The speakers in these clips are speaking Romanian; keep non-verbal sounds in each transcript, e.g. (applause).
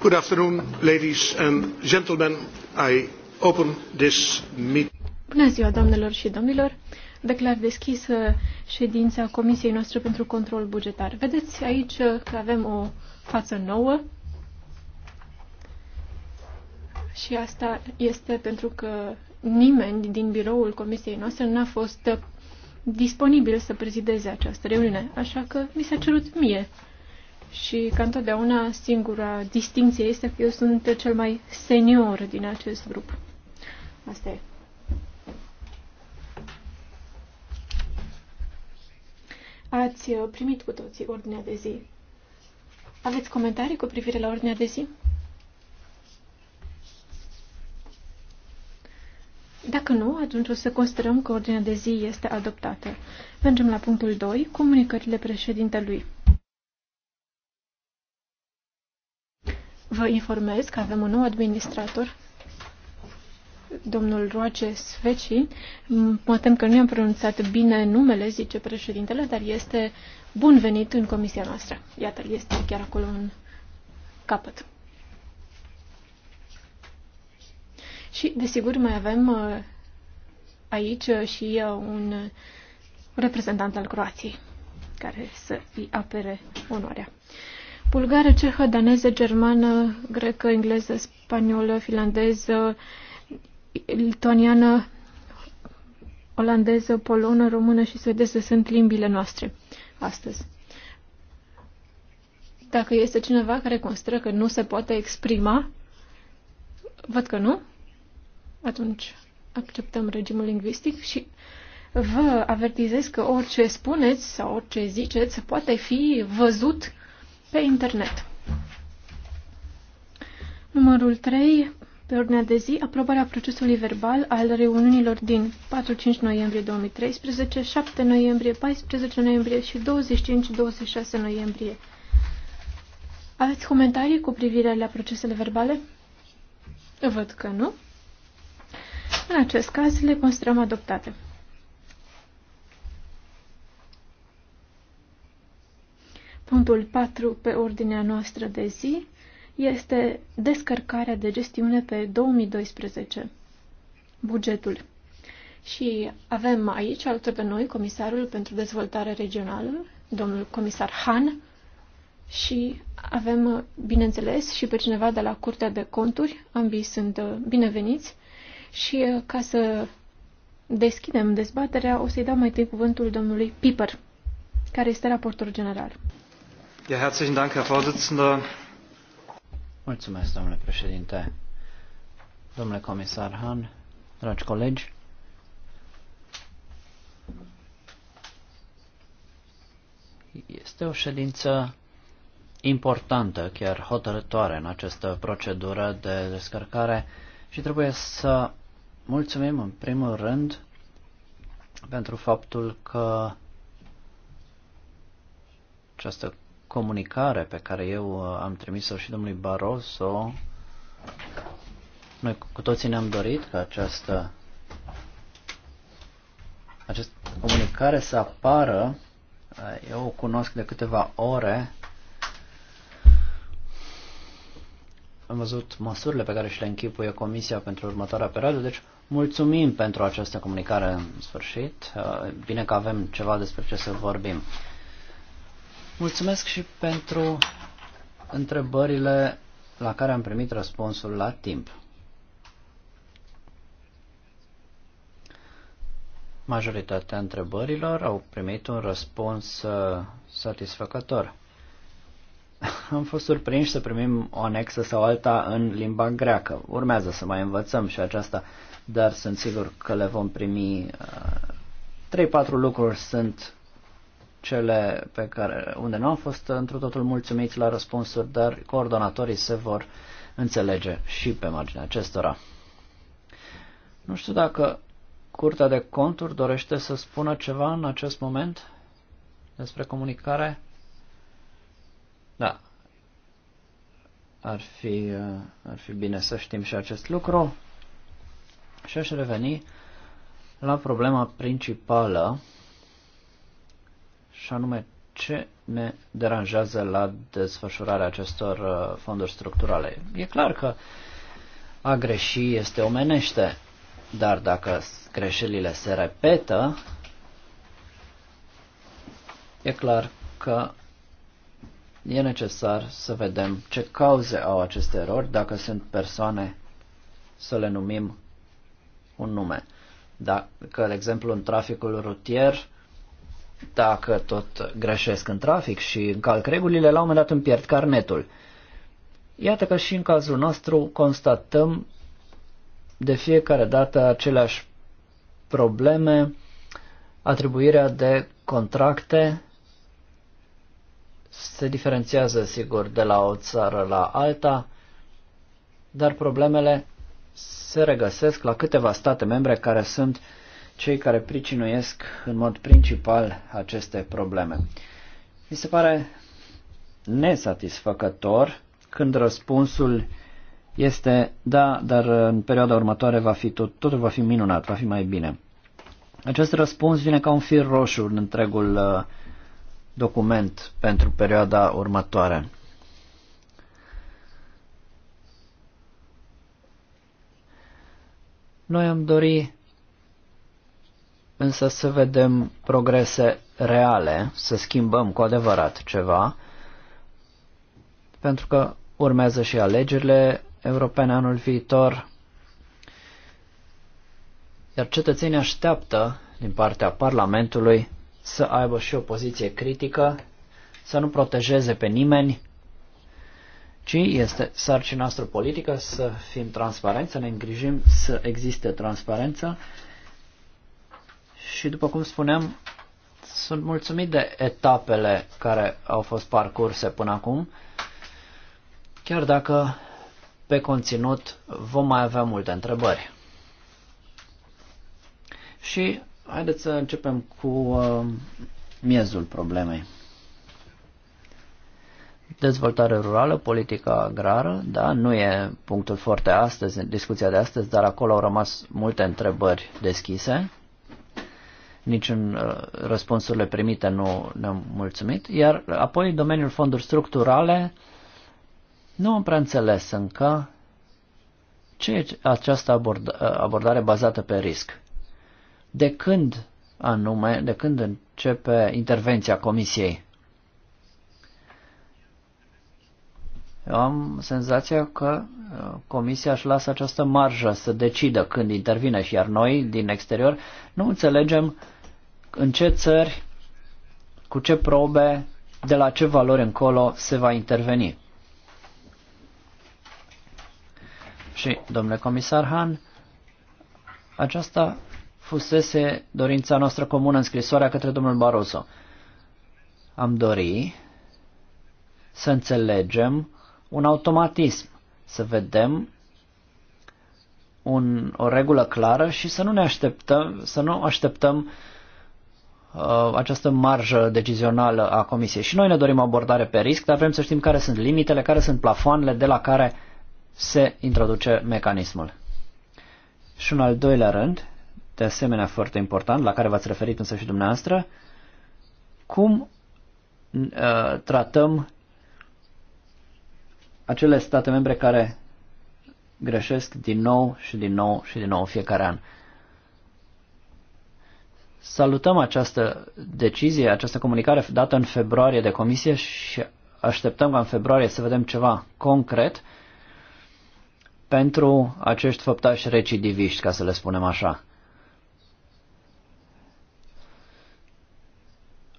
Good afternoon, ladies and gentlemen. I open this meeting. Bună ziua, doamnelor și domnilor. Declar deschisă ședința Comisiei noastre pentru control bugetar. Vedeți aici că avem o față nouă. Și asta este pentru că nimeni din biroul comisiei noastre n-a fost disponibil să prezideze această reuniune, așa că mi s-a cerut mie. Și ca întotdeauna singura distinție este că eu sunt cel mai senior din acest grup. Asta e. Ați uh, primit cu toții ordinea de zi. Aveți comentarii cu privire la ordinea de zi? Dacă nu, atunci o să considerăm că ordinea de zi este adoptată. Mergem la punctul 2, comunicările președintelui. Vă informez că avem un nou administrator, domnul Roace Sveci. Mă tem că nu i-am pronunțat bine numele, zice președintele, dar este bun venit în comisia noastră. Iată, este chiar acolo în capăt. Și, desigur, mai avem uh, aici uh, și uh, un reprezentant al Croației care să îi apere onoarea. Bulgară, cehă, daneză, germană, grecă, engleză, spaniolă, finlandeză, lituaniană, olandeză, polonă, română și suedeză sunt limbile noastre astăzi. Dacă este cineva care consideră că nu se poate exprima, văd că nu, atunci acceptăm regimul lingvistic și vă avertizez că orice spuneți sau orice ziceți poate fi văzut pe internet. Numărul 3, pe ordinea de zi, aprobarea procesului verbal al reuniunilor din 4-5 noiembrie 2013, 7 noiembrie, 14 noiembrie și 25-26 noiembrie. Aveți comentarii cu privire la procesele verbale? Văd că nu. În acest caz le considerăm adoptate. Punctul 4 pe ordinea noastră de zi este descărcarea de gestiune pe 2012, bugetul. Și avem aici alături de noi comisarul pentru dezvoltare regională, domnul comisar Han, și avem, bineînțeles, și pe cineva de la Curtea de Conturi, ambii sunt uh, bineveniți, și uh, ca să deschidem dezbaterea, o să-i dau mai întâi cuvântul domnului Piper, care este raportor general. Ja, herzlichen Dank, Herr Vorsitzender. Mulțumesc, domnule președinte. Domnule comisar Han, dragi colegi, este o ședință importantă, chiar hotărătoare în această procedură de descărcare și trebuie să Mulțumim în primul rând pentru faptul că această comunicare pe care eu uh, am trimis-o și domnului Barroso, noi cu toții ne-am dorit ca această, această comunicare să apară. Uh, eu o cunosc de câteva ore. Am văzut măsurile pe care și le închipuie Comisia pentru următoarea perioadă, deci Mulțumim pentru această comunicare în sfârșit. Uh, bine că avem ceva despre ce să vorbim. Mulțumesc și pentru întrebările la care am primit răspunsul la timp. Majoritatea întrebărilor au primit un răspuns uh, satisfăcător. (laughs) Am fost surprinși să primim o anexă sau alta în limba greacă. Urmează să mai învățăm și aceasta dar sunt sigur că le vom primi. Uh, trei, patru lucruri sunt cele pe care, unde nu am fost într totul mulțumiți la răspunsuri, dar coordonatorii se vor înțelege și pe marginea acestora. Nu știu dacă Curtea de Conturi dorește să spună ceva în acest moment despre comunicare. Da. Ar fi, uh, ar fi bine să știm și acest lucru. Și aș reveni la problema principală și anume ce ne deranjează la desfășurarea acestor uh, fonduri structurale. E clar că a greși este omenește, dar dacă greșelile se repetă, e clar că e necesar să vedem ce cauze au aceste erori, dacă sunt persoane, să le numim un nume. Dacă, de exemplu, în traficul rutier, dacă tot greșesc în trafic și încalc regulile, la un moment dat îmi pierd carnetul. Iată că și în cazul nostru constatăm de fiecare dată aceleași probleme, atribuirea de contracte se diferențiază, sigur, de la o țară la alta, dar problemele se regăsesc la câteva state membre care sunt cei care pricinuiesc în mod principal aceste probleme. Mi se pare nesatisfăcător când răspunsul este da, dar în perioada următoare va fi tot, totul va fi minunat, va fi mai bine. Acest răspuns vine ca un fir roșu în întregul uh, document pentru perioada următoare. Noi am dori însă să vedem progrese reale, să schimbăm cu adevărat ceva, pentru că urmează și alegerile europene anul viitor, iar cetățenii așteaptă din partea Parlamentului să aibă și o poziție critică, să nu protejeze pe nimeni, ci este sarcina noastră politică să fim transparenți, să ne îngrijim să existe transparență și, după cum spuneam, sunt mulțumit de etapele care au fost parcurse până acum, chiar dacă pe conținut vom mai avea multe întrebări. Și haideți să începem cu uh, miezul problemei. Dezvoltare rurală, politica agrară, da, nu e punctul foarte astăzi, în discuția de astăzi, dar acolo au rămas multe întrebări deschise. Nici în uh, răspunsurile primite nu ne-am mulțumit. Iar apoi domeniul fonduri structurale, nu am prea înțeles încă ce e această uh, abordare bazată pe risc. De când anume, de când începe intervenția comisiei? Eu am senzația că uh, Comisia își lasă această marjă să decidă când intervine și iar noi din exterior nu înțelegem în ce țări, cu ce probe, de la ce valori încolo se va interveni. Și, domnule comisar Han, aceasta fusese dorința noastră comună în scrisoarea către domnul Barroso. Am dori să înțelegem un automatism, să vedem un, o regulă clară și să nu ne așteptăm, să nu așteptăm uh, această marjă decizională a Comisiei. Și noi ne dorim abordare pe risc, dar vrem să știm care sunt limitele, care sunt plafoanele de la care se introduce mecanismul. Și un al doilea rând, de asemenea foarte important, la care v-ați referit însă și dumneavoastră, cum uh, tratăm acele state membre care greșesc din nou și din nou și din nou fiecare an. Salutăm această decizie, această comunicare dată în februarie de comisie și așteptăm ca în februarie să vedem ceva concret pentru acești făptași recidiviști, ca să le spunem așa.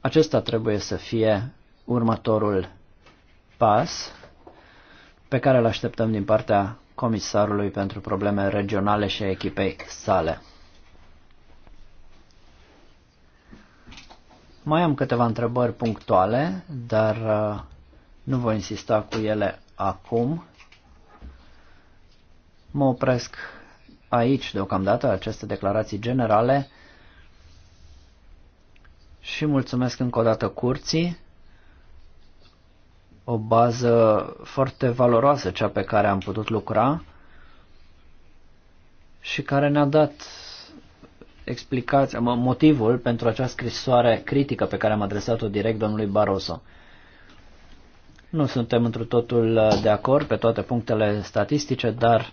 Acesta trebuie să fie următorul pas pe care îl așteptăm din partea comisarului pentru probleme regionale și a echipei sale. Mai am câteva întrebări punctuale, dar uh, nu voi insista cu ele acum. Mă opresc aici deocamdată aceste declarații generale și mulțumesc încă o dată curții o bază foarte valoroasă, cea pe care am putut lucra și care ne-a dat explicația motivul pentru această scrisoare critică pe care am adresat-o direct domnului Barroso. Nu suntem într totul uh, de acord pe toate punctele statistice, dar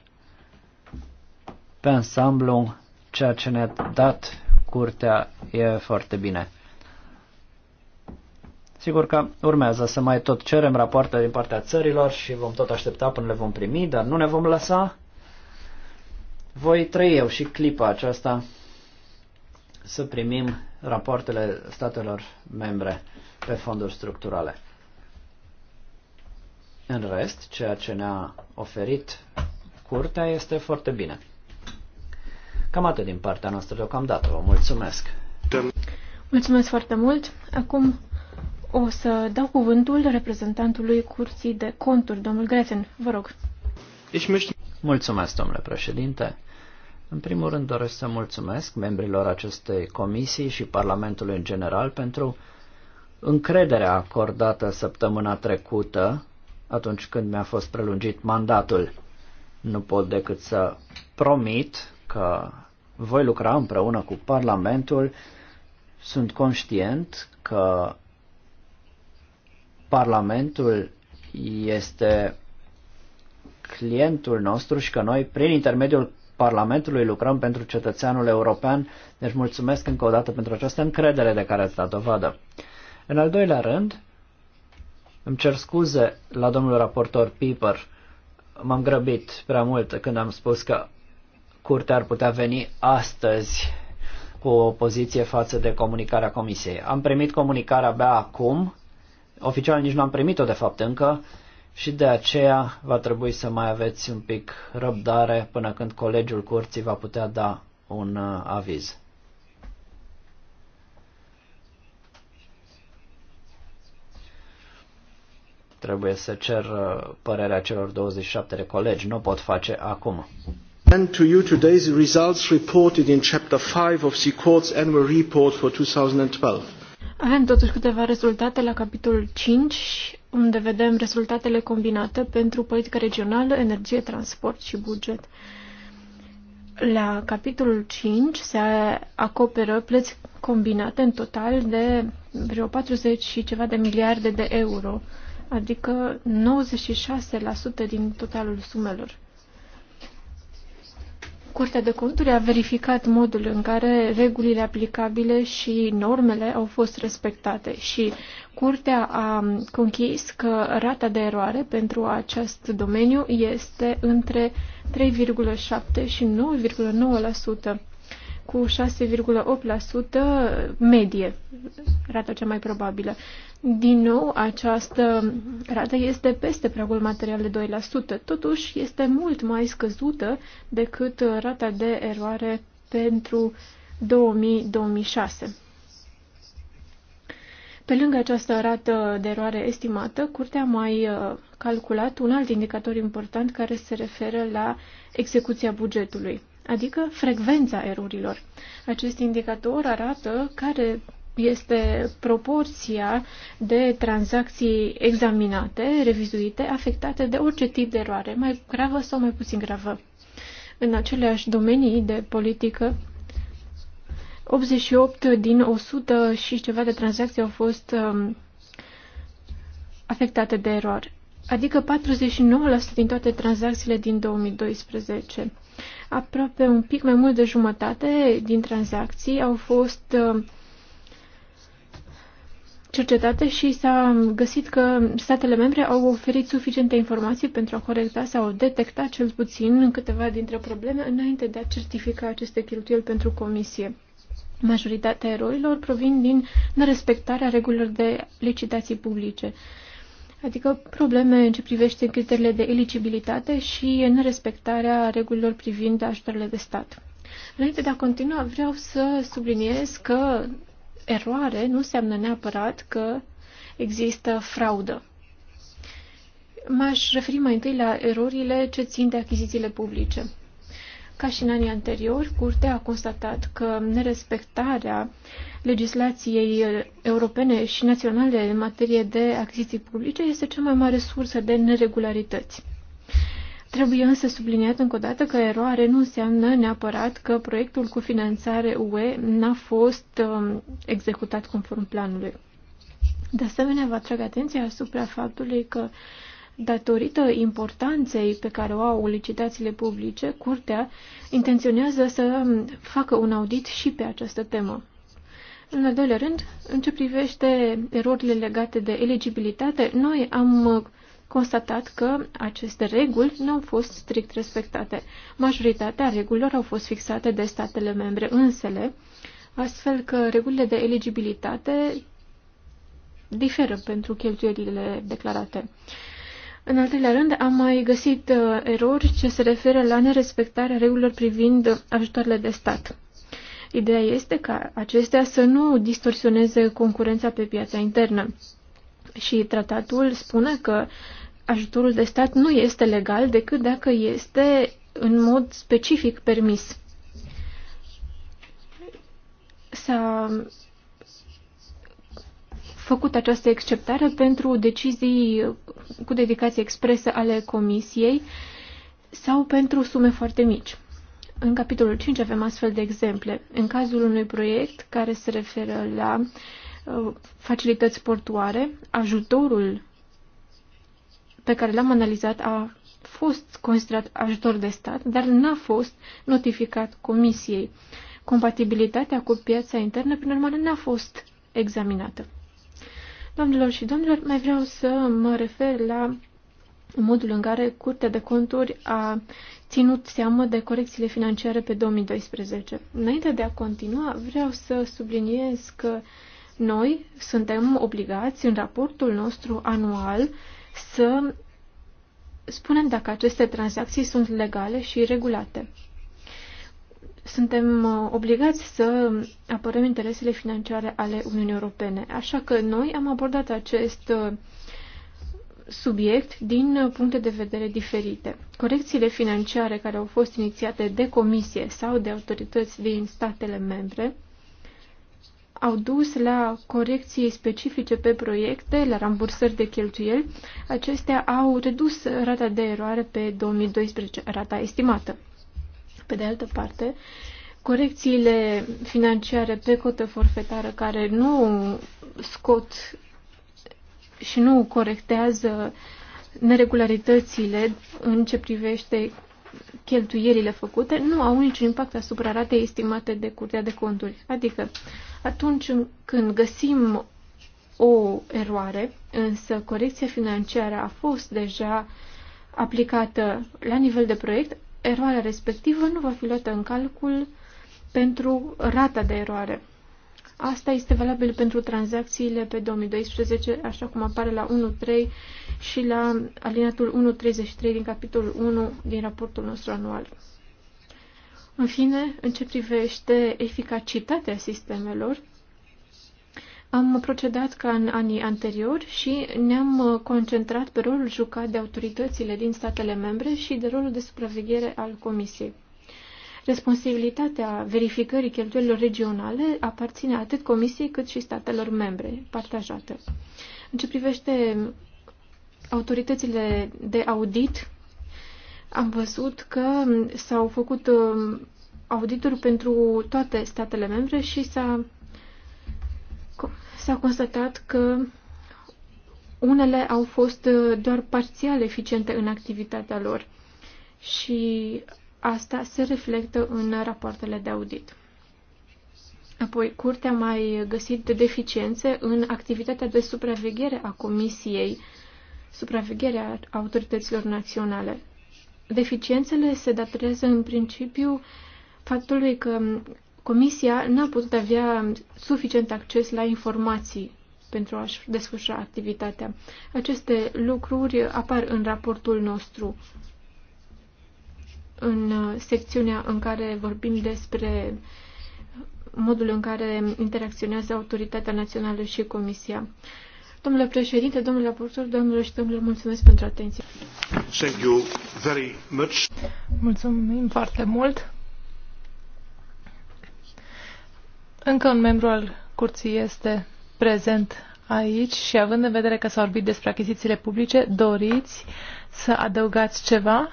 pe ansamblu ceea ce ne-a dat curtea e foarte bine. Sigur că urmează să mai tot cerem rapoarte din partea țărilor și vom tot aștepta până le vom primi, dar nu ne vom lăsa. Voi trăi eu și clipa aceasta să primim rapoartele statelor membre pe fonduri structurale. În rest, ceea ce ne-a oferit curtea este foarte bine. Cam atât din partea noastră deocamdată. Vă mulțumesc! Mulțumesc foarte mult! Acum o să dau cuvântul reprezentantului Curții de Conturi, domnul Grețen. Vă rog. Deci mulțumesc, domnule președinte. În primul rând doresc să mulțumesc membrilor acestei comisii și Parlamentului în general pentru încrederea acordată săptămâna trecută atunci când mi-a fost prelungit mandatul. Nu pot decât să promit că voi lucra împreună cu Parlamentul. Sunt conștient că Parlamentul este clientul nostru și că noi, prin intermediul Parlamentului, lucrăm pentru cetățeanul european. Deci mulțumesc încă o dată pentru această încredere de care ați dat dovadă. În al doilea rând, îmi cer scuze la domnul raportor Piper. M-am grăbit prea mult când am spus că curtea ar putea veni astăzi cu o poziție față de comunicarea comisiei. Am primit comunicarea abia acum oficial nici nu am primit-o de fapt încă și de aceea va trebui să mai aveți un pic răbdare până când colegiul curții va putea da un uh, aviz. Trebuie să cer uh, părerea celor 27 de colegi, nu pot face acum. And to you today's results reported in chapter 5 of the court's annual report for 2012. Avem totuși câteva rezultate la capitolul 5, unde vedem rezultatele combinate pentru politica regională, energie, transport și buget. La capitolul 5 se acoperă plăți combinate în total de vreo 40 și ceva de miliarde de euro, adică 96% din totalul sumelor. Curtea de Conturi a verificat modul în care regulile aplicabile și normele au fost respectate și Curtea a conchis că rata de eroare pentru acest domeniu este între 3,7 și 9,9% cu 6,8% medie, rata cea mai probabilă. Din nou, această rată este peste pragul material de 2%, totuși este mult mai scăzută decât rata de eroare pentru 2000-2006. Pe lângă această rată de eroare estimată, Curtea a mai uh, calculat un alt indicator important care se referă la execuția bugetului adică frecvența erorilor. Acest indicator arată care este proporția de tranzacții examinate, revizuite, afectate de orice tip de eroare, mai gravă sau mai puțin gravă. În aceleași domenii de politică, 88 din 100 și ceva de tranzacții au fost um, afectate de eroare, adică 49% din toate tranzacțiile din 2012. Aproape un pic mai mult de jumătate din tranzacții au fost uh, cercetate și s-a găsit că statele membre au oferit suficiente informații pentru a corecta sau detecta cel puțin câteva dintre probleme înainte de a certifica aceste cheltuieli pentru comisie. Majoritatea eroilor provin din nerespectarea regulilor de licitații publice adică probleme în ce privește criteriile de eligibilitate și respectarea regulilor privind ajutoarele de stat. Înainte de a continua, vreau să subliniez că eroare nu înseamnă neapărat că există fraudă. M-aș referi mai întâi la erorile ce țin de achizițiile publice. Ca și în anii anteriori, Curtea a constatat că nerespectarea legislației europene și naționale în materie de achiziții publice este cea mai mare sursă de neregularități. Trebuie însă subliniat încă o dată că eroare nu înseamnă neapărat că proiectul cu finanțare UE n-a fost um, executat conform planului. De asemenea, vă atrag atenția asupra faptului că Datorită importanței pe care o au licitațiile publice, Curtea intenționează să facă un audit și pe această temă. În al doilea rând, în ce privește erorile legate de eligibilitate, noi am constatat că aceste reguli nu au fost strict respectate. Majoritatea regulilor au fost fixate de statele membre însele, astfel că regulile de eligibilitate diferă pentru cheltuielile declarate. În al treilea rând, am mai găsit uh, erori ce se referă la nerespectarea regulilor privind ajutoarele de stat. Ideea este ca acestea să nu distorsioneze concurența pe piața internă. Și tratatul spune că ajutorul de stat nu este legal decât dacă este în mod specific permis. S-a făcut această exceptare pentru decizii cu dedicație expresă ale Comisiei sau pentru sume foarte mici. În capitolul 5 avem astfel de exemple. În cazul unui proiect care se referă la uh, facilități portuare, ajutorul pe care l-am analizat a fost considerat ajutor de stat, dar n-a fost notificat Comisiei. Compatibilitatea cu piața internă, prin urmare, n-a fost examinată. Doamnelor și domnilor, mai vreau să mă refer la modul în care Curtea de Conturi a ținut seamă de corecțiile financiare pe 2012. Înainte de a continua, vreau să subliniez că noi suntem obligați în raportul nostru anual să spunem dacă aceste tranzacții sunt legale și regulate suntem uh, obligați să apărăm interesele financiare ale Uniunii Europene. Așa că noi am abordat acest uh, subiect din uh, puncte de vedere diferite. Corecțiile financiare care au fost inițiate de comisie sau de autorități din statele membre au dus la corecții specifice pe proiecte, la rambursări de cheltuieli. Acestea au redus rata de eroare pe 2012, rata estimată. Pe de altă parte, corecțiile financiare pe cotă forfetară care nu scot și nu corectează neregularitățile în ce privește cheltuielile făcute nu au niciun impact asupra ratei estimate de Curtea de Conturi. Adică atunci când găsim o eroare, însă corecția financiară a fost deja aplicată la nivel de proiect, eroarea respectivă nu va fi luată în calcul pentru rata de eroare. Asta este valabil pentru tranzacțiile pe 2012, așa cum apare la 1.3 și la alinatul 1.33 din capitolul 1 din raportul nostru anual. În fine, în ce privește eficacitatea sistemelor, am procedat ca în anii anteriori și ne-am concentrat pe rolul jucat de autoritățile din statele membre și de rolul de supraveghere al Comisiei. Responsabilitatea verificării cheltuielilor regionale aparține atât Comisiei cât și statelor membre, partajată. În ce privește autoritățile de audit, am văzut că s-au făcut um, audituri pentru toate statele membre și s-a s-a constatat că unele au fost uh, doar parțial eficiente în activitatea lor și asta se reflectă în rapoartele de audit. Apoi, Curtea a mai găsit deficiențe în activitatea de supraveghere a Comisiei, supravegherea autorităților naționale. Deficiențele se datorează în principiu faptului că Comisia n-a putut avea suficient acces la informații pentru a-și desfășura activitatea. Aceste lucruri apar în raportul nostru, în uh, secțiunea în care vorbim despre modul în care interacționează Autoritatea Națională și Comisia. Domnule președinte, domnule raportor, domnule și domnule, mulțumesc pentru atenție. Thank you very much. Mulțumim foarte mult. Încă un membru al curții este prezent aici și având în vedere că s-a vorbit despre achizițiile publice, doriți să adăugați ceva?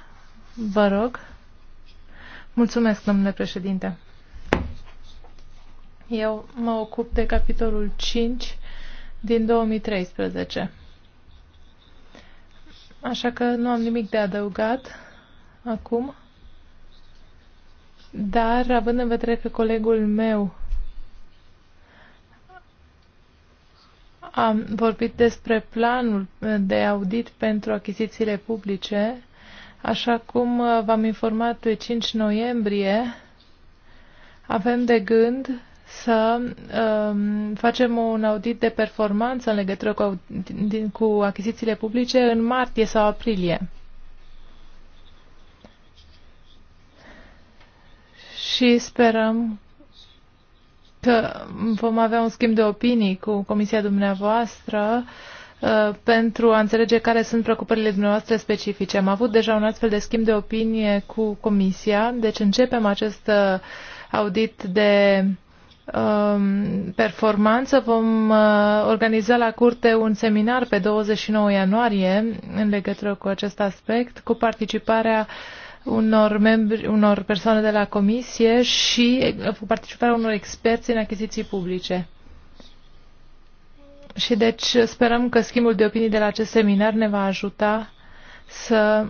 Vă rog. Mulțumesc, domnule președinte. Eu mă ocup de capitolul 5 din 2013. Așa că nu am nimic de adăugat acum. Dar, având în vedere că colegul meu Am vorbit despre planul de audit pentru achizițiile publice. Așa cum uh, v-am informat pe 5 noiembrie, avem de gând să um, facem un audit de performanță în legătură cu, din, cu achizițiile publice în martie sau aprilie. Și sperăm că vom avea un schimb de opinii cu comisia dumneavoastră uh, pentru a înțelege care sunt preocupările dumneavoastră specifice. Am avut deja un astfel de schimb de opinie cu comisia, deci începem acest uh, audit de um, performanță. Vom uh, organiza la curte un seminar pe 29 ianuarie în legătură cu acest aspect, cu participarea uh, unor, membri, unor persoane de la comisie și eh, cu participarea unor experți în achiziții publice. Și deci sperăm că schimbul de opinii de la acest seminar ne va ajuta să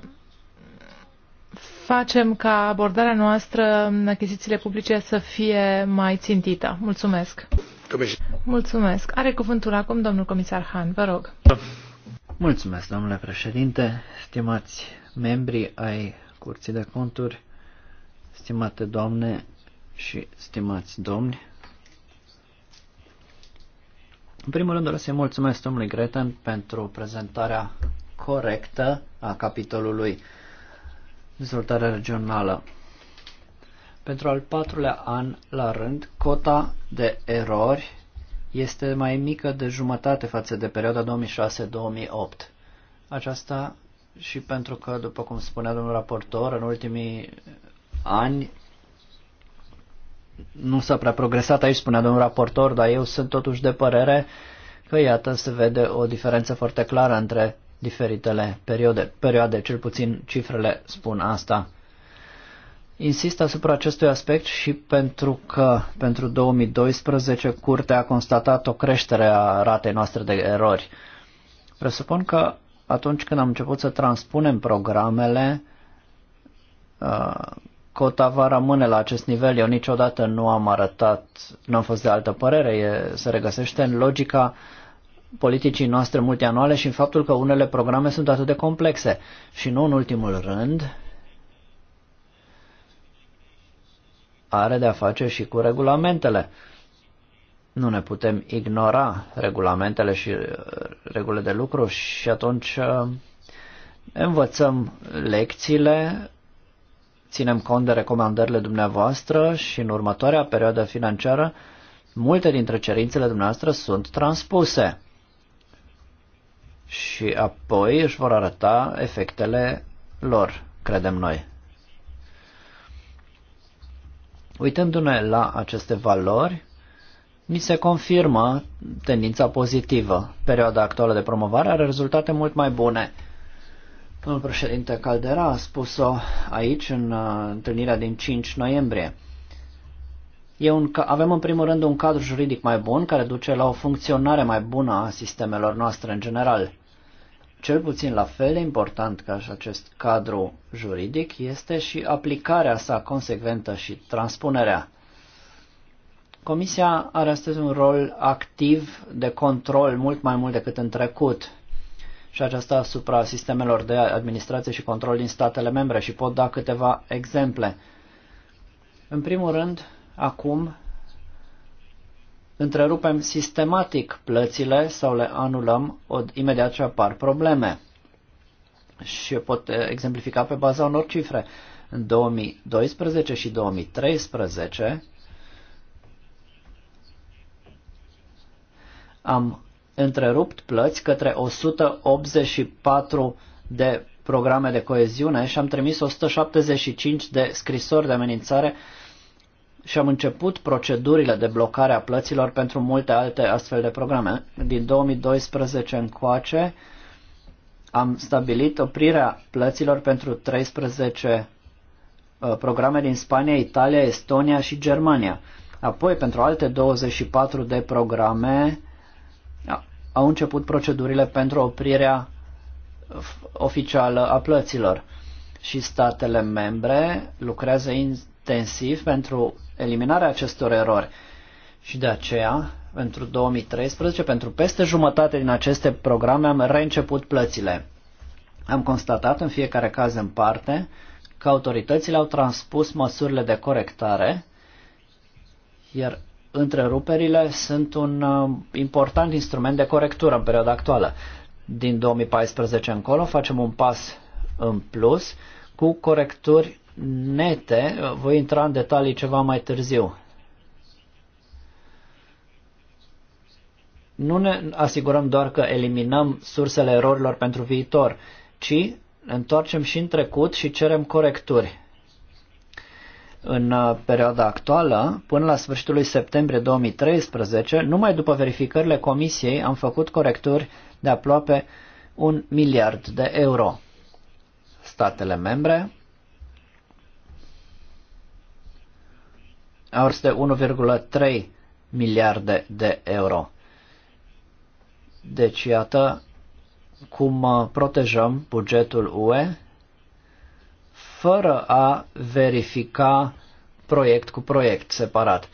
facem ca abordarea noastră în achizițiile publice să fie mai țintită. Mulțumesc! Mulțumesc! Are cuvântul acum domnul comisar Han, vă rog. Mulțumesc, domnule președinte, stimați membri ai Curții de Conturi, stimate doamne și stimați domni. În primul rând doresc să-i mulțumesc domnului Greten pentru prezentarea corectă a capitolului dezvoltare regională. Pentru al patrulea an la rând, cota de erori este mai mică de jumătate față de perioada 2006-2008. Aceasta și pentru că, după cum spunea domnul raportor, în ultimii ani nu s-a prea progresat aici, spunea domnul raportor, dar eu sunt totuși de părere că, iată, se vede o diferență foarte clară între diferitele perioade, perioade cel puțin cifrele spun asta. Insist asupra acestui aspect și pentru că pentru 2012 Curtea a constatat o creștere a ratei noastre de erori. Presupun că atunci când am început să transpunem programele, uh, cota va rămâne la acest nivel. Eu niciodată nu am arătat, nu am fost de altă părere, e, se regăsește în logica politicii noastre multianuale și în faptul că unele programe sunt atât de complexe. Și nu în ultimul rând, are de-a face și cu regulamentele nu ne putem ignora regulamentele și uh, regulile de lucru și atunci uh, învățăm lecțiile, ținem cont de recomandările dumneavoastră și în următoarea perioadă financiară multe dintre cerințele dumneavoastră sunt transpuse și apoi își vor arăta efectele lor, credem noi. Uitându-ne la aceste valori, ni se confirmă tendința pozitivă. Perioada actuală de promovare are rezultate mult mai bune. Domnul președinte Caldera a spus-o aici în uh, întâlnirea din 5 noiembrie. E un, avem în primul rând un cadru juridic mai bun care duce la o funcționare mai bună a sistemelor noastre în general. Cel puțin la fel de important ca și acest cadru juridic este și aplicarea sa consecventă și transpunerea. Comisia are astăzi un rol activ de control mult mai mult decât în trecut și aceasta asupra sistemelor de administrație și control din statele membre și pot da câteva exemple. În primul rând, acum întrerupem sistematic plățile sau le anulăm imediat ce apar probleme. Și pot eh, exemplifica pe baza unor cifre. În 2012 și 2013, am întrerupt plăți către 184 de programe de coeziune și am trimis 175 de scrisori de amenințare și am început procedurile de blocare a plăților pentru multe alte astfel de programe. Din 2012 încoace am stabilit oprirea plăților pentru 13 uh, programe din Spania, Italia, Estonia și Germania. Apoi, pentru alte 24 de programe, au început procedurile pentru oprirea oficială a plăților și statele membre lucrează intensiv pentru eliminarea acestor erori. Și de aceea, pentru 2013, pentru peste jumătate din aceste programe am reînceput plățile. Am constatat în fiecare caz în parte că autoritățile au transpus măsurile de corectare, iar întreruperile sunt un uh, important instrument de corectură în perioada actuală. Din 2014 încolo facem un pas în plus cu corecturi nete. Voi intra în detalii ceva mai târziu. Nu ne asigurăm doar că eliminăm sursele erorilor pentru viitor, ci întoarcem și în trecut și cerem corecturi. În uh, perioada actuală, până la sfârșitul lui septembrie 2013, numai după verificările comisiei am făcut corecturi de aproape un miliard de euro. Statele membre au de 1,3 miliarde de euro. Deci, iată cum uh, protejăm bugetul UE fără a verifica proiect cu proiect separat.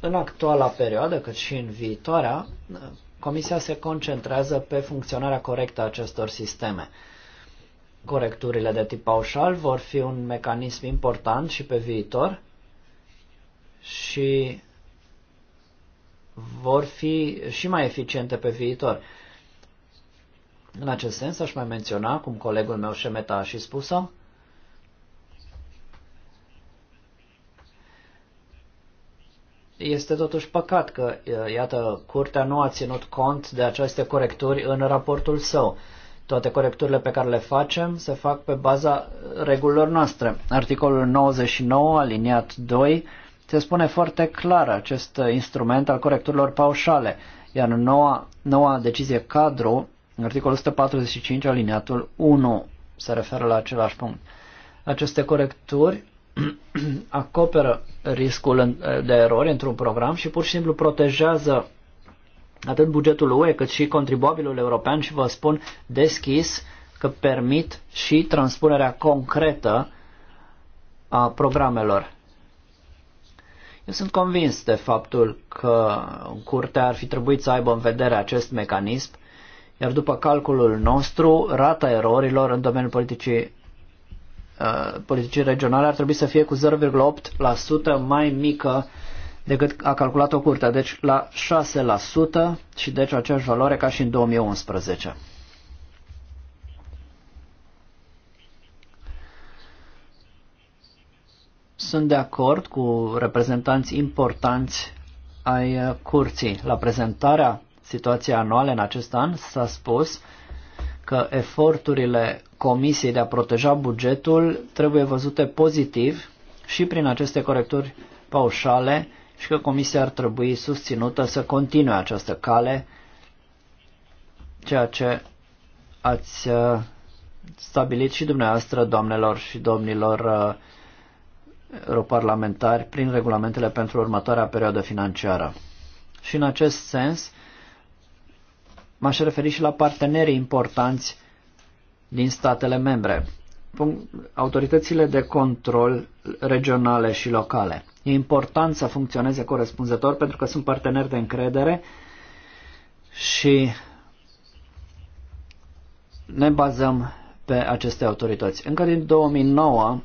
În actuala perioadă, cât și în viitoarea, Comisia se concentrează pe funcționarea corectă a acestor sisteme. Corecturile de tip paușal vor fi un mecanism important și pe viitor și vor fi și mai eficiente pe viitor. În acest sens aș mai menționa, cum colegul meu Șemeta a și spus-o, este totuși păcat că, iată, curtea nu a ținut cont de aceste corecturi în raportul său. Toate corecturile pe care le facem se fac pe baza regulilor noastre. Articolul 99, aliniat 2, se spune foarte clar acest instrument al corecturilor paușale, iar noua, noua decizie cadru Articolul 145, alineatul 1, se referă la același punct. Aceste corecturi (clears throat) acoperă riscul de erori într-un program și pur și simplu protejează atât bugetul UE cât și contribuabilul european și vă spun deschis că permit și transpunerea concretă a programelor. Eu sunt convins de faptul că curtea ar fi trebuit să aibă în vedere acest mecanism iar după calculul nostru, rata erorilor în domeniul politicii, uh, politicii regionale ar trebui să fie cu 0,8% mai mică decât a calculat-o curtea, deci la 6% și deci aceeași valoare ca și în 2011. Sunt de acord cu reprezentanți importanți ai uh, curții. La prezentarea situația anuală în acest an, s-a spus că eforturile Comisiei de a proteja bugetul trebuie văzute pozitiv și prin aceste corecturi paușale și că Comisia ar trebui susținută să continue această cale, ceea ce ați uh, stabilit și dumneavoastră, doamnelor și domnilor uh, europarlamentari, prin regulamentele pentru următoarea perioadă financiară. Și în acest sens, M-aș referi și la partenerii importanți din statele membre, autoritățile de control regionale și locale. E important să funcționeze corespunzător pentru că sunt parteneri de încredere și ne bazăm pe aceste autorități. Încă din 2009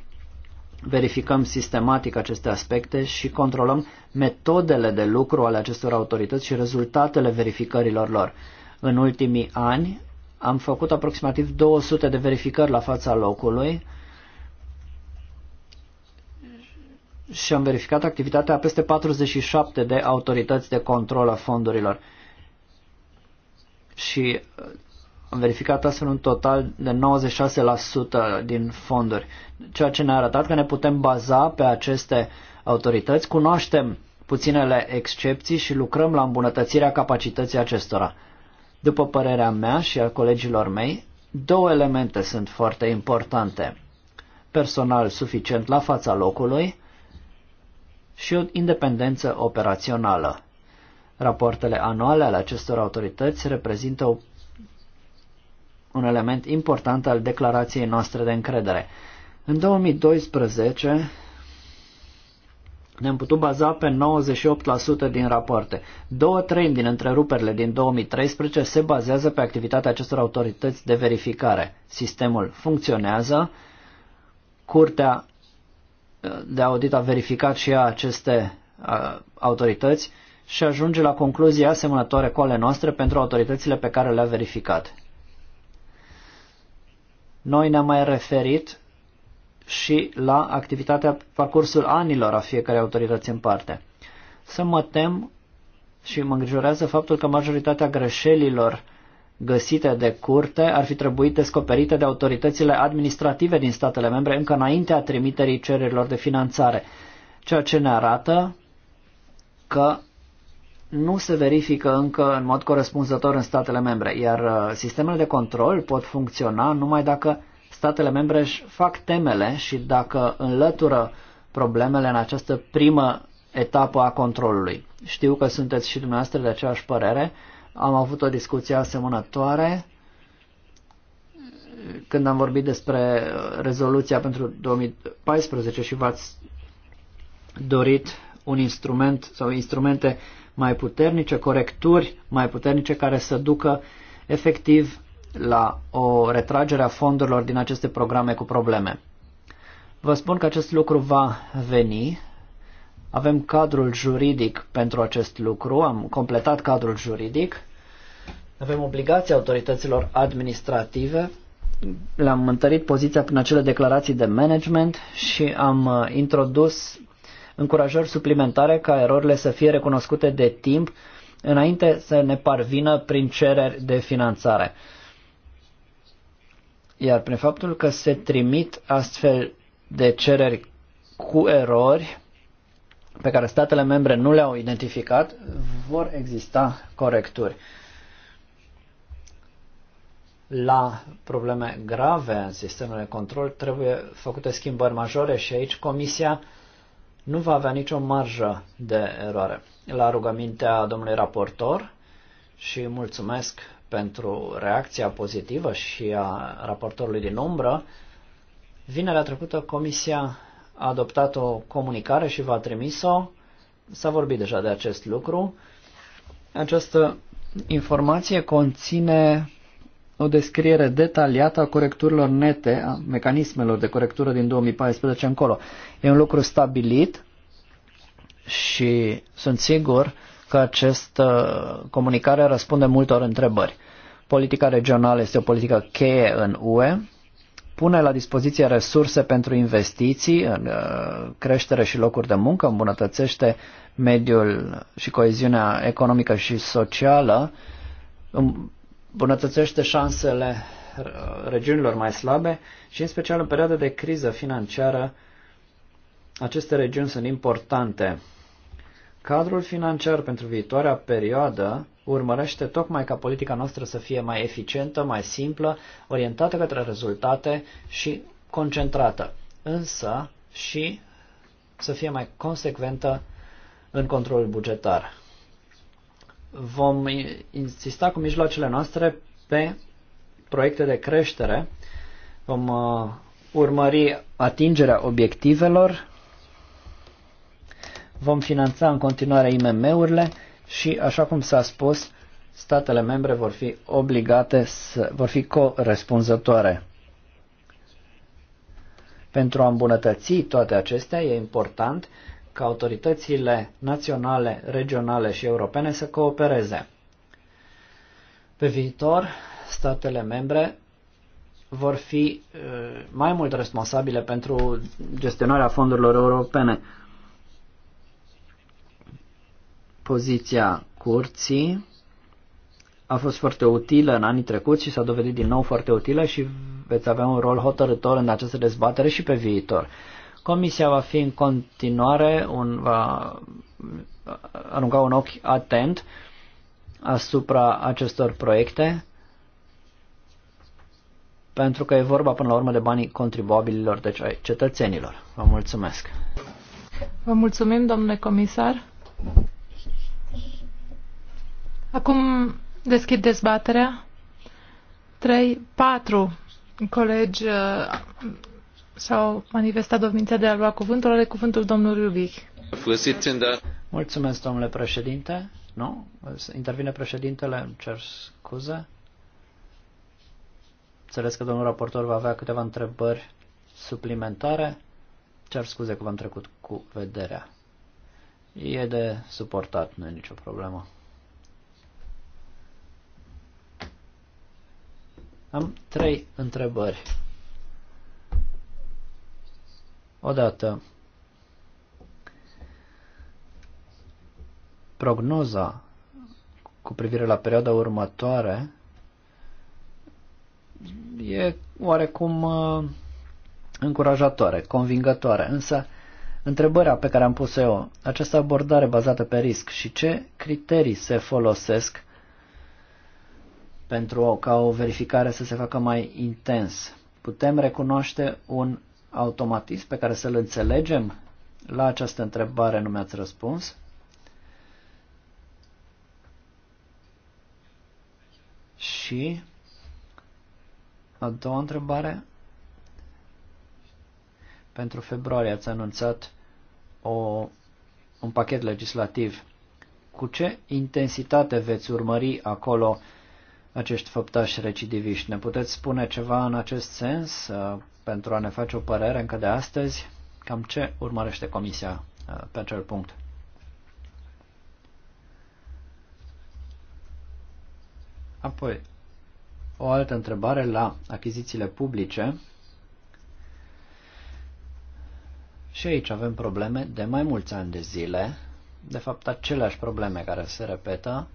verificăm sistematic aceste aspecte și controlăm metodele de lucru ale acestor autorități și rezultatele verificărilor lor. În ultimii ani am făcut aproximativ 200 de verificări la fața locului și am verificat activitatea a peste 47 de autorități de control a fondurilor. Și uh, am verificat astfel un total de 96% din fonduri, ceea ce ne-a arătat că ne putem baza pe aceste autorități, cunoaștem puținele excepții și lucrăm la îmbunătățirea capacității acestora. După părerea mea și a colegilor mei, două elemente sunt foarte importante. Personal suficient la fața locului și o independență operațională. Rapoartele anuale ale acestor autorități reprezintă o, un element important al declarației noastre de încredere. În 2012, ne-am putut baza pe 98% din rapoarte. Două treimi din întreruperile din 2013 se bazează pe activitatea acestor autorități de verificare. Sistemul funcționează, curtea uh, de audit a verificat și ea aceste uh, autorități și ajunge la concluzii asemănătoare cu ale noastre pentru autoritățile pe care le-a verificat. Noi ne-am mai referit și la activitatea parcursul anilor a fiecarei autorități în parte. Să mă tem și mă îngrijorează faptul că majoritatea greșelilor găsite de curte ar fi trebuit descoperite de autoritățile administrative din statele membre încă înaintea trimiterii cererilor de finanțare, ceea ce ne arată că nu se verifică încă în mod corespunzător în statele membre, iar uh, sistemele de control pot funcționa numai dacă statele membre își fac temele și dacă înlătură problemele în această primă etapă a controlului. Știu că sunteți și dumneavoastră de aceeași părere. Am avut o discuție asemănătoare când am vorbit despre uh, rezoluția pentru 2014 și v-ați dorit un instrument sau instrumente mai puternice, corecturi mai puternice care să ducă efectiv la o retragere a fondurilor din aceste programe cu probleme. Vă spun că acest lucru va veni. Avem cadrul juridic pentru acest lucru, am completat cadrul juridic. Avem obligația autorităților administrative, le-am întărit poziția prin acele declarații de management și am uh, introdus încurajări suplimentare ca erorile să fie recunoscute de timp înainte să ne parvină prin cereri de finanțare. Iar prin faptul că se trimit astfel de cereri cu erori pe care statele membre nu le-au identificat, vor exista corecturi. La probleme grave în sistemul de control trebuie făcute schimbări majore și aici Comisia nu va avea nicio marjă de eroare. La rugămintea domnului raportor și mulțumesc pentru reacția pozitivă și a raportorului din umbră. Vinerea trecută Comisia a adoptat o comunicare și v-a trimis-o. S-a vorbit deja de acest lucru. Această informație conține o descriere detaliată a corecturilor nete, a mecanismelor de corectură din 2014 încolo. E un lucru stabilit și sunt sigur că această comunicare răspunde multor întrebări. Politica regională este o politică cheie în UE, pune la dispoziție resurse pentru investiții în uh, creștere și locuri de muncă, îmbunătățește mediul și coeziunea economică și socială, îmbunătățește șansele uh, regiunilor mai slabe și în special în perioada de criză financiară aceste regiuni sunt importante Cadrul financiar pentru viitoarea perioadă urmărește tocmai ca politica noastră să fie mai eficientă, mai simplă, orientată către rezultate și concentrată, însă și să fie mai consecventă în controlul bugetar. Vom insista cu mijloacele noastre pe proiecte de creștere, vom uh, urmări atingerea obiectivelor vom finanța în continuare IMM-urile și, așa cum s-a spus, statele membre vor fi obligate, să, vor fi corespunzătoare. Pentru a îmbunătăți toate acestea, e important ca autoritățile naționale, regionale și europene să coopereze. Pe viitor, statele membre vor fi uh, mai mult responsabile pentru gestionarea fondurilor europene. Poziția curții a fost foarte utilă în anii trecuți și s-a dovedit din nou foarte utilă și veți avea un rol hotărător în această dezbatere și pe viitor. Comisia va fi în continuare, un, va arunca un ochi atent asupra acestor proiecte, pentru că e vorba până la urmă de banii contribuabililor, deci ai cetățenilor. Vă mulțumesc. Vă mulțumim, domnule comisar. Acum deschid dezbaterea. Trei, patru colegi uh, s-au manifestat dovința de a lua cuvântul. Are cuvântul domnul Rubic. Mulțumesc, domnule președinte. Nu? Intervine președintele, îmi cer scuze. Înțeles că domnul raportor va avea câteva întrebări suplimentare. Cer scuze că v-am trecut cu vederea. E de suportat, nu e nicio problemă. Am trei întrebări. Odată, prognoza cu privire la perioada următoare e oarecum uh, încurajatoare, convingătoare, însă întrebarea pe care am pus-o eu, această abordare bazată pe risc și ce criterii se folosesc pentru ca o verificare să se facă mai intens. Putem recunoaște un automatism pe care să-l înțelegem? La această întrebare nu mi-ați răspuns. Și a doua întrebare. Pentru februarie ați anunțat o, un pachet legislativ. Cu ce intensitate veți urmări acolo acești făptași recidiviști. Ne puteți spune ceva în acest sens uh, pentru a ne face o părere încă de astăzi? Cam ce urmărește Comisia uh, pe acel punct? Apoi, o altă întrebare la achizițiile publice. Și aici avem probleme de mai mulți ani de zile, de fapt aceleași probleme care se repetă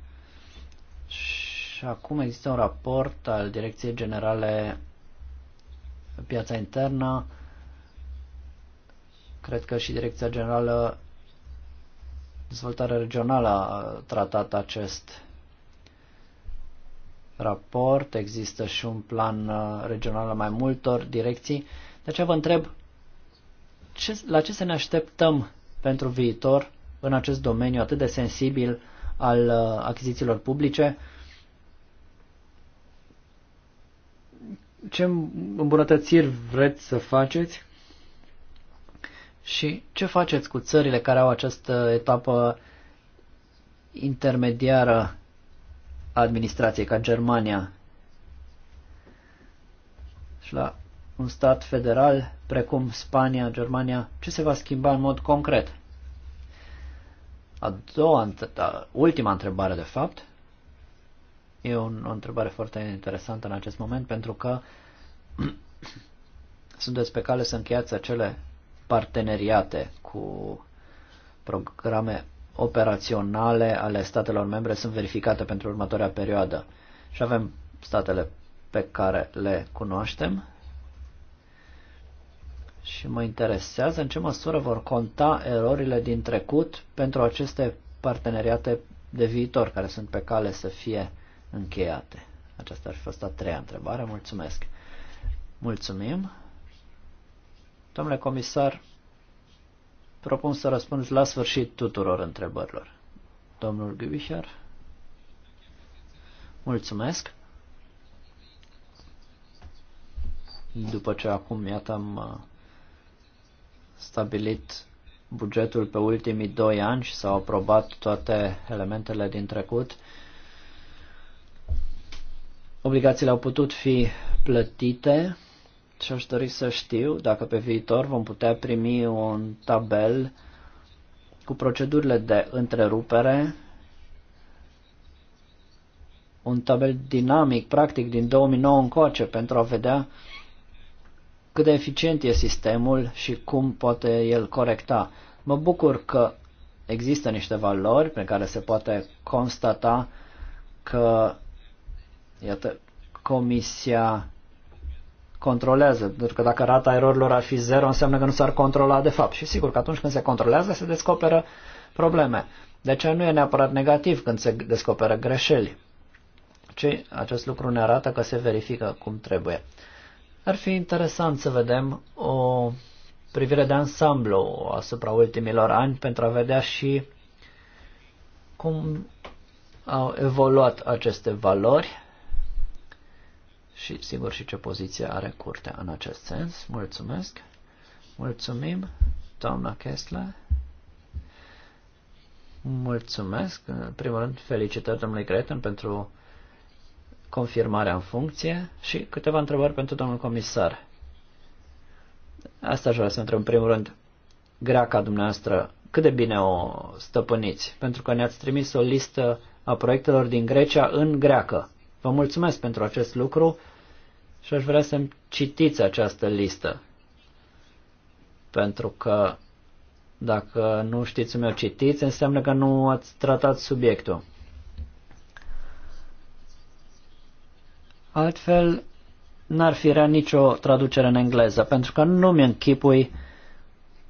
și acum există un raport al Direcției Generale Piața Internă. Cred că și Direcția Generală Dezvoltare Regională a tratat acest raport. Există și un plan uh, regional al mai multor direcții. De aceea vă întreb ce, la ce să ne așteptăm pentru viitor în acest domeniu atât de sensibil al uh, achizițiilor publice ce îmbunătățiri vreți să faceți și ce faceți cu țările care au această etapă intermediară a administrației, ca Germania? Și la un stat federal, precum Spania, Germania, ce se va schimba în mod concret? A doua, a, ultima întrebare, de fapt, E un, o întrebare foarte interesantă în acest moment pentru că (clears throat) sunteți pe cale să încheiați acele parteneriate cu programe operaționale ale statelor membre sunt verificate pentru următoarea perioadă. Și avem statele pe care le cunoaștem și mă interesează în ce măsură vor conta erorile din trecut pentru aceste parteneriate de viitor care sunt pe cale să fie încheiate? Aceasta ar fi fost a treia întrebare. Mulțumesc. Mulțumim. Domnule comisar, propun să răspund la sfârșit tuturor întrebărilor. Domnul Gubișar. Mulțumesc. După ce acum, iată, am uh, stabilit bugetul pe ultimii doi ani și s-au aprobat toate elementele din trecut, Obligațiile au putut fi plătite și aș dori să știu dacă pe viitor vom putea primi un tabel cu procedurile de întrerupere, un tabel dinamic, practic, din 2009 încoace, pentru a vedea cât de eficient e sistemul și cum poate el corecta. Mă bucur că există niște valori pe care se poate constata că Iată, comisia controlează, pentru că dacă rata erorilor ar fi zero, înseamnă că nu s-ar controla de fapt. Și sigur că atunci când se controlează, se descoperă probleme. De ce nu e neapărat negativ când se descoperă greșeli, ci acest lucru ne arată că se verifică cum trebuie. Ar fi interesant să vedem o privire de ansamblu asupra ultimilor ani pentru a vedea și cum au evoluat aceste valori și sigur și ce poziție are curtea în acest sens. Mulțumesc! Mulțumim, doamna Kessler! Mulțumesc! În primul rând, felicitări domnului Greten pentru confirmarea în funcție și câteva întrebări pentru domnul comisar. Asta aș vrea să întreb în primul rând. Greaca dumneavoastră, cât de bine o stăpâniți? Pentru că ne-ați trimis o listă a proiectelor din Grecia în greacă. Vă mulțumesc pentru acest lucru și aș vrea să-mi citiți această listă. Pentru că dacă nu știți să-mi o citiți, înseamnă că nu ați tratat subiectul. Altfel, n-ar fi rea nicio traducere în engleză, pentru că nu mi închipui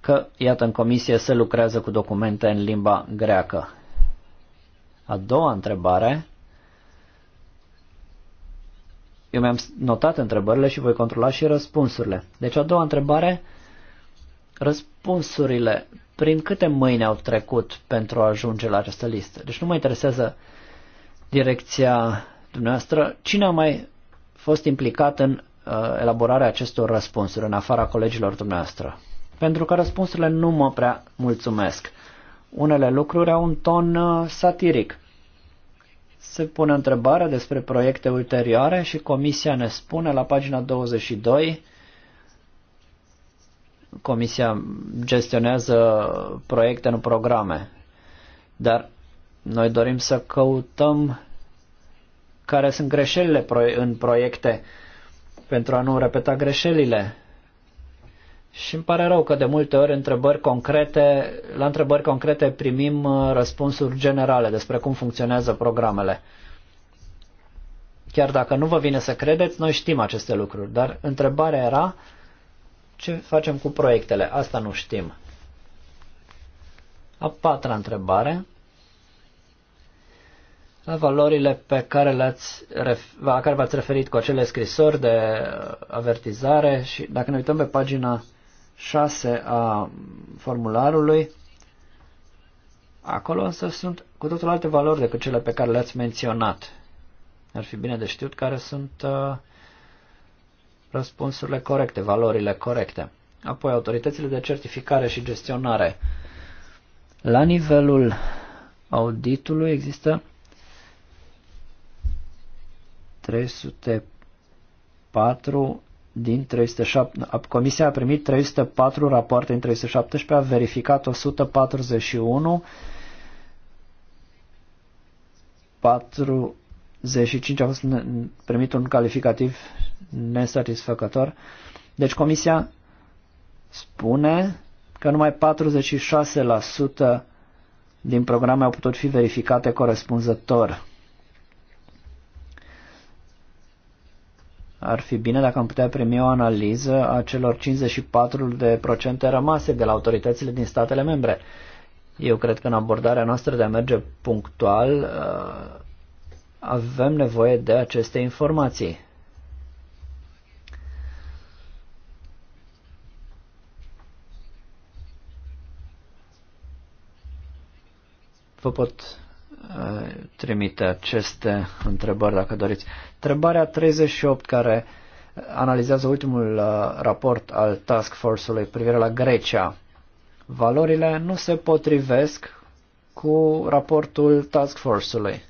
că, iată, în comisie se lucrează cu documente în limba greacă. A doua întrebare eu mi-am notat întrebările și voi controla și răspunsurile. Deci a doua întrebare, răspunsurile, prin câte mâini au trecut pentru a ajunge la această listă? Deci nu mă interesează direcția dumneavoastră, cine a mai fost implicat în uh, elaborarea acestor răspunsuri, în afara colegilor dumneavoastră? Pentru că răspunsurile nu mă prea mulțumesc. Unele lucruri au un ton uh, satiric se pune întrebarea despre proiecte ulterioare și comisia ne spune la pagina 22 comisia gestionează proiecte în programe. Dar noi dorim să căutăm care sunt greșelile în proiecte pentru a nu repeta greșelile. Și îmi pare rău că de multe ori întrebări concrete, la întrebări concrete primim uh, răspunsuri generale despre cum funcționează programele. Chiar dacă nu vă vine să credeți, noi știm aceste lucruri, dar întrebarea era ce facem cu proiectele. Asta nu știm. A patra întrebare. La valorile pe care le-ați, la care v-ați referit cu acele scrisori de uh, avertizare și dacă ne uităm pe pagina 6 a formularului. Acolo însă sunt cu totul alte valori decât cele pe care le-ați menționat. Ar fi bine de știut care sunt uh, răspunsurile corecte, valorile corecte. Apoi autoritățile de certificare și gestionare. La nivelul auditului există 304 din 307, da, comisia a primit 304 rapoarte în 317, a verificat 141, 45 a fost primit un calificativ nesatisfăcător. Deci comisia spune că numai 46% din programe au putut fi verificate corespunzător. ar fi bine dacă am putea primi o analiză a celor 54% rămase de la autoritățile din statele membre. Eu cred că în abordarea noastră de a merge punctual uh, avem nevoie de aceste informații. Vă pot trimite aceste întrebări dacă doriți. Întrebarea 38 care analizează ultimul uh, raport al Task Force-ului privire la Grecia. Valorile nu se potrivesc cu raportul Task Force-ului.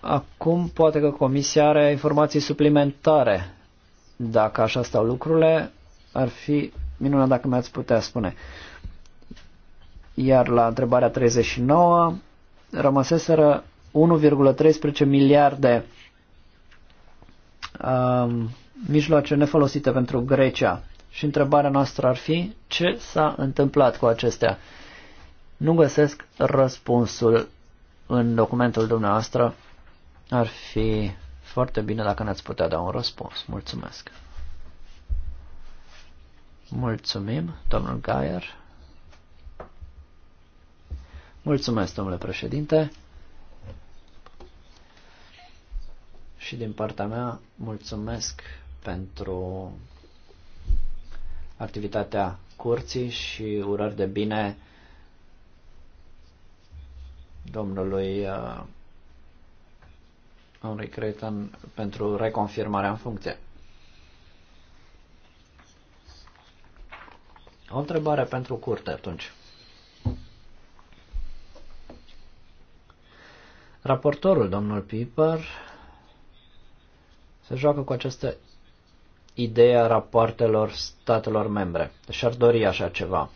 Acum poate că Comisia are informații suplimentare. Dacă așa stau lucrurile, ar fi minunat dacă mi-ați putea spune. Uh, iar la întrebarea 39 rămăseseră 1,13 miliarde uh, mijloace nefolosite pentru Grecia. Și întrebarea noastră ar fi ce s-a întâmplat cu acestea. Nu găsesc răspunsul în documentul dumneavoastră. Ar fi foarte bine dacă ne-ați putea da un răspuns. Mulțumesc. Mulțumim, domnul Gaier. Mulțumesc, domnule președinte. Și din partea mea, mulțumesc pentru activitatea curții și urări de bine domnului uh, Henry Creighton pentru reconfirmarea în funcție. O întrebare pentru curte atunci. Raportorul, domnul Piper, se joacă cu această idee a rapoartelor statelor membre. Deci ar dori așa ceva.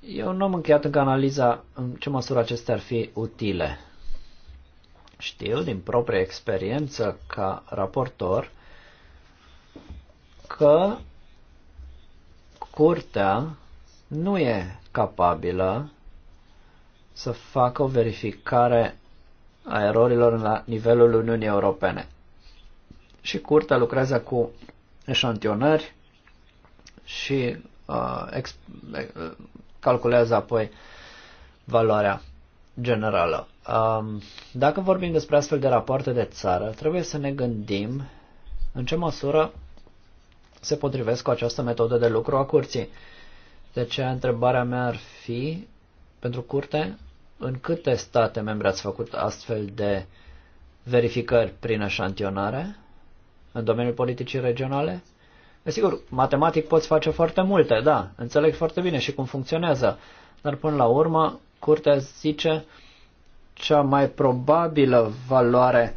Eu nu am încheiat încă analiza în ce măsură acestea ar fi utile. Știu din proprie experiență ca raportor că curtea nu e capabilă să facă o verificare a erorilor la nivelul Uniunii Europene. Și curtea lucrează cu eșantionări și uh, ex, uh, calculează apoi valoarea generală. Um, dacă vorbim despre astfel de rapoarte de țară, trebuie să ne gândim în ce măsură se potrivesc cu această metodă de lucru a curții. De ce întrebarea mea ar fi pentru curte în câte state membre ați făcut astfel de verificări prin eșantionare în domeniul politicii regionale? Desigur, matematic poți face foarte multe, da, înțeleg foarte bine și cum funcționează, dar până la urmă, curtea zice cea mai probabilă valoare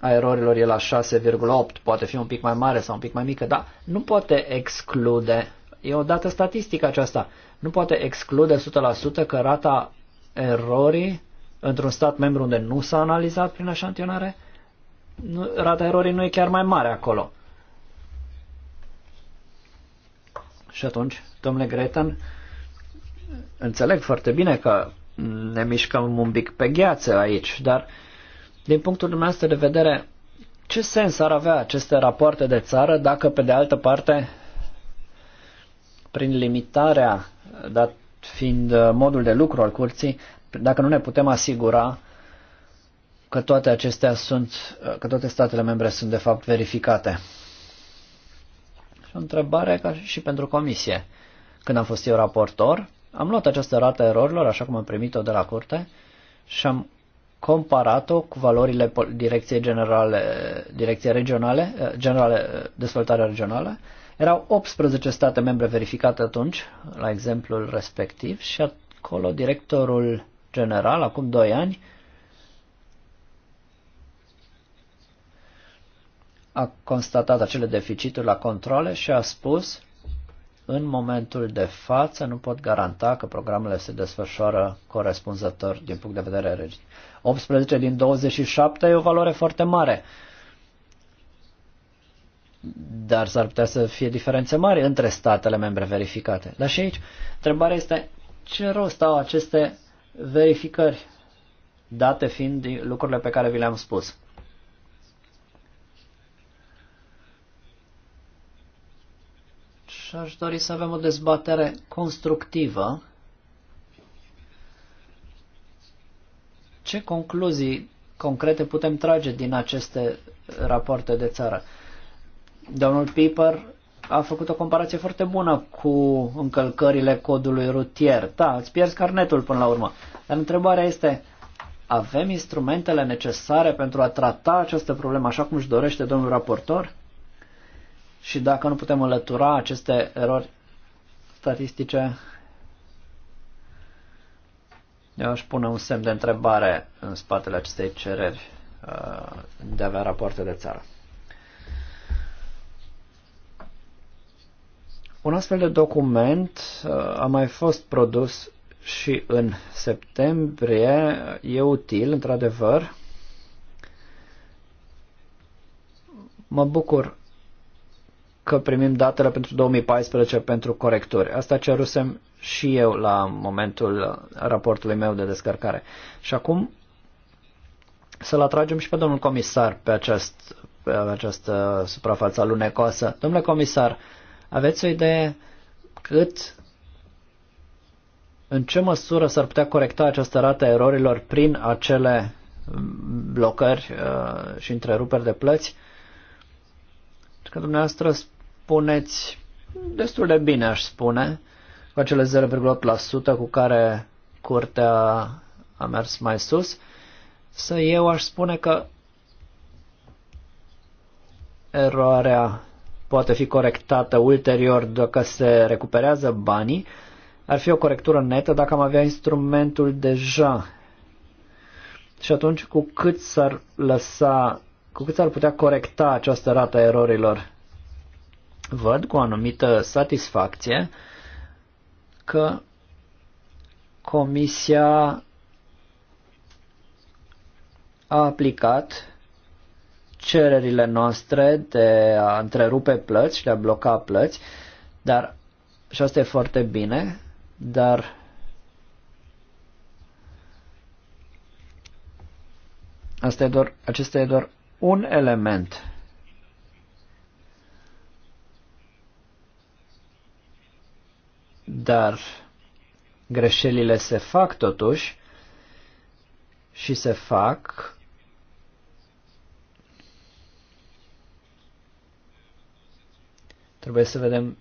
a erorilor e la 6,8, poate fi un pic mai mare sau un pic mai mică, dar nu poate exclude, e o dată statistică aceasta, nu poate exclude 100% că rata erorii într-un stat membru unde nu s-a analizat prin eșantionare, rata erorii nu e chiar mai mare acolo. Și atunci, domnule Gretan, înțeleg foarte bine că ne mișcăm un pic pe gheață aici, dar din punctul dumneavoastră de vedere, ce sens ar avea aceste rapoarte de țară dacă, pe de altă parte, prin limitarea dat fiind uh, modul de lucru al curții, dacă nu ne putem asigura că toate acestea sunt, uh, că toate statele membre sunt de fapt verificate. Și o întrebare ca și pentru comisie. Când am fost eu raportor, am luat această rată a erorilor, așa cum am primit-o de la curte, și am comparat-o cu valorile Direcției Generale, Direcției Regionale, uh, Generale Dezvoltare Regională erau 18 state membre verificate atunci, la exemplul respectiv, și acolo directorul general, acum 2 ani, a constatat acele deficituri la controle și a spus în momentul de față nu pot garanta că programele se desfășoară corespunzător din punct de vedere regiei. 18 din 27 e o valoare foarte mare dar s-ar putea să fie diferențe mari între statele membre verificate. Dar și aici, întrebarea este ce rost au aceste verificări, date fiind lucrurile pe care vi le-am spus. Și aș dori să avem o dezbatere constructivă. Ce concluzii concrete putem trage din aceste rapoarte de țară? Domnul Piper a făcut o comparație foarte bună cu încălcările codului rutier. Da, îți pierzi carnetul până la urmă. Dar întrebarea este, avem instrumentele necesare pentru a trata această problemă așa cum își dorește domnul raportor? Și dacă nu putem înlătura aceste erori statistice, eu aș pune un semn de întrebare în spatele acestei cereri uh, de a avea rapoarte de țară. Un astfel de document uh, a mai fost produs și în septembrie. E util, într-adevăr. Mă bucur că primim datele pentru 2014 pentru corecturi. Asta cerusem și eu la momentul raportului meu de descărcare. Și acum să-l atragem și pe domnul comisar pe, acest, pe această suprafață alunecoasă. Domnule comisar, uh, aveți o idee cât, în ce măsură s-ar putea corecta această rată a erorilor prin acele mm, blocări uh, și întreruperi de plăți? Că dumneavoastră spuneți destul de bine, aș spune, cu acele 0,8% cu care curtea a mers mai sus, să eu aș spune că eroarea poate fi corectată ulterior dacă se recuperează banii, ar fi o corectură netă dacă am avea instrumentul deja. Și atunci cu cât s-ar lăsa, cu cât s-ar putea corecta această rată a erorilor? Văd cu o anumită satisfacție că Comisia a aplicat cererile noastre de a întrerupe plăți și de a bloca plăți, dar și asta e foarte bine, dar asta e doar, acesta e doar un element dar greșelile se fac totuși și se fac Trebuie să vedem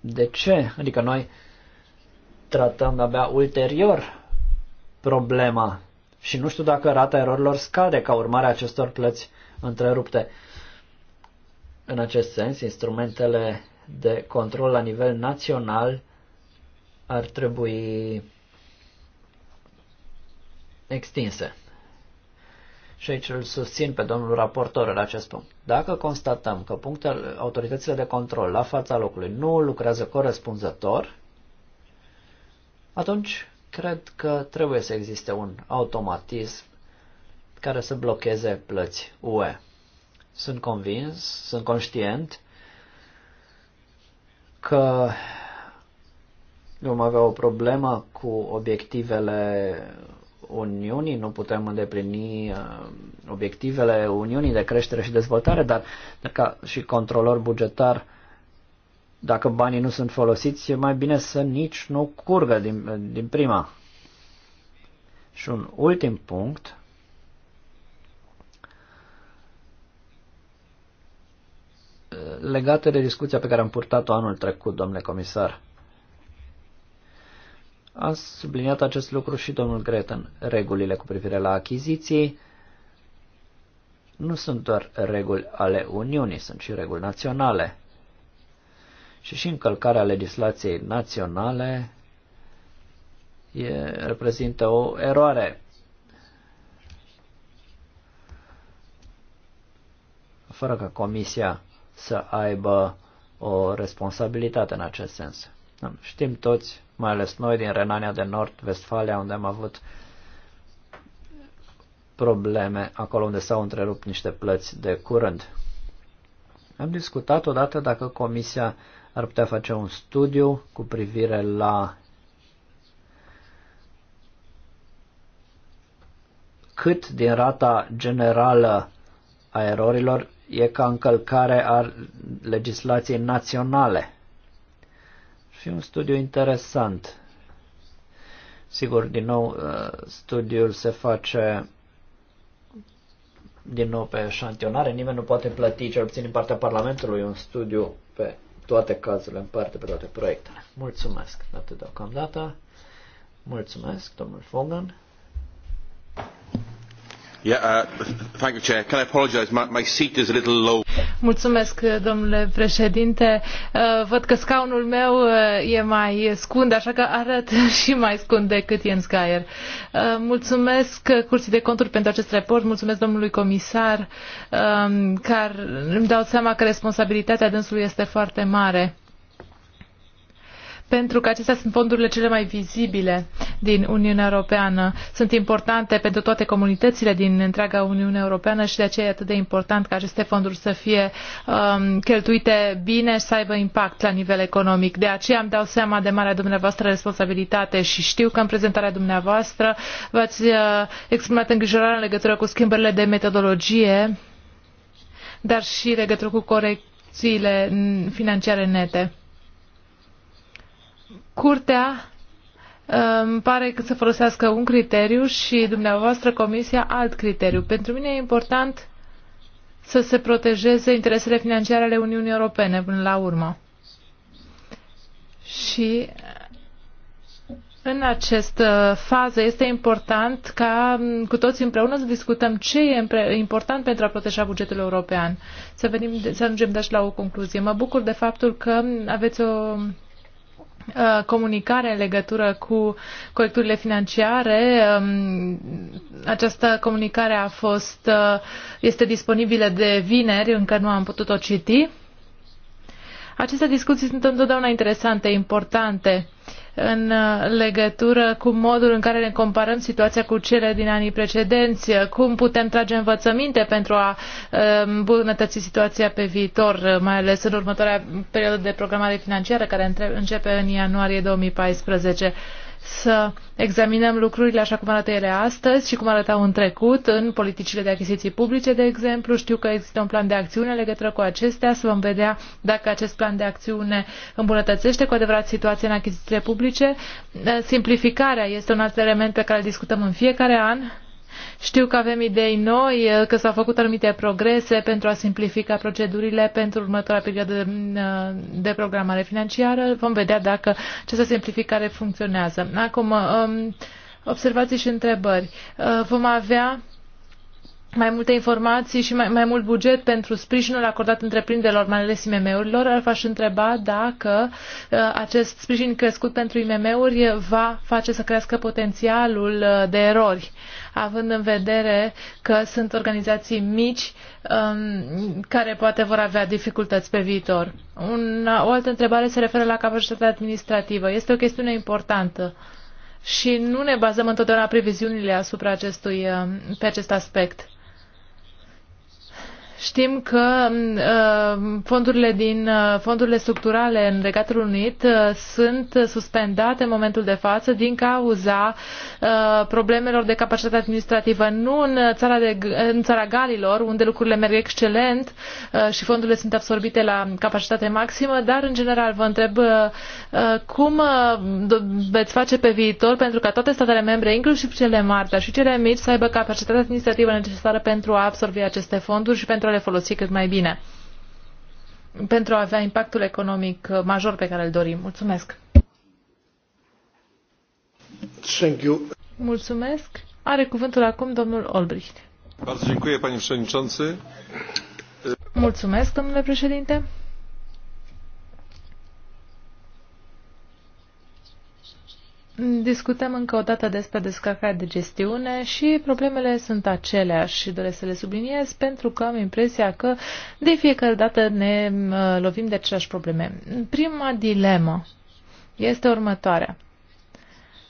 de ce. Adică noi tratăm abia ulterior problema și nu știu dacă rata erorilor scade ca urmare a acestor plăți întrerupte. În acest sens, instrumentele de control la nivel național ar trebui extinse și aici îl susțin pe domnul raportor în acest punct. Dacă constatăm că punctele, autoritățile de control la fața locului nu lucrează corespunzător, atunci cred că trebuie să existe un automatism care să blocheze plăți UE. Sunt convins, sunt conștient că vom avea o problemă cu obiectivele Uniunii, nu putem îndeplini uh, obiectivele Uniunii de creștere și dezvoltare, dar, dar ca și controlor bugetar, dacă banii nu sunt folosiți, e mai bine să nici nu curgă din, din prima. Și un ultim punct. legată de discuția pe care am purtat-o anul trecut, domnule comisar. A subliniat acest lucru și domnul Greten. Regulile cu privire la achiziții nu sunt doar reguli ale Uniunii, sunt și reguli naționale. Și și încălcarea legislației naționale e, reprezintă o eroare. Fără ca Comisia să aibă o responsabilitate în acest sens. Știm toți mai ales noi din Renania de Nord-Vestfalia, unde am avut probleme acolo unde s-au întrerupt niște plăți de curând. Am discutat odată dacă Comisia ar putea face un studiu cu privire la cât din rata generală a erorilor e ca încălcare a legislației naționale fi un studiu interesant. Sigur, din nou, uh, studiul se face din nou pe șantionare, nimeni nu poate plăti, cel puțin din partea Parlamentului, un studiu pe toate cazurile, în parte pe toate proiectele. Mulțumesc, atât deocamdată. Mulțumesc, domnul Fogan. Mulțumesc, domnule președinte. Uh, văd că scaunul meu uh, e mai scund, așa că arăt (laughs) și mai scund decât Jens Geier. Uh, mulțumesc Curții de Conturi pentru acest raport, mulțumesc domnului comisar, um, care îmi dau seama că responsabilitatea dânsului este foarte mare pentru că acestea sunt fondurile cele mai vizibile din Uniunea Europeană. Sunt importante pentru toate comunitățile din întreaga Uniune Europeană și de aceea e atât de important ca aceste fonduri să fie um, cheltuite bine și să aibă impact la nivel economic. De aceea îmi dau seama de marea dumneavoastră responsabilitate și știu că în prezentarea dumneavoastră v-ați uh, exprimat îngrijorarea în legătură cu schimbările de metodologie, dar și legătură cu corecțiile financiare nete Curtea uh, îmi pare că să folosească un criteriu și dumneavoastră comisia alt criteriu. Pentru mine e important să se protejeze interesele financiare ale Uniunii Europene până la urmă. Și în această fază este important ca mm, cu toți împreună să discutăm ce e important pentru a proteja bugetul european. Să, venim, să ajungem deci la o concluzie. Mă bucur de faptul că aveți o Uh, comunicare în legătură cu colecturile financiare. Um, această comunicare a fost, uh, este disponibilă de vineri, încă nu am putut o citi. Aceste discuții sunt întotdeauna interesante, importante. Uh, în uh, legătură cu modul în care ne comparăm situația cu cele din anii precedenți, uh, cum putem trage învățăminte pentru a uh, îmbunătăți situația pe viitor, mai ales în următoarea perioadă de programare financiară care începe în ianuarie 2014 să examinăm lucrurile așa cum arată ele astăzi și cum arătau în trecut, în politicile de achiziții publice, de exemplu. Știu că există un plan de acțiune în legătură cu acestea, să vom vedea dacă acest plan de acțiune îmbunătățește cu adevărat situația în achizițiile publice. Simplificarea este un alt element pe care îl discutăm în fiecare an știu că avem idei noi, că s-au făcut anumite progrese pentru a simplifica procedurile pentru următoarea perioadă uh, de programare financiară. Vom vedea dacă această simplificare funcționează. Acum, um, observații și întrebări. Uh, vom avea mai multe informații și mai, mai mult buget pentru sprijinul acordat întreprinderilor, mai ales IMM-urilor, v-aș întreba dacă uh, acest sprijin crescut pentru IMM-uri va face să crească potențialul uh, de erori, având în vedere că sunt organizații mici um, care poate vor avea dificultăți pe viitor. Un, o altă întrebare se referă la capacitatea administrativă. Este o chestiune importantă și nu ne bazăm întotdeauna previziunile asupra acestui, uh, pe acest aspect Știm că mm, uh, fondurile din uh, fondurile structurale în Regatul Unit uh, sunt suspendate în momentul de față din cauza uh, problemelor de capacitate administrativă. Nu în țara, de, în țara Galilor, unde lucrurile merg excelent uh, și fondurile sunt absorbite la capacitate maximă, dar în general vă întreb uh, uh cum uh, veți face pe viitor pentru ca toate statele membre, inclusiv cele mari, dar și cele mici, să aibă capacitatea administrativă necesară pentru a absorbi aceste fonduri și pentru a le folosi cât mai bine pentru a avea impactul economic major pe care îl dorim. Mulțumesc! Thank you. Mulțumesc! Are cuvântul acum domnul Olbricht. Mulțumesc, domnule președinte! Discutăm încă o dată despre descărcarea de gestiune și problemele sunt aceleași și doresc să le subliniez pentru că am impresia că de fiecare dată ne uh, lovim de aceleași probleme. Prima dilemă este următoarea.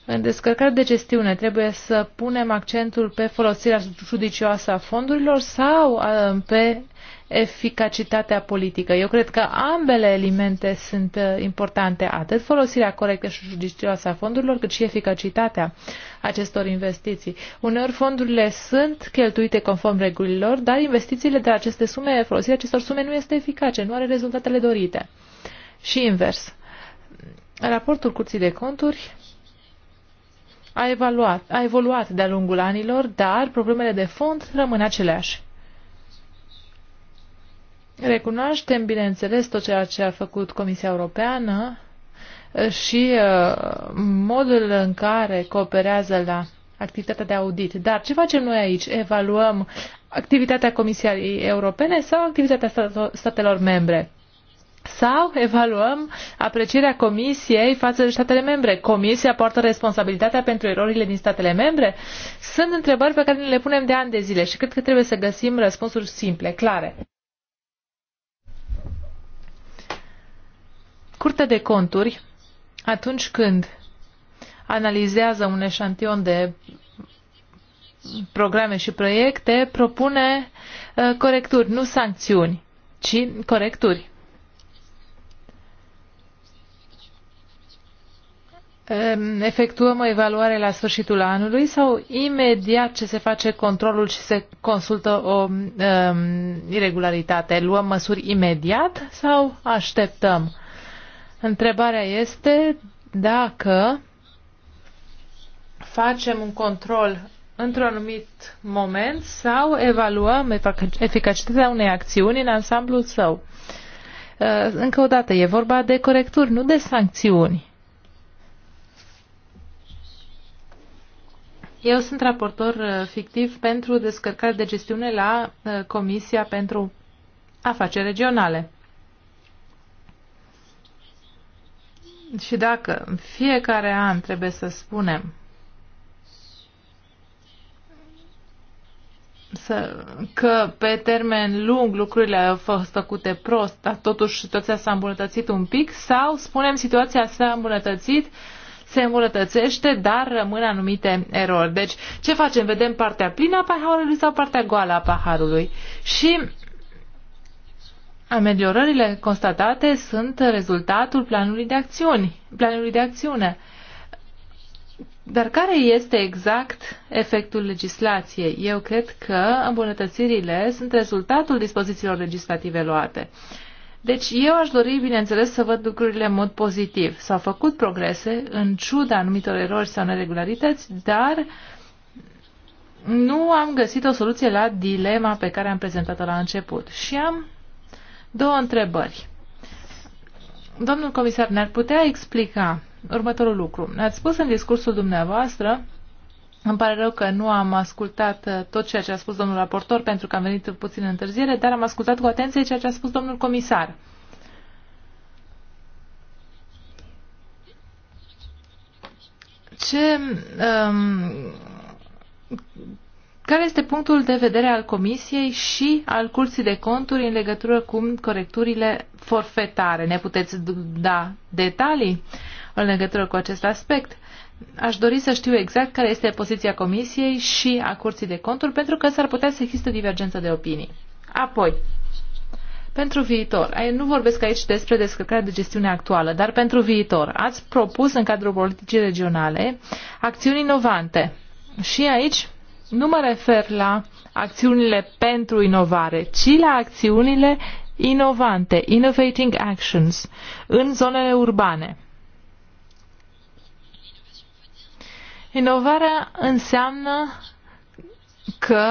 În descărcare de gestiune trebuie să punem accentul pe folosirea judicioasă a fondurilor sau um, pe eficacitatea politică. Eu cred că ambele elemente sunt uh, importante, atât folosirea corectă și judicioasă a fondurilor, cât și eficacitatea acestor investiții. Uneori fondurile sunt cheltuite conform regulilor, dar investițiile de aceste sume, folosirea acestor sume nu este eficace, nu are rezultatele dorite. Și invers. Raportul Curții de Conturi a, evaluat, a evoluat de-a lungul anilor, dar problemele de fond rămân aceleași. Recunoaștem, bineînțeles, tot ceea ce a făcut Comisia Europeană și uh, modul în care cooperează la activitatea de audit. Dar ce facem noi aici? Evaluăm activitatea Comisiei Europene sau activitatea statelor membre? sau evaluăm aprecierea Comisiei față de statele membre. Comisia poartă responsabilitatea pentru erorile din statele membre? Sunt întrebări pe care le punem de ani de zile și cred că trebuie să găsim răspunsuri simple, clare. Curtea de conturi, atunci când analizează un eșantion de programe și proiecte, propune uh, corecturi, nu sancțiuni, ci corecturi. efectuăm o evaluare la sfârșitul anului sau imediat ce se face controlul și se consultă o um, irregularitate? Luăm măsuri imediat sau așteptăm? Întrebarea este dacă facem un control într-un anumit moment sau evaluăm eficacitatea unei acțiuni în ansamblul său. Încă o dată, e vorba de corecturi, nu de sancțiuni. Eu sunt raportor uh, fictiv pentru descărcare de gestiune la uh, Comisia pentru Afaceri Regionale. Și dacă în fiecare an trebuie să spunem să, că pe termen lung lucrurile au fost făcute prost, dar totuși situația s-a îmbunătățit un pic, sau spunem situația s-a îmbunătățit uh, se îmbunătățește, dar rămân anumite erori. Deci, ce facem? Vedem partea plină a paharului sau partea goală a paharului? Și ameliorările constatate sunt rezultatul planului de acțiuni, planului de acțiune. Dar care este exact efectul legislației? Eu cred că îmbunătățirile sunt rezultatul dispozițiilor legislative luate. Uh, deci eu aș dori, bineînțeles, să văd lucrurile în mod pozitiv. S-au făcut progrese în ciuda anumitor erori sau neregularități, dar nu am găsit o soluție la dilema pe care am prezentat-o la început. Și am două întrebări. Domnul comisar, ne-ar putea explica următorul lucru. Ați spus în discursul dumneavoastră îmi pare rău că nu am ascultat uh, tot ceea ce a spus domnul raportor pentru că am venit puțin în întârziere, dar am ascultat cu atenție ceea ce a spus domnul comisar. Ce, um, care este punctul de vedere al Comisiei și al Curții de Conturi în legătură cu corecturile forfetare? Ne puteți da detalii în legătură cu acest aspect? Aș dori să știu exact care este poziția Comisiei și a Curții de Conturi, pentru că s-ar putea să existe divergență de opinii. Apoi, pentru viitor, nu vorbesc aici despre descărcarea de gestiune actuală, dar pentru viitor, ați propus în cadrul politicii regionale acțiuni inovante. Și aici nu mă refer la acțiunile pentru inovare, ci la acțiunile inovante, innovating actions, în zonele urbane. Inovarea înseamnă că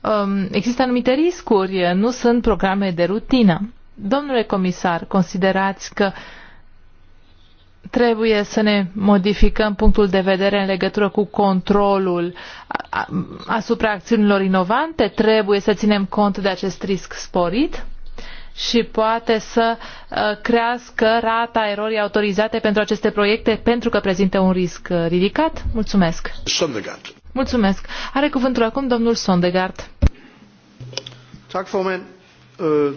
um, există anumite riscuri, nu sunt programe de rutină. Domnule comisar, considerați că trebuie să ne modificăm punctul de vedere în legătură cu controlul asupra acțiunilor inovante? Trebuie să ținem cont de acest risc sporit? și poate să uh, crească rata erorii autorizate pentru aceste proiecte pentru că prezintă un risc uh, ridicat? Mulțumesc! Sondegard. Mulțumesc! Are cuvântul acum domnul Sondegard. Tak, øh,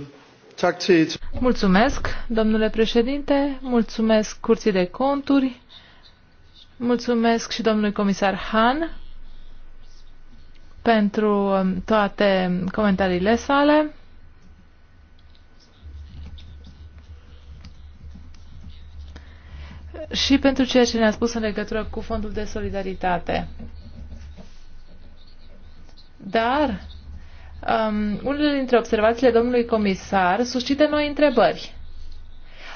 Mulțumesc, domnule președinte, mulțumesc Curții de Conturi, mulțumesc și domnului comisar Han pentru um, toate comentariile sale. și pentru ceea ce ne-a spus în legătură cu Fondul de Solidaritate. Dar um, unele dintre observațiile domnului comisar suscită noi întrebări.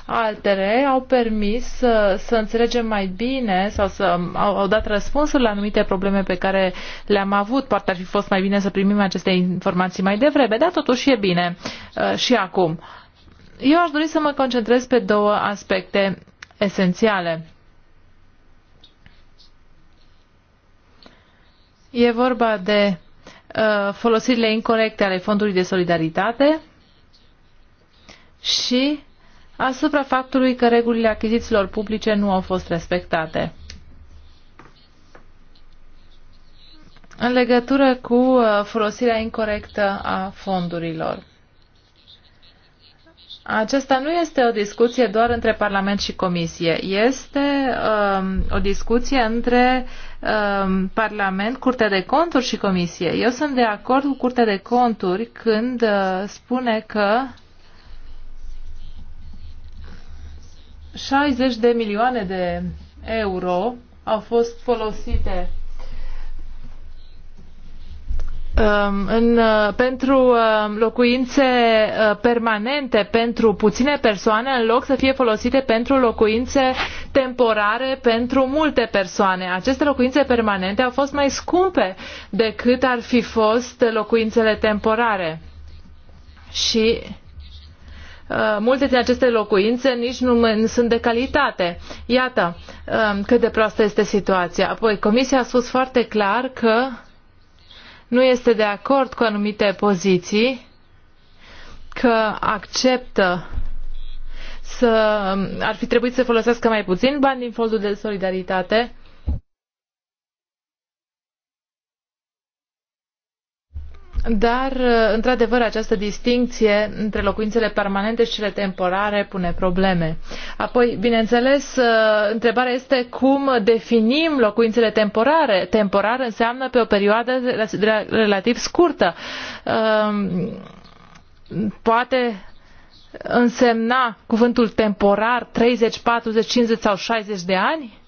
Altele au permis să, să înțelegem mai bine sau să au, au dat răspunsuri la anumite probleme pe care le-am avut. Poate ar fi fost mai bine să primim aceste informații mai devreme, dar totuși e bine uh, și acum. Eu aș dori să mă concentrez pe două aspecte esențiale. E vorba de uh, folosirile incorrecte ale fondului de solidaritate și asupra faptului că regulile achizițiilor publice nu au fost respectate. În legătură cu uh, folosirea incorrectă a fondurilor. Aceasta nu este o discuție doar între Parlament și Comisie. Este um, o discuție între um, Parlament, Curtea de Conturi și Comisie. Eu sunt de acord cu Curtea de Conturi când uh, spune că 60 de milioane de euro au fost folosite Um, în, uh, pentru um, locuințe uh, permanente pentru puține persoane în loc să fie folosite pentru locuințe temporare pentru multe persoane. Aceste locuințe permanente au fost mai scumpe decât ar fi fost locuințele temporare. Și uh, multe din aceste locuințe nici nu sunt de calitate. Iată um, cât de proastă este situația. Apoi, Comisia a spus foarte clar că nu este de acord cu anumite poziții, că acceptă să ar fi trebuit să folosească mai puțin bani din fondul de solidaritate Dar, uh, într-adevăr, această distincție între locuințele permanente și cele temporare pune probleme. Apoi, bineînțeles, uh, întrebarea este cum definim locuințele temporare. Temporar înseamnă pe o perioadă relativ scurtă. Um, poate însemna cuvântul temporar 30, 40, 50 sau 60 de ani?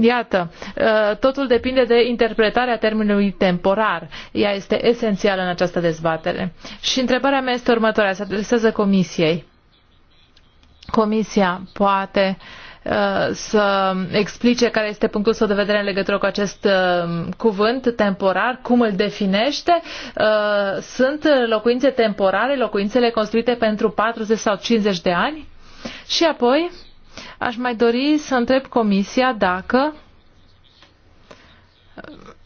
Iată, uh, totul depinde de interpretarea termenului temporar. Ea este esențială în această dezbatere. Și întrebarea mea este următoarea, se adresează Comisiei. Comisia poate uh, să explice care este punctul său de vedere în legătură cu acest uh, cuvânt temporar, cum îl definește. Sunt locuințe temporare, locuințele construite pentru 40 sau 50 de ani? Și apoi, Aș mai dori să întreb Comisia dacă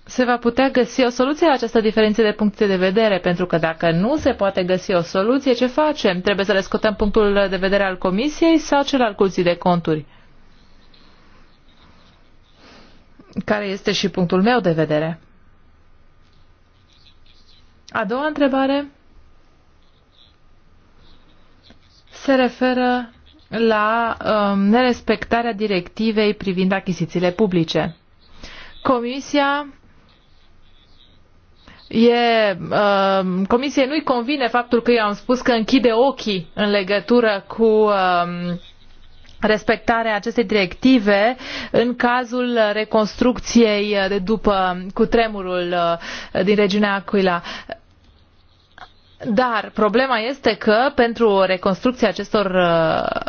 se va putea găsi o soluție la această diferență de puncte de vedere, pentru că dacă nu se poate găsi o soluție, ce facem? Trebuie să le scotăm punctul de vedere al Comisiei sau cel al Curții de Conturi? Care este și punctul meu de vedere. A doua întrebare se referă la um, nerespectarea directivei privind achizițiile publice. Comisia e, uh, comisie nu-i convine faptul că eu am spus că închide ochii în legătură cu uh, respectarea acestei directive în cazul reconstrucției de după cutremurul uh, din regiunea Aquila. Dar problema este că pentru reconstrucția acestor uh,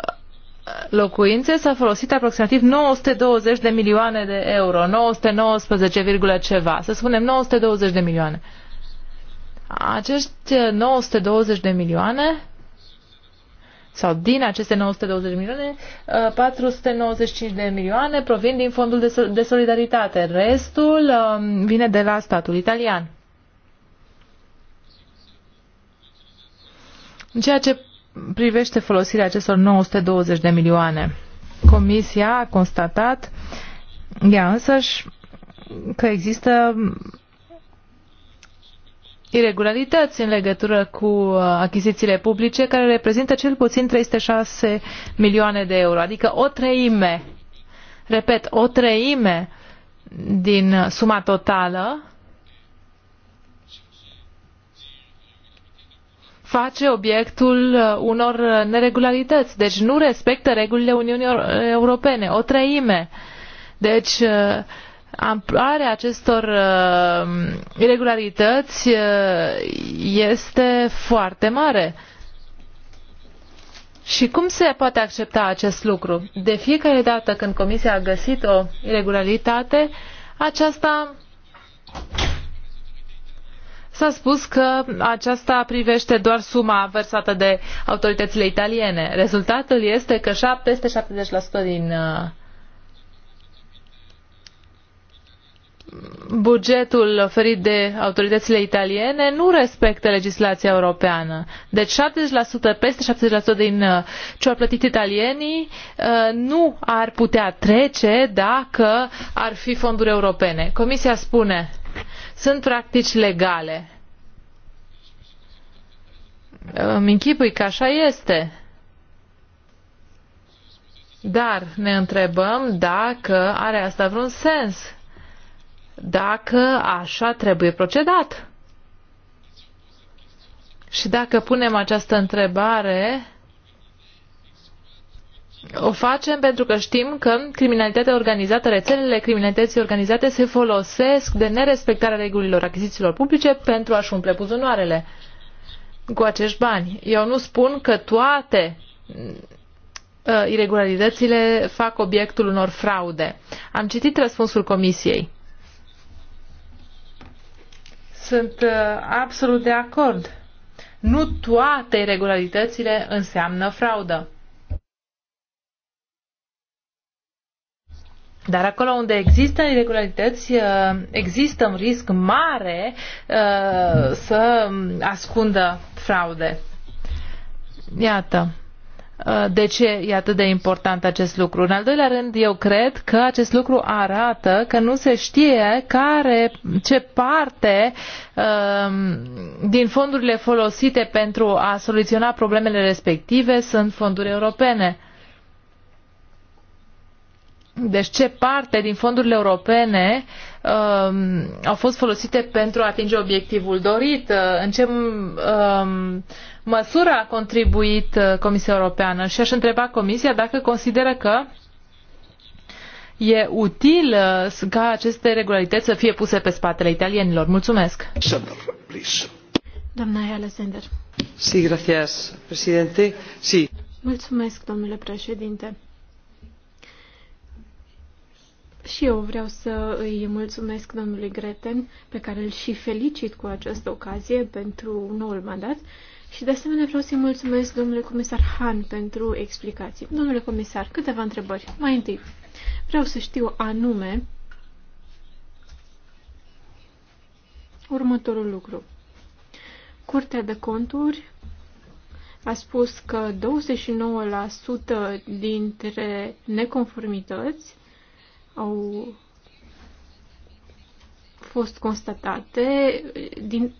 locuințe s-a folosit aproximativ 920 de milioane de euro, 919, ceva, să spunem 920 de milioane. Acești 920 uh, de milioane sau din aceste 920 de milioane, 495 uh, de milioane provin din fondul de solidaritate. Restul um, vine de la statul italian. În ceea ce privește folosirea acestor 920 de milioane, Comisia a constatat ea însăși că există irregularități în legătură cu uh, achizițiile publice care reprezintă cel puțin 306 milioane de euro, adică o treime, repet, o treime din suma totală face obiectul uh, unor uh, neregularități, deci nu respectă regulile Uniunii Europene, o treime. Deci uh, amploarea acestor irregularități este foarte mare. Și cum se poate accepta acest lucru? De fiecare dată când Comisia a găsit o irregularitate, aceasta S-a spus că aceasta privește doar suma versată de autoritățile italiene. Rezultatul este că sută din uh, bugetul oferit de autoritățile italiene nu respectă legislația europeană. Deci 70%, peste 70% din uh, ce au plătit italienii uh, nu ar putea trece dacă ar fi fonduri europene. Comisia spune sunt practici legale. Îmi închipui că așa este. Dar ne întrebăm dacă are asta vreun sens, dacă așa trebuie procedat. Și dacă punem această întrebare, o facem pentru că știm că criminalitatea organizată, rețelele criminalității organizate se folosesc de nerespectarea regulilor achizițiilor publice pentru a-și umple buzunoarele cu acești bani. Eu nu spun că toate uh, irregularitățile fac obiectul unor fraude. Am citit răspunsul comisiei. Sunt uh, absolut de acord. Nu toate irregularitățile înseamnă fraudă. Dar acolo unde există irregularități, uh, există un risc mare uh, să ascundă fraude. Iată. Uh, de ce e atât de important acest lucru? În al doilea rând, eu cred că acest lucru arată că nu se știe care, ce parte um, din fondurile folosite pentru a soluționa problemele respective sunt fonduri europene. Deci ce parte din fondurile europene um, au fost folosite pentru a atinge obiectivul dorit? Uh, în ce um, măsură a contribuit uh, Comisia Europeană? Și aș întreba Comisia dacă consideră că e util uh, ca aceste regularități să fie puse pe spatele italienilor. Mulțumesc! Sender, Doamna Alexander. Sí, gracias, presidente. Sí. Mulțumesc, domnule președinte. Și eu vreau să îi mulțumesc domnului Greten, pe care îl și felicit cu această ocazie pentru noul mandat. Și de asemenea vreau să-i mulțumesc domnului comisar Han pentru explicații. Domnule comisar, câteva întrebări. Mai întâi, vreau să știu anume următorul lucru. Curtea de conturi a spus că 29% dintre neconformități au fost constatate din,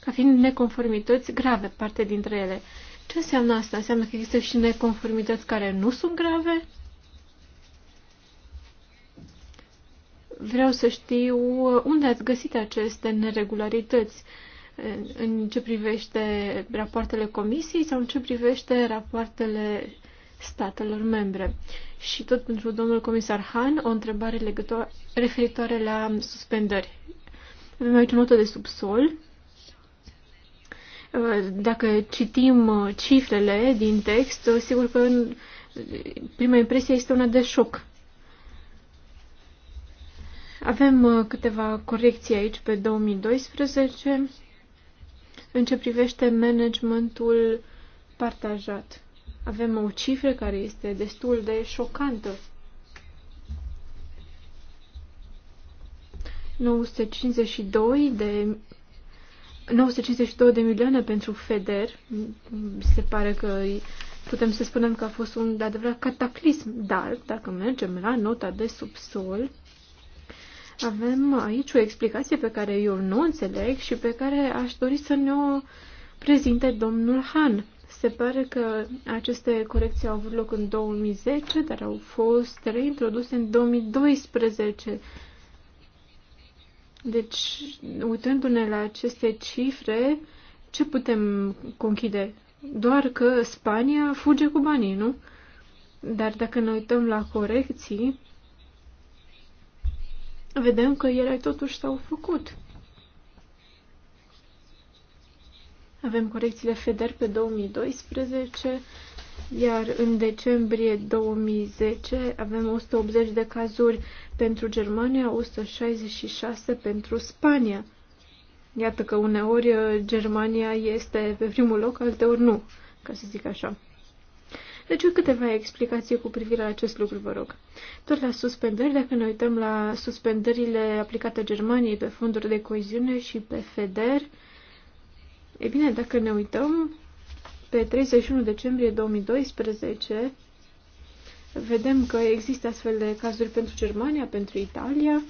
ca fiind neconformități grave, parte dintre ele. Ce înseamnă asta? Înseamnă că există și neconformități care nu sunt grave? Vreau să știu uh, unde ați găsit aceste neregularități în ce privește rapoartele comisiei sau în ce privește rapoartele statelor membre. Și tot pentru domnul comisar Han, o întrebare referitoare la suspendări. Avem aici o notă de subsol. Dacă citim uh, cifrele din text, uh, sigur că prima impresie este una de șoc. Avem uh, câteva corecții aici pe 2012 în ce privește managementul partajat. Avem o cifră care este destul de șocantă. 952 de 952 de milioane pentru FEDER. Se pare că putem să spunem că a fost un adevărat cataclism, dar dacă mergem la nota de subsol, avem aici o explicație pe care eu nu o înțeleg și pe care aș dori să ne-o prezinte domnul Han. Se pare că aceste corecții au avut loc în 2010, dar au fost reintroduse în 2012. Deci, uitându-ne la aceste cifre, ce putem conchide? Doar că Spania fuge cu banii, nu? Dar dacă ne uităm la corecții, vedem că ele totuși s-au făcut. Avem corecțiile FEDER pe 2012, iar în decembrie 2010 avem 180 de cazuri pentru Germania, 166 pentru Spania. Iată că uneori uh, Germania este pe primul loc, alteori nu, ca să zic așa. Deci câteva explicații cu privire la acest lucru, vă rog. Tot la suspendări, dacă ne uităm la suspendările aplicate Germaniei pe fonduri de coeziune și pe FEDER, E bine, dacă ne uităm pe 31 decembrie 2012, vedem că există astfel de cazuri pentru Germania, pentru Italia.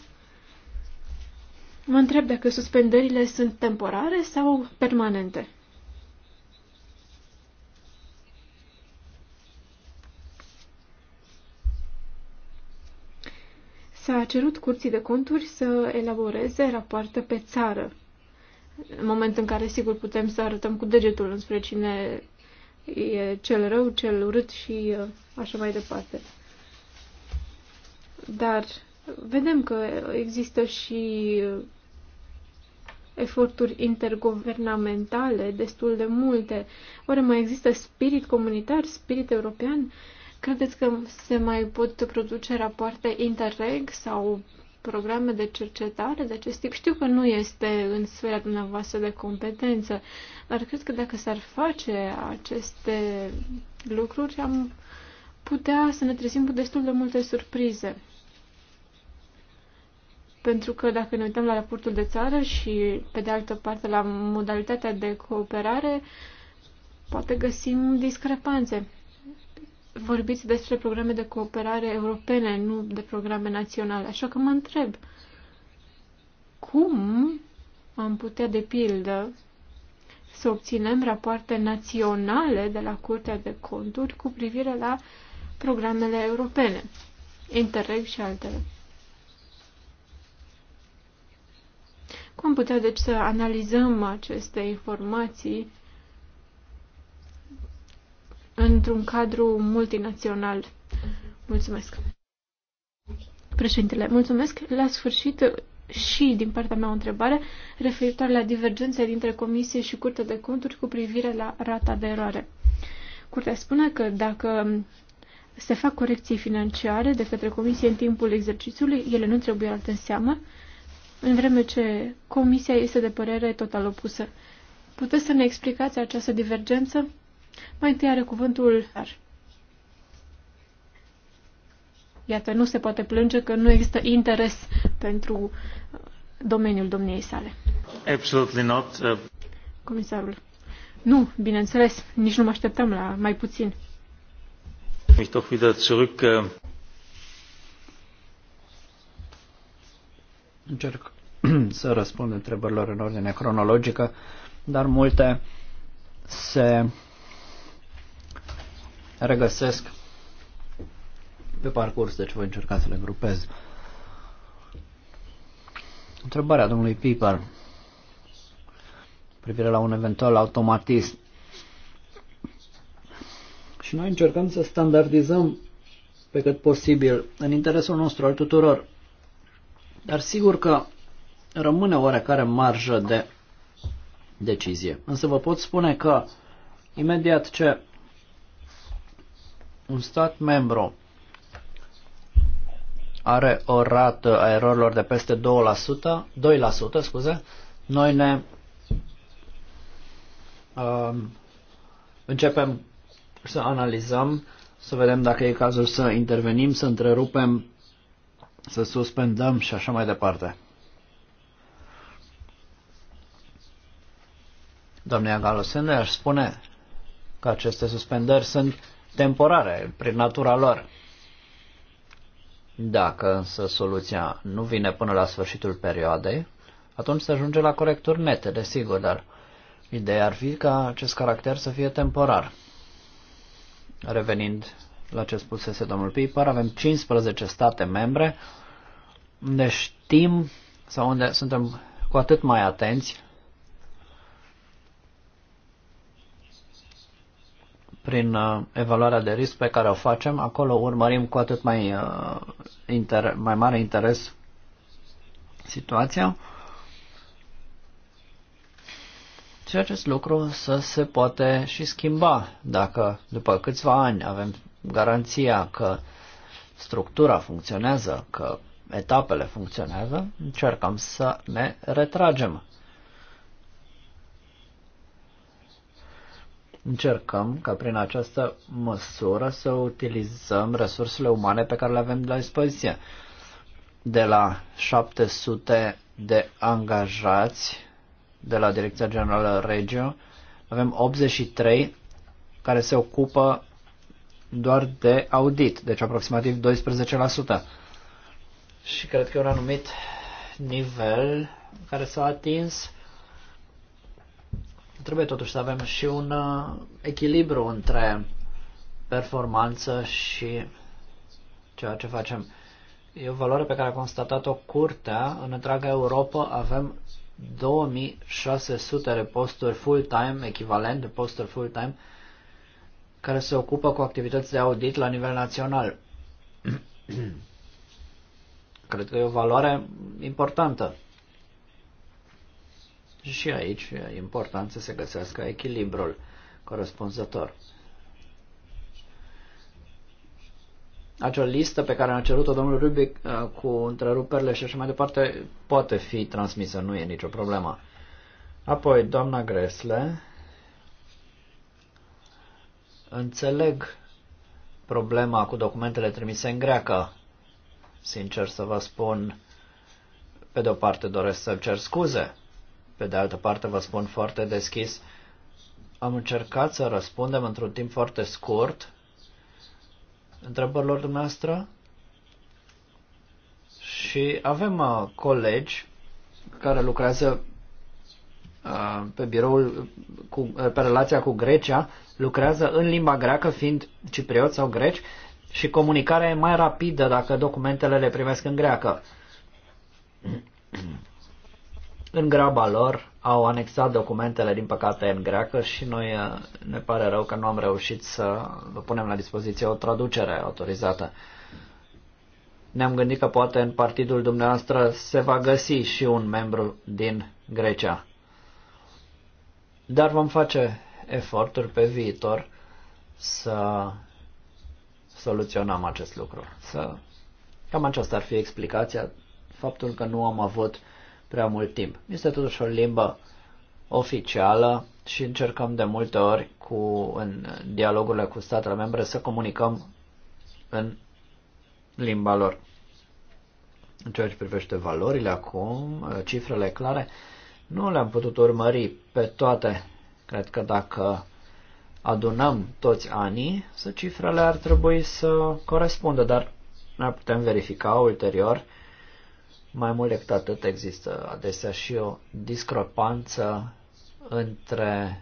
Mă întreb dacă suspendările sunt temporare sau permanente. S-a cerut curții de conturi să elaboreze rapoarte pe țară în moment în care, sigur, putem să arătăm cu degetul înspre cine e cel rău, cel urât și uh, așa mai departe. Dar vedem că există și uh, eforturi interguvernamentale destul de multe. Oare mai există spirit comunitar, spirit european? Credeți că se mai pot produce rapoarte interreg sau programe de cercetare de acest tip. Știu că nu este în sfera dumneavoastră de competență, dar cred că dacă s-ar face aceste lucruri, am putea să ne trezim cu destul de multe surprize. Pentru că dacă ne uităm la raportul de țară și, pe de altă parte, la modalitatea de cooperare, poate găsim discrepanțe vorbiți despre programe de cooperare europene, nu de programe naționale. Așa că mă întreb, cum am putea, de pildă, să obținem rapoarte naționale de la Curtea de Conturi cu privire la programele europene, Interreg și altele. Cum putea, deci, să analizăm aceste informații într-un cadru multinațional. Mulțumesc. Președintele, mulțumesc. La sfârșit, și din partea mea o întrebare referitoare la divergențe dintre Comisie și Curtea de Conturi cu privire la rata de eroare. Curtea spune că dacă se fac corecții financiare de către Comisie în timpul exercițiului, ele nu trebuie luate în seamă, în vreme ce Comisia este de părere total opusă. Puteți să ne explicați această divergență? Mai întâi are cuvântul dar. Iată, nu se poate plânge că nu există interes pentru uh, domeniul domniei sale. Absolutely not. Uh... Comisarul. Nu, bineînțeles, nici nu mă așteptam la mai puțin. Ich doch wieder zurück, uh... Încerc (clears throat) să răspund întrebărilor în ordine cronologică, dar multe se regăsesc pe parcurs, deci voi încerca să le grupez. Întrebarea domnului Piper privire la un eventual automatism. Și noi încercăm să standardizăm pe cât posibil în interesul nostru al tuturor. Dar sigur că rămâne oarecare marjă de decizie. Însă vă pot spune că imediat ce un stat membru are o rată a erorilor de peste 2%, 2% scuze, noi ne um, începem să analizăm, să vedem dacă e cazul să intervenim, să întrerupem, să suspendăm și așa mai departe. Doamne Galosene, aș spune că aceste suspendări sunt temporare prin natura lor. Dacă însă soluția nu vine până la sfârșitul perioadei, atunci se ajunge la corecturi nete, desigur, dar ideea ar fi ca acest caracter să fie temporar. Revenind la ce spusese domnul Piper, avem 15 state membre unde știm sau unde suntem cu atât mai atenți prin uh, evaluarea de risc pe care o facem, acolo urmărim cu atât mai, uh, inter, mai mare interes situația. Și acest lucru să se poate și schimba dacă după câțiva ani avem garanția că structura funcționează, că etapele funcționează, încercăm să ne retragem Încercăm ca prin această măsură să utilizăm resursele umane pe care le avem la dispoziție. De la 700 de angajați de la Direcția Generală Regio, avem 83 care se ocupă doar de audit, deci aproximativ 12%. Și cred că e un anumit nivel care s-a atins Trebuie totuși să avem și un uh, echilibru între performanță și ceea ce facem. E o valoare pe care a constatat-o curtea. În întreaga Europa avem 2600 de posturi full-time, echivalent de posturi full-time, care se ocupă cu activități de audit la nivel național. (clears throat) Cred că e o valoare importantă. Și aici e important să se găsească echilibrul corespunzător. Acea listă pe care a cerut-o domnul Rubic uh, cu întreruperile și așa mai departe poate fi transmisă, nu e nicio problemă. Apoi, doamna Gresle, înțeleg problema cu documentele trimise în greacă. Sincer să vă spun, pe de o parte doresc să cer scuze pe de altă parte, vă spun foarte deschis, am încercat să răspundem într-un timp foarte scurt întrebărilor dumneavoastră și avem uh, colegi care lucrează uh, pe biroul cu, uh, pe relația cu Grecia, lucrează în limba greacă fiind ciprioți sau greci și comunicarea e mai rapidă dacă documentele le primesc în greacă în graba lor au anexat documentele, din păcate, în greacă și noi uh, ne pare rău că nu am reușit să vă punem la dispoziție o traducere autorizată. Ne-am gândit că poate în partidul dumneavoastră se va găsi și un membru din Grecia. Dar vom face eforturi pe viitor să soluționăm acest lucru. Să... Cam aceasta ar fi explicația, faptul că nu am avut prea mult timp. Este totuși o limbă oficială și încercăm de multe ori cu, în dialogurile cu statele membre să comunicăm în limba lor. În ceea ce privește valorile acum, cifrele clare, nu le-am putut urmări pe toate. Cred că dacă adunăm toți anii, să cifrele ar trebui să corespundă, dar ne putem verifica ulterior mai mult decât atât, există adesea și o discrepanță între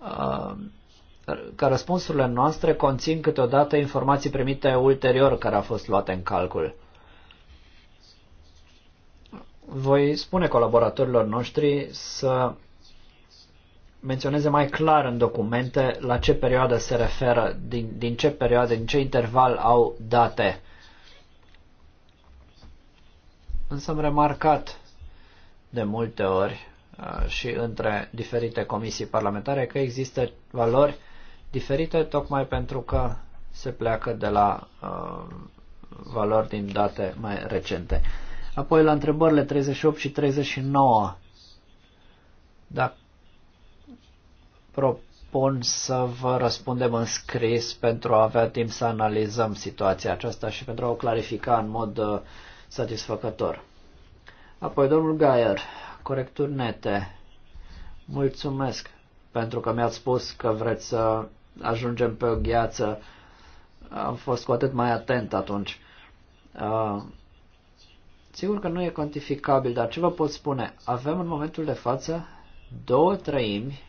uh, că răspunsurile noastre conțin câteodată informații primite ulterior care au fost luate în calcul. Voi spune colaboratorilor noștri să menționeze mai clar în documente la ce perioadă se referă, din, din ce perioadă, din ce interval au date. Însă am remarcat de multe ori uh, și între diferite comisii parlamentare că există valori diferite tocmai pentru că se pleacă de la uh, valori din date mai recente. Apoi la întrebările 38 și 39. Dacă propun să vă răspundem în scris pentru a avea timp să analizăm situația aceasta și pentru a o clarifica în mod uh, satisfăcător. Apoi, domnul Gaier, corecturi nete. Mulțumesc pentru că mi-ați spus că vreți să ajungem pe o gheață. Am fost cu atât mai atent atunci. Uh, sigur că nu e cuantificabil, dar ce vă pot spune? Avem în momentul de față două treimi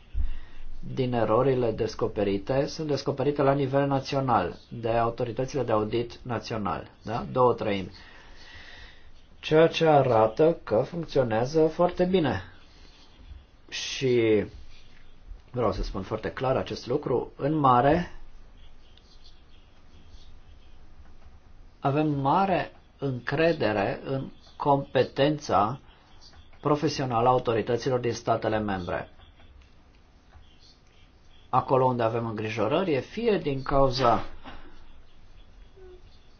din erorile descoperite sunt descoperite la nivel național, de autoritățile de audit național, da? două treimi. Ceea ce arată că funcționează foarte bine. Și vreau să spun foarte clar acest lucru, în mare avem mare încredere în competența profesională a autorităților din statele membre acolo unde avem îngrijorări e fie din cauza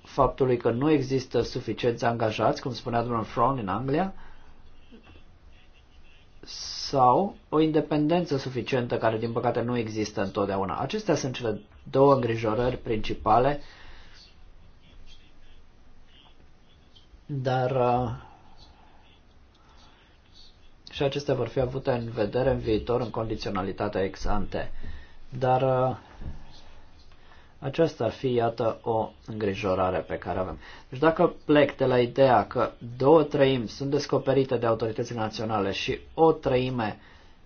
faptului că nu există suficienți angajați, cum spunea domnul Fron în Anglia, sau o independență suficientă care, din păcate, nu există întotdeauna. Acestea sunt cele două îngrijorări principale, dar uh, și acestea vor fi avute în vedere în viitor în condiționalitatea ex ante. Dar uh, aceasta ar fi, iată, o îngrijorare pe care avem. Deci dacă plec de la ideea că două treimi sunt descoperite de autoritățile naționale și o treime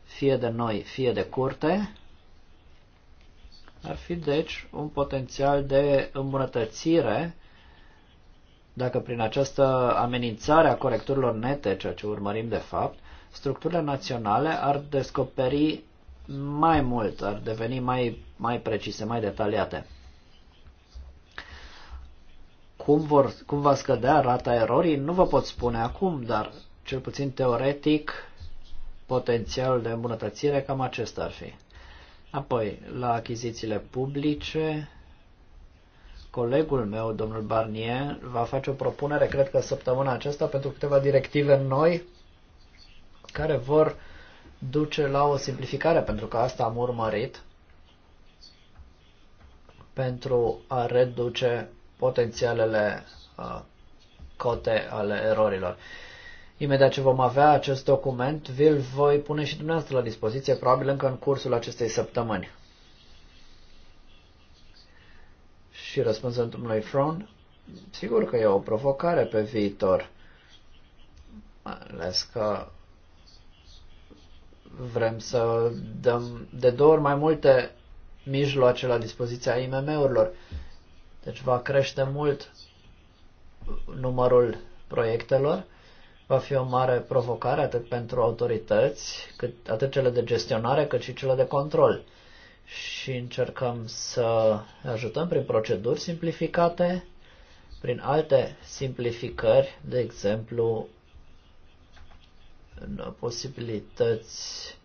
fie de noi, fie de curte, ar fi, deci, un potențial de îmbunătățire dacă prin această amenințare a corecturilor nete, ceea ce urmărim de fapt, structurile naționale ar descoperi mai mult, ar deveni mai, mai precise, mai detaliate. Cum, vor, cum va scădea rata erorii, nu vă pot spune acum, dar cel puțin teoretic potențialul de îmbunătățire cam acesta ar fi. Apoi, la achizițiile publice, colegul meu, domnul Barnier, va face o propunere, cred că săptămâna aceasta, pentru câteva directive noi care vor uh, duce la o simplificare, pentru că asta am urmărit, pentru a reduce potențialele uh, cote ale erorilor. Imediat ce vom avea acest document, vi-l voi pune și dumneavoastră la dispoziție, probabil încă în cursul acestei săptămâni. Și răspunsul domnului Fron, sigur că e o provocare pe viitor, ales că Vrem să dăm de două ori mai multe mijloace la dispoziția IMM-urilor. Deci va crește mult numărul proiectelor. Va fi o mare provocare atât pentru autorități, cât, atât cele de gestionare, cât și cele de control. Și încercăm să ajutăm prin proceduri simplificate, prin alte simplificări, de exemplu Uh, posibilități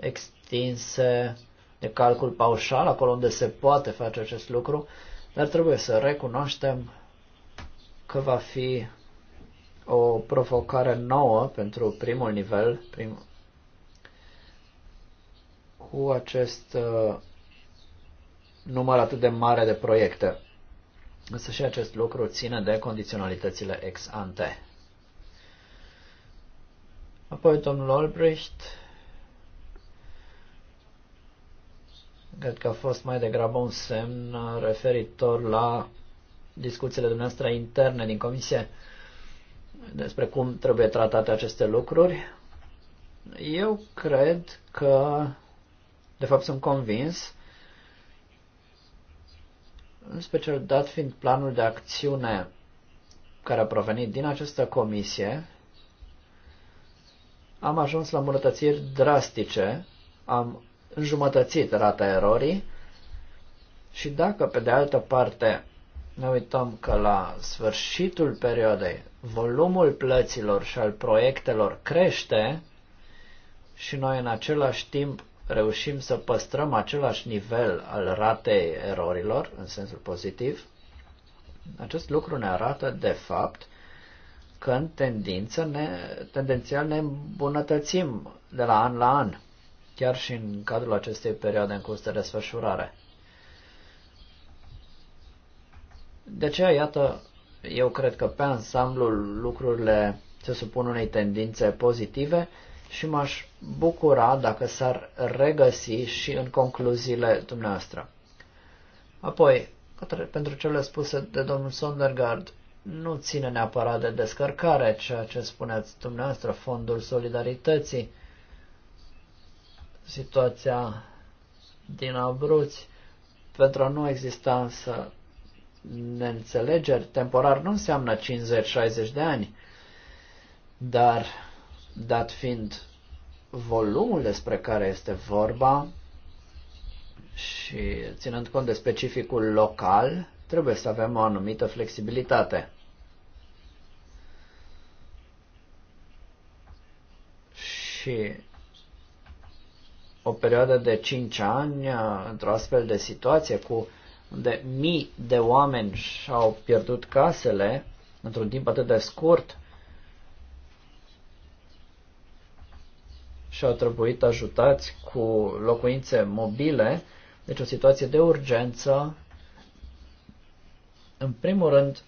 extinse de calcul paușal, acolo unde se poate face acest lucru, dar trebuie să recunoaștem că va fi o provocare nouă pentru primul nivel, prim, cu acest uh, număr atât de mare de proiecte. Însă și acest lucru ține de condiționalitățile ex ante. Apoi domnul Albrecht, cred că a fost mai degrabă un semn referitor la discuțiile dumneavoastră interne din comisie despre cum trebuie tratate aceste lucruri. Eu cred că, de fapt sunt convins, în special dat fiind planul de acțiune care a provenit din această comisie, am ajuns la îmbunătățiri drastice, am înjumătățit rata erorii și dacă, pe de altă parte, ne uităm că la sfârșitul perioadei volumul plăților și al proiectelor crește și noi în același timp reușim să păstrăm același nivel al ratei erorilor, în sensul pozitiv, acest lucru ne arată, de fapt, când tendință ne, tendențial ne îmbunătățim de la an la an, chiar și în cadrul acestei perioade în curs de desfășurare. De aceea, iată, eu cred că pe ansamblul lucrurile se supun unei tendințe pozitive și m-aș bucura dacă s-ar regăsi și în concluziile dumneavoastră. Apoi, pentru cele spuse de domnul Sondergaard, nu ține neapărat de descărcare, ceea ce spuneați dumneavoastră, fondul solidarității, situația din Abruți, pentru a nu exista însă neînțelegeri, temporar nu înseamnă 50-60 de ani, dar dat fiind volumul despre care este vorba și ținând cont de specificul local, trebuie să avem o anumită flexibilitate. Și o perioadă de 5 ani într-o astfel de situație cu unde mii de oameni și-au pierdut casele într-un timp atât de scurt și au trebuit ajutați cu locuințe mobile, deci o situație de urgență. În primul rând,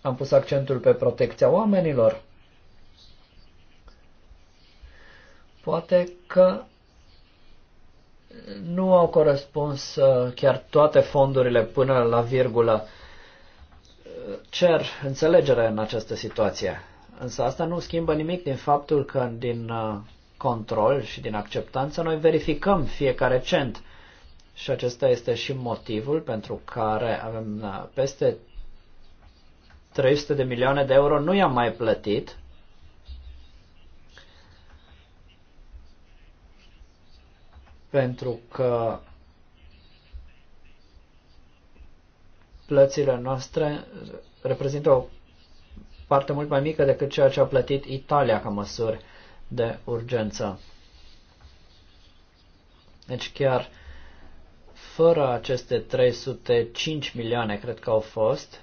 am pus accentul pe protecția oamenilor, Poate că nu au corespuns uh, chiar toate fondurile până la virgulă. Uh, cer înțelegere în această situație. Însă asta nu schimbă nimic din faptul că din uh, control și din acceptanță noi verificăm fiecare cent. Și acesta este și motivul pentru care avem peste 300 de milioane de euro nu i-am mai plătit pentru că plățile noastre reprezintă o parte mult mai mică decât ceea ce a plătit Italia ca măsuri de urgență. Deci chiar fără aceste 305 milioane, cred că au fost,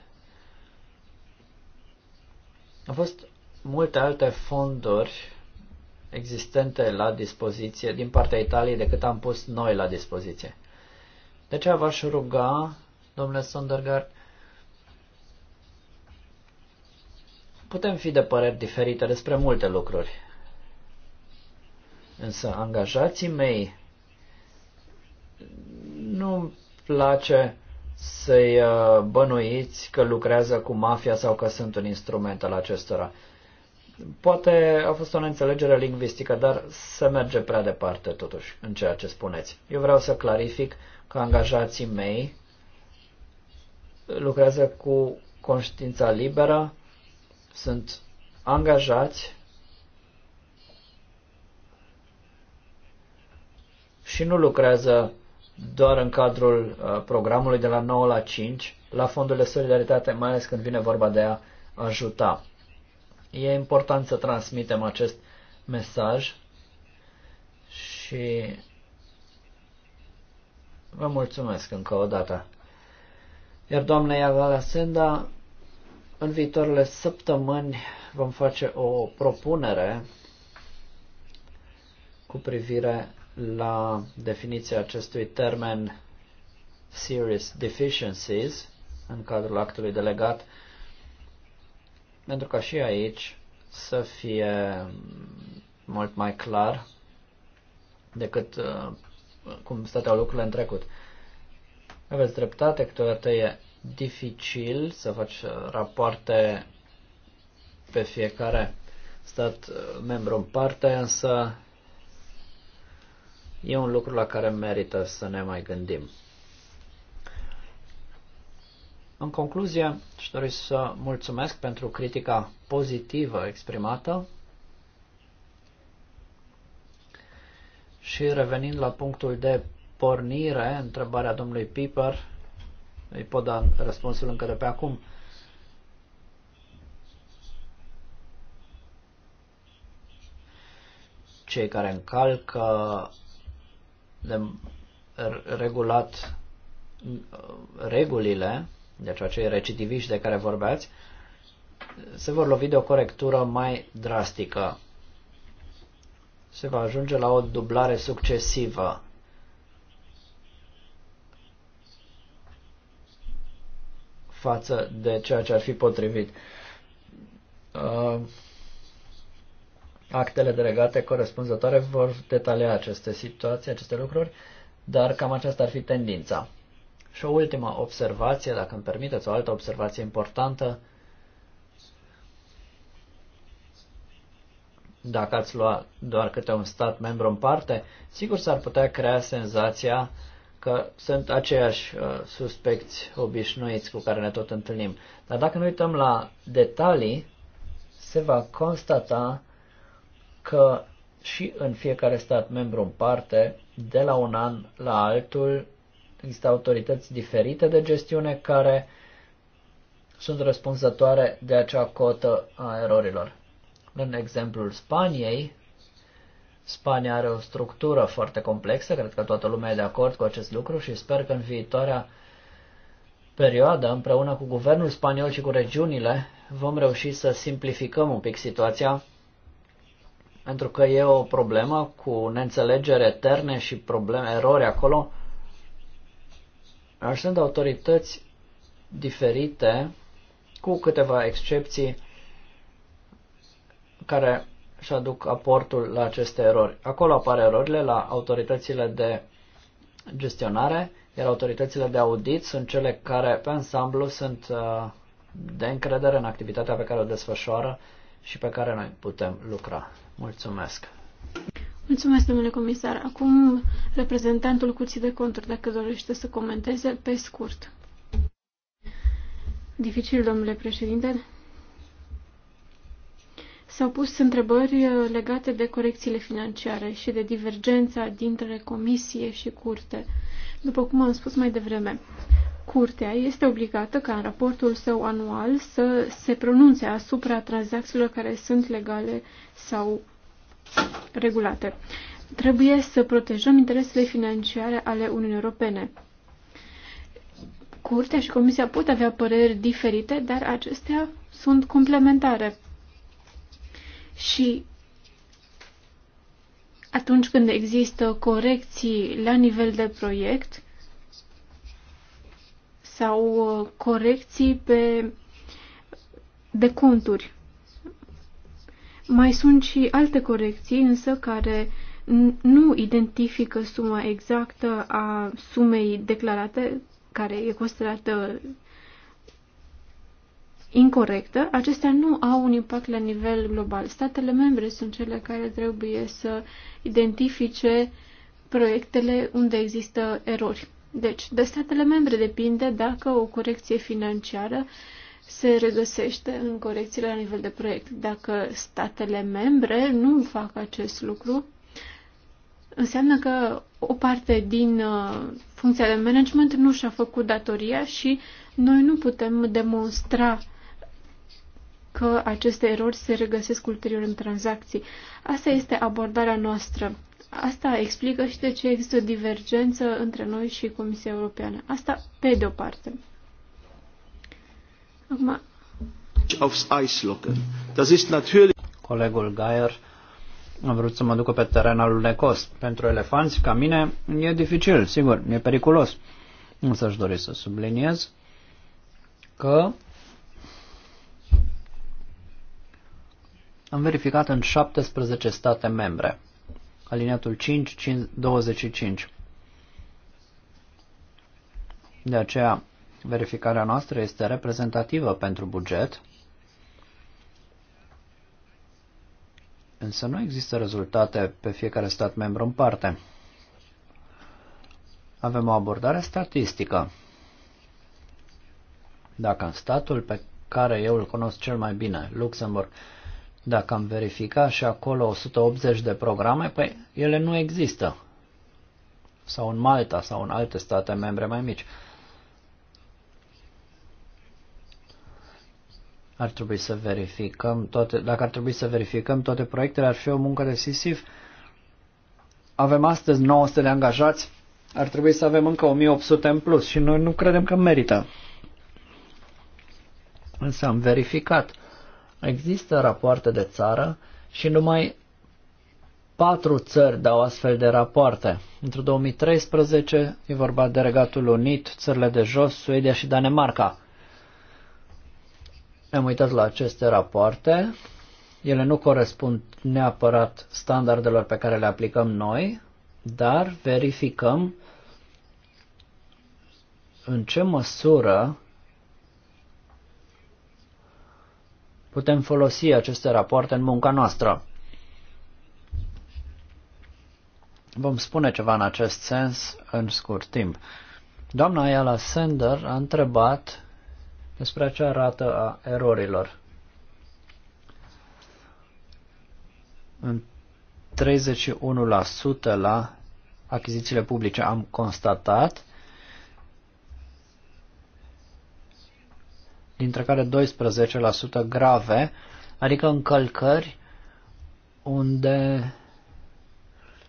au fost multe alte fonduri existente la dispoziție din partea Italiei decât am pus noi la dispoziție. De aceea v-aș ruga, domnule Sondergaard, putem fi de păreri diferite despre multe lucruri. Însă angajații mei nu îmi place să-i uh, bănuiți că lucrează cu mafia sau că sunt un instrument al acestora. Poate a fost o neînțelegere lingvistică, dar se merge prea departe totuși în ceea ce spuneți. Eu vreau să clarific că angajații mei lucrează cu conștiința liberă, sunt angajați și nu lucrează doar în cadrul uh, programului de la 9 la 5 la fondul de solidaritate, mai ales când vine vorba de a ajuta. E important să transmitem acest mesaj și vă mulțumesc încă o dată. Iar doamna Iavala Senda, în viitoarele săptămâni vom face o propunere cu privire la definiția acestui termen serious deficiencies în cadrul actului delegat pentru ca și aici să fie mult mai clar decât uh, cum stăteau lucrurile în trecut. Aveți dreptate, câteodată e dificil să faci uh, rapoarte pe fiecare stat uh, membru în parte, însă e un lucru la care merită să ne mai gândim. În concluzie, aș doresc să mulțumesc pentru critica pozitivă exprimată și revenind la punctul de pornire, întrebarea domnului Piper, îi pot da răspunsul încă de pe acum. Cei care încalcă de regulat uh, regulile deci acei recidiviști de care vorbeați, se vor lovi de o corectură mai drastică. Se va ajunge la o dublare succesivă. față de ceea ce ar fi potrivit. Uh, actele delegate corespunzătoare vor detalia aceste situații, aceste lucruri, dar cam aceasta ar fi tendința. Și o ultimă observație, dacă îmi permiteți, o altă observație importantă. Dacă ați lua doar câte un stat membru în parte, sigur s-ar putea crea senzația că sunt aceiași uh, suspecți obișnuiți cu care ne tot întâlnim. Dar dacă ne uităm la detalii, se va constata că și în fiecare stat membru în parte, de la un an la altul, Există autorități diferite de gestiune care sunt răspunzătoare de acea cotă a erorilor. În exemplul Spaniei, Spania are o structură foarte complexă, cred că toată lumea e de acord cu acest lucru și sper că în viitoarea perioadă, împreună cu guvernul spaniol și cu regiunile, vom reuși să simplificăm un pic situația, pentru că e o problemă cu neînțelegere eterne și probleme, erori acolo, Așteptând autorități diferite, cu câteva excepții, care și aduc aportul la aceste erori. Acolo apar erorile la autoritățile de gestionare, iar autoritățile de audit sunt cele care, pe ansamblu, sunt uh, de încredere în activitatea pe care o desfășoară și pe care noi putem lucra. Mulțumesc! Mulțumesc, domnule comisar. Acum, reprezentantul Curții de Conturi, dacă dorește să comenteze, pe scurt. Dificil, domnule președinte. S-au pus întrebări uh, legate de corecțiile financiare și de divergența dintre comisie și curte. După cum am spus mai devreme, curtea este obligată ca în raportul său anual să se pronunțe asupra tranzacțiilor care sunt legale sau regulate. Trebuie să protejăm interesele financiare ale Uniunii Europene. Curtea și Comisia pot avea păreri diferite, dar acestea sunt complementare. Și atunci când există corecții la nivel de proiect sau uh, corecții pe de conturi. Mai sunt și alte corecții, însă, care nu identifică suma exactă a sumei declarate, care e considerată incorrectă, acestea nu au un impact la nivel global. Statele membre sunt cele care trebuie să identifice proiectele unde există erori. Deci, de statele membre depinde dacă o corecție financiară se regăsește în corecțiile la nivel de proiect. Dacă statele membre nu fac acest lucru, înseamnă că o parte din uh, funcția de management nu și-a făcut datoria și noi nu putem demonstra că aceste erori se regăsesc ulterior în tranzacții. Asta este abordarea noastră. Asta explică și de ce există o divergență între noi și Comisia Europeană. Asta pe de o parte. Aufs Eis locken. Das ist natürlich... Colegul Gaier am vrut să mă ducă pe teren alunecos. Pentru elefanți, ca mine, e dificil, sigur, e periculos. Însă aș dori să subliniez că am verificat în 17 state membre. Aliniatul 5, 5 25. De aceea verificarea noastră este reprezentativă pentru buget, însă nu există rezultate pe fiecare stat membru în parte. Avem o abordare statistică. Dacă în statul pe care eu îl cunosc cel mai bine, Luxemburg, dacă am verificat și acolo 180 de programe, păi ele nu există. Sau în Malta, sau în alte state membre mai mici. ar trebui să verificăm toate, dacă ar trebui să verificăm toate proiectele, ar fi o muncă de sisif. Avem astăzi 900 de angajați, ar trebui să avem încă 1800 în plus și noi nu credem că merită. Însă am verificat. Există rapoarte de țară și numai patru țări dau astfel de rapoarte. Într 2013 e vorba de Regatul Unit, țările de jos, Suedia și Danemarca. Ne-am uitat la aceste rapoarte. Ele nu corespund neapărat standardelor pe care le aplicăm noi, dar verificăm în ce măsură putem folosi aceste rapoarte în munca noastră. Vom spune ceva în acest sens în scurt timp. Doamna Ayala Sender a întrebat despre acea rată a erorilor. În 31% la achizițiile publice am constatat, dintre care 12% grave, adică încălcări unde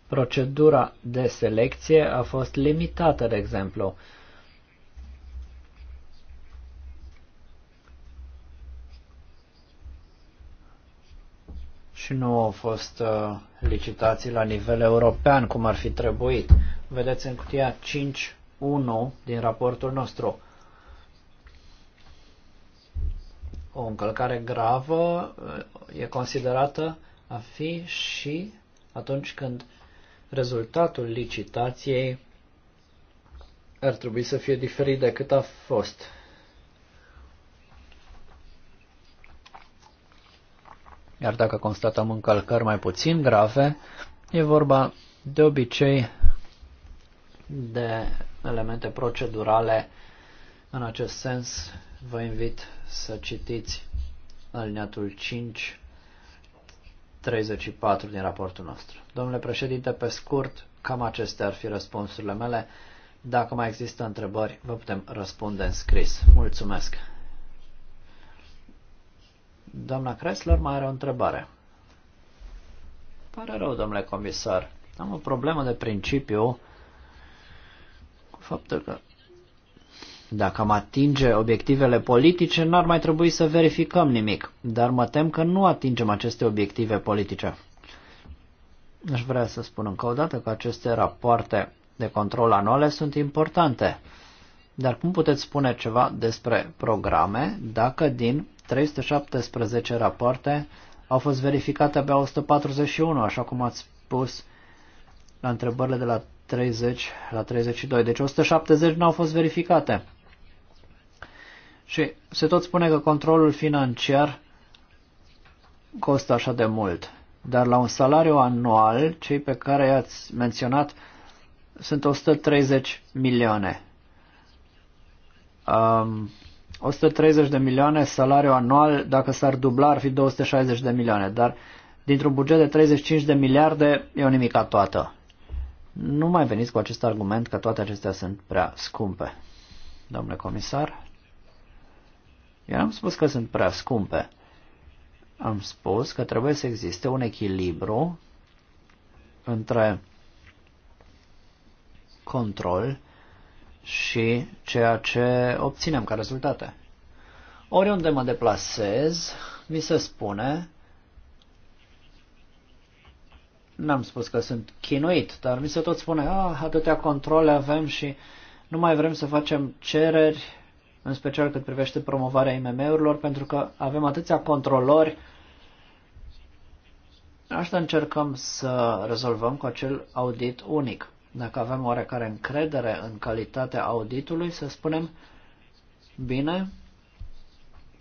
procedura de selecție a fost limitată, de exemplu. și nu au fost uh, licitații la nivel european cum ar fi trebuit. Vedeți în cutia 5.1 din raportul nostru. O încălcare gravă uh, e considerată a fi și atunci când rezultatul licitației ar trebui să fie diferit decât a fost. Iar dacă constatăm încălcări mai puțin grave, e vorba de obicei de elemente procedurale. În acest sens, vă invit să citiți alineatul 5, 34 din raportul nostru. Domnule președinte, pe scurt, cam acestea ar fi răspunsurile mele. Dacă mai există întrebări, vă putem răspunde în scris. Mulțumesc! Doamna Kressler mai are o întrebare. Pare rău, domnule comisar. Am o problemă de principiu cu faptul că dacă am atinge obiectivele politice, n-ar mai trebui să verificăm nimic, dar mă tem că nu atingem aceste obiective politice. Aș vrea să spun încă o dată că aceste rapoarte de control anuale sunt importante. Dar cum puteți spune ceva despre programe dacă din 317 rapoarte au fost verificate abia 141, așa cum ați spus la întrebările de la 30 la 32. Deci 170 nu au fost verificate. Și se tot spune că controlul financiar costă așa de mult. Dar la un salariu anual, cei pe care i-ați menționat sunt 130 milioane. Um, 130 de milioane salariu anual, dacă s-ar dubla ar fi 260 de milioane, dar dintr-un buget de 35 de miliarde e o nimica toată. Nu mai veniți cu acest argument că toate acestea sunt prea scumpe. Domnule comisar, eu am spus că sunt prea scumpe. Am spus că trebuie să existe un echilibru între control și ceea ce obținem ca rezultate. Oriunde mă deplasez, mi se spune, n-am spus că sunt chinuit, dar mi se tot spune, ah, atâtea controle avem și nu mai vrem să facem cereri, în special cât privește promovarea IMM-urilor, pentru că avem atâția controlori. Asta încercăm să rezolvăm cu acel audit unic. Dacă avem oarecare încredere în calitatea auditului, să spunem, bine,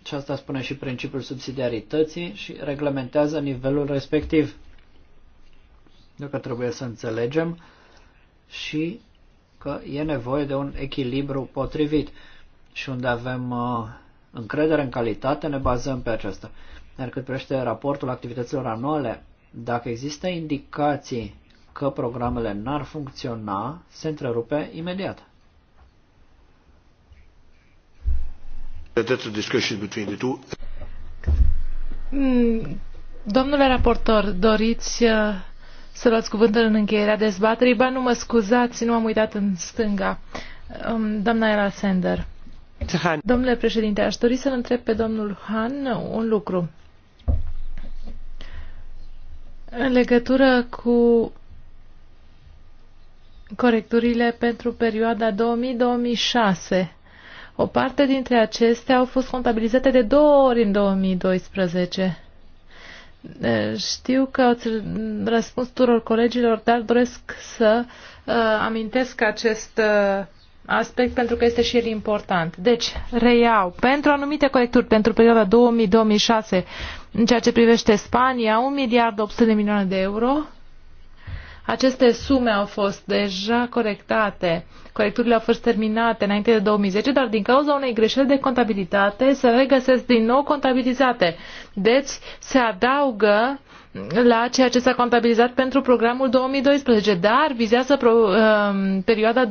și asta spune și principiul subsidiarității și reglementează nivelul respectiv. Dacă trebuie să înțelegem și că e nevoie de un echilibru potrivit și unde avem uh, încredere în calitate, ne bazăm pe acesta. Iar cât privește raportul activităților anuale, dacă există indicații Că programele n-ar funcționa, se întrerupe imediat. Mm, domnule raportor, doriți uh, să luați cuvântul în încheierea dezbaterii? Ba, nu mă scuzați, nu am uitat în stânga. Um, doamna Ela Sender. Han. Domnule președinte, aș dori să-l întreb pe domnul Han un lucru. În legătură cu corecturile pentru perioada 2000-2006. O parte dintre acestea au fost contabilizate de două ori în 2012. Știu că ați răspuns tuturor colegilor, dar doresc să uh, amintesc acest uh, aspect pentru că este și el important. Deci, reiau, pentru anumite corecturi, pentru perioada 2000-2006, în ceea ce privește Spania, 1 miliard 800 de milioane de euro, aceste sume au fost deja corectate, corecturile au fost terminate înainte de 2010, dar din cauza unei greșeli de contabilitate se regăsesc din nou contabilizate. Deci se adaugă la ceea ce s-a contabilizat pentru programul 2012, dar vizează pro, um, perioada 2000-2006,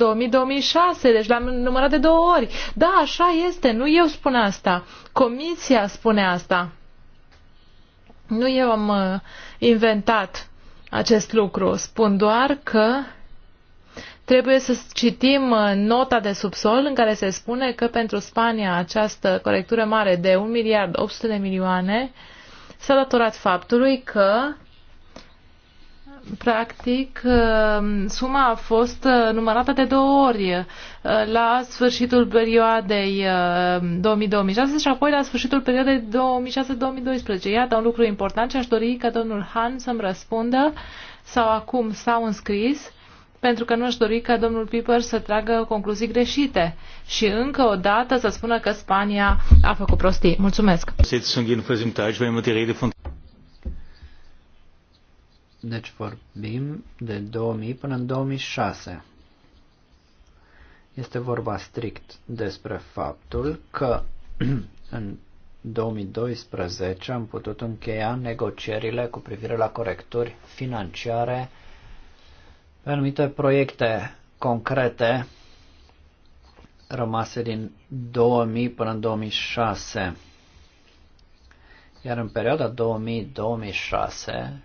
deci l-am numărat de două ori. Da, așa este, nu eu spun asta, comisia spune asta. Nu eu am uh, inventat acest lucru. Spun doar că trebuie să citim uh, nota de subsol în care se spune că pentru Spania această corectură mare de 1 miliard 800 de milioane s-a datorat faptului că practic, um, suma a fost uh, numărată de două ori uh, la sfârșitul perioadei 2000-2006 uh, și apoi la sfârșitul perioadei 2006-2012. Iată un lucru important și aș dori ca domnul Han să-mi răspundă sau acum s-au înscris pentru că nu aș dori ca domnul Piper să tragă concluzii greșite și încă o dată să spună că Spania a făcut prostii. Mulțumesc! Deci vorbim de 2000 până în 2006. Este vorba strict despre faptul că (clears throat) în 2012 am putut încheia negocierile cu privire la corecturi financiare pe anumite proiecte concrete rămase din 2000 până în 2006. Iar în perioada 2000-2006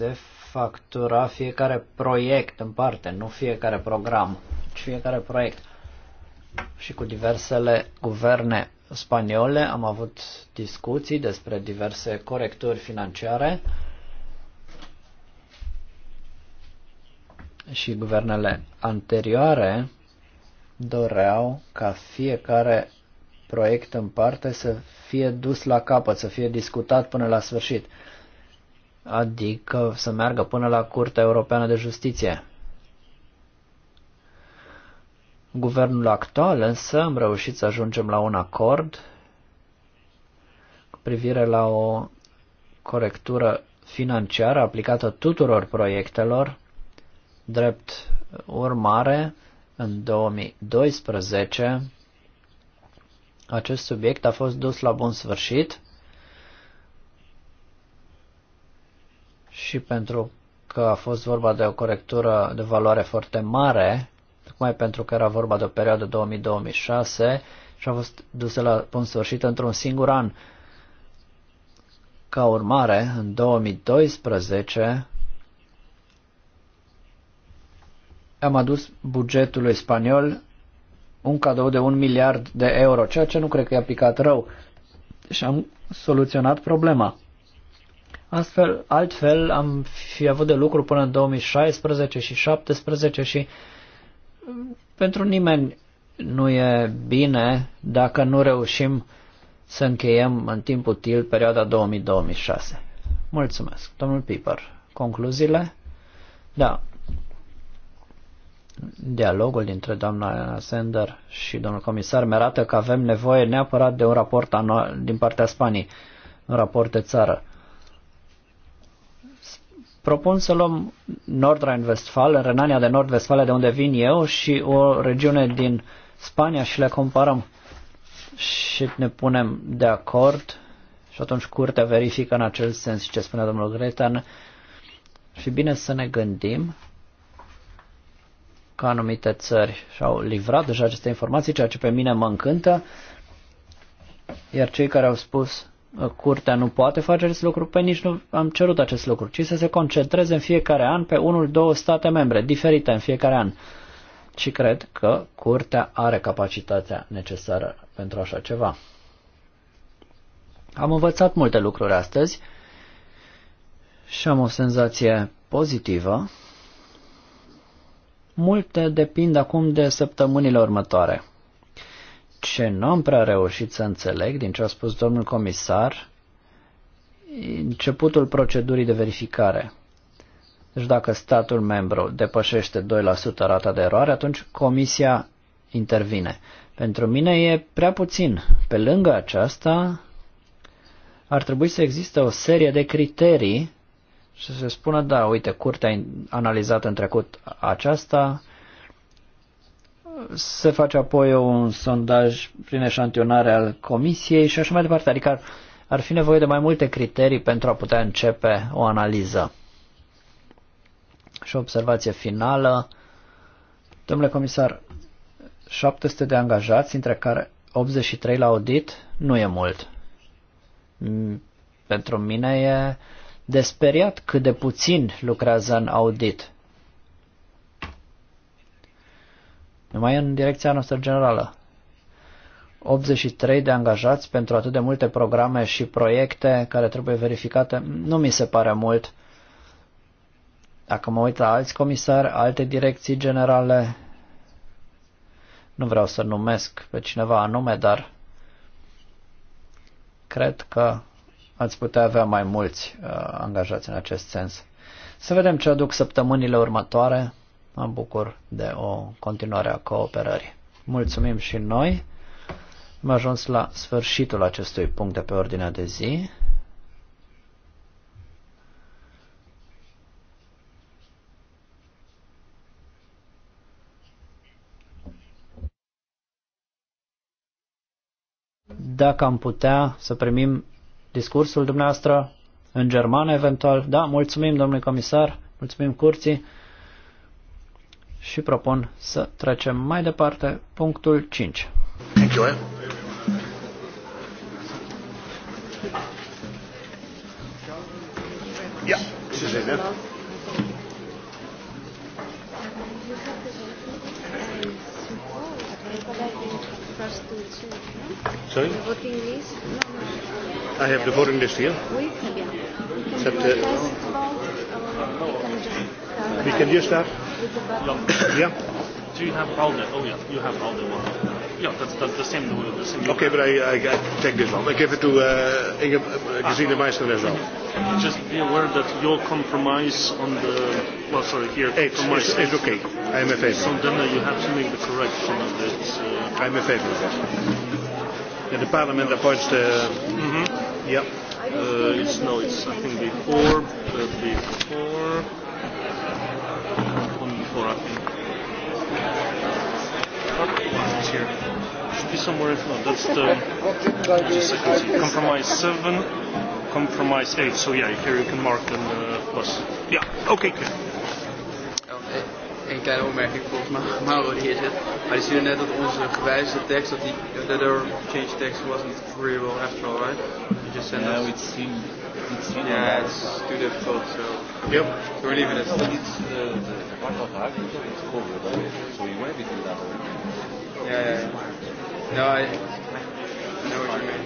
se factura fiecare proiect în parte, nu fiecare program, ci fiecare proiect. Și cu diversele guverne spaniole am avut discuții despre diverse corecturi financiare și guvernele anterioare doreau ca fiecare proiect în parte să fie dus la capăt, să fie discutat până la sfârșit adică să meargă până la Curtea Europeană de Justiție. Guvernul actual însă am reușit să ajungem la un acord cu privire la o corectură financiară aplicată tuturor proiectelor. Drept urmare, în 2012, acest subiect a fost dus la bun sfârșit și pentru că a fost vorba de o corectură de valoare foarte mare, tocmai pentru că era vorba de o perioadă 2000-2006 și a fost dusă la bun sfârșit într-un singur an. Ca urmare, în 2012 am adus bugetului spaniol un cadou de un miliard de euro, ceea ce nu cred că i-a picat rău și am soluționat problema. Astfel, altfel am fi avut de lucru până în 2016 și 2017 și mm, pentru nimeni nu e bine dacă nu reușim să încheiem în timp util perioada 2000-2006. Mulțumesc. Domnul Piper, concluziile? Da. Dialogul dintre doamna Sender și domnul comisar mi arată că avem nevoie neapărat de un raport anual din partea Spaniei, un raport de țară propun să luăm nord westfalen Renania de Nord-Vestfalia, de unde vin eu, și o regiune din Spania și le comparăm și ne punem de acord și atunci curtea verifică în acel sens ce spunea domnul Gretan și bine să ne gândim că anumite țări și-au livrat deja aceste informații, ceea ce pe mine mă încântă, iar cei care au spus Ă, curtea nu poate face acest lucru, pe nici nu am cerut acest lucru, ci să se concentreze în fiecare an pe unul, două state membre, diferite în fiecare an. Și cred că curtea are capacitatea necesară pentru așa ceva. Am învățat multe lucruri astăzi și am o senzație pozitivă. Multe depind acum de săptămânile următoare ce nu am prea reușit să înțeleg din ce a spus domnul comisar, începutul procedurii de verificare. Deci dacă statul membru depășește 2% rata de eroare, atunci comisia intervine. Pentru mine e prea puțin. Pe lângă aceasta, ar trebui să existe o serie de criterii și să se spună, da, uite, curtea a analizat în trecut aceasta, se face apoi un sondaj prin eșantionare al comisiei și așa mai departe. Adică ar, ar fi nevoie de mai multe criterii pentru a putea începe o analiză. Și o observație finală. Domnule comisar, 700 de angajați, dintre care 83 la audit, nu e mult. Mm, pentru mine e desperiat cât de puțin lucrează în audit. numai în direcția noastră generală. 83 de angajați pentru atât de multe programe și proiecte care trebuie verificate, nu mi se pare mult. Dacă mă uit la alți comisari, alte direcții generale, nu vreau să numesc pe cineva anume, dar cred că ați putea avea mai mulți uh, angajați în acest sens. Să vedem ce aduc săptămânile următoare. Mă bucur de o continuare a cooperării. Mulțumim și noi. Am ajuns la sfârșitul acestui punct de pe ordinea de zi. Dacă am putea să primim discursul dumneavoastră în germană eventual. Da, mulțumim domnule comisar, mulțumim curții și propun să trecem mai departe punctul 5. you. Eh? Yeah, Sorry? The voting list? No, no. I have the voting list here. We can Except, uh, vote we can just We can use that. Yeah. Do you have all the? Oh yeah, you have all the one. Yeah, that's, that's the same. The same okay, but I, I, I take this one. I give it to uh, Inge, uh, Gesine ah. Meister as well. Just be aware that your compromise on the well, sorry, here it's, compromise it's, it's okay. I am a favor. So then uh, you have to make the correction of it. Uh, I am a favor of that. Yeah, mm-hmm. the Parliament appoints the. Mm -hmm. Yeah. Uh, it's no, it's I think before, uh, before. it's here. Should be somewhere. No, that's the just a compromise seven, compromise eight. So yeah, here you can mark them uh, plus. Yeah. Okay. okay. Eh, een kleine opmerking volgens Mauro die hier zit. Maar die zien er net dat onze gewijzigde tekst, dat die that our change text wasn't agreeable after all, right? You just send yeah, us. It seemed, it seemed yeah, it's too difficult, so. Yep. So we're leaving it. It's uh, the part of Africa, it's covered, right? So you might be doing that already. Yeah, yeah. No, I know what you mean.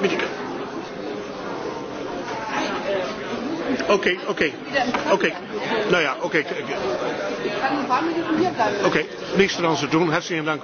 Ich, Okay, okay. Okay. Nou ja, oké. Okay. Oké, okay. niks er aan te doen. Hartstikke dank.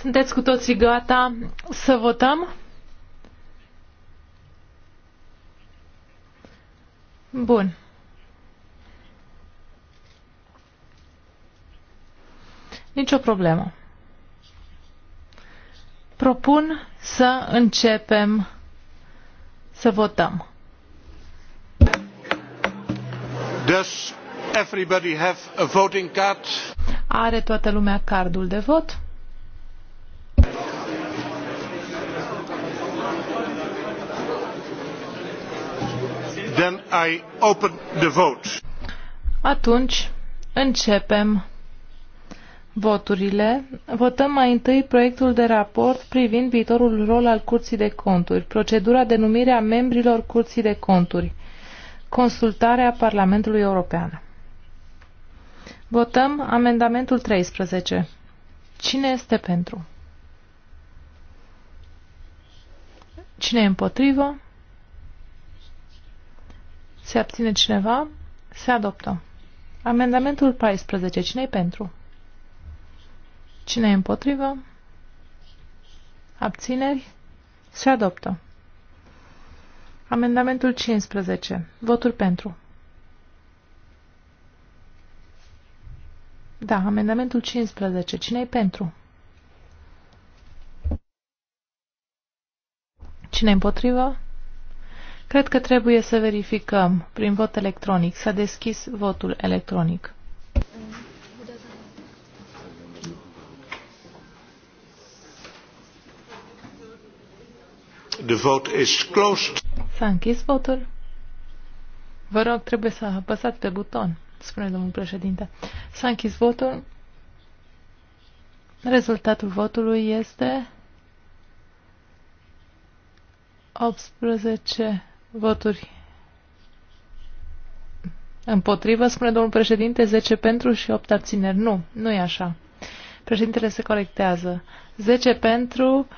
Sunteți cu toții gata să votăm? Bun. Nicio problemă. Propun să începem să votăm. Does everybody have a voting card? Are toată lumea cardul de vot? Then I open the vote. Atunci începem voturile. Votăm mai întâi proiectul de raport privind viitorul rol al Curții de Conturi, procedura de numire a membrilor Curții de Conturi, consultarea Parlamentului European. Votăm amendamentul 13. Cine este pentru? Cine e împotrivă? Se abține cineva? Se adoptă. Amendamentul 14. Cine e pentru? Cine e împotrivă? Abțineri? Se adoptă. Amendamentul 15. Voturi pentru. Da, amendamentul 15. cine e pentru? Cine împotrivă? Cred că trebuie să verificăm prin vot electronic. S-a deschis votul electronic. The vote is closed. S-a închis votul. Vă rog, trebuie să apăsați pe buton spune domnul președinte. S-a închis votul. Rezultatul votului este 18 voturi împotrivă, spune domnul președinte, 10 pentru și 8 abțineri. Nu, nu e așa. Președintele se corectează. 10 pentru,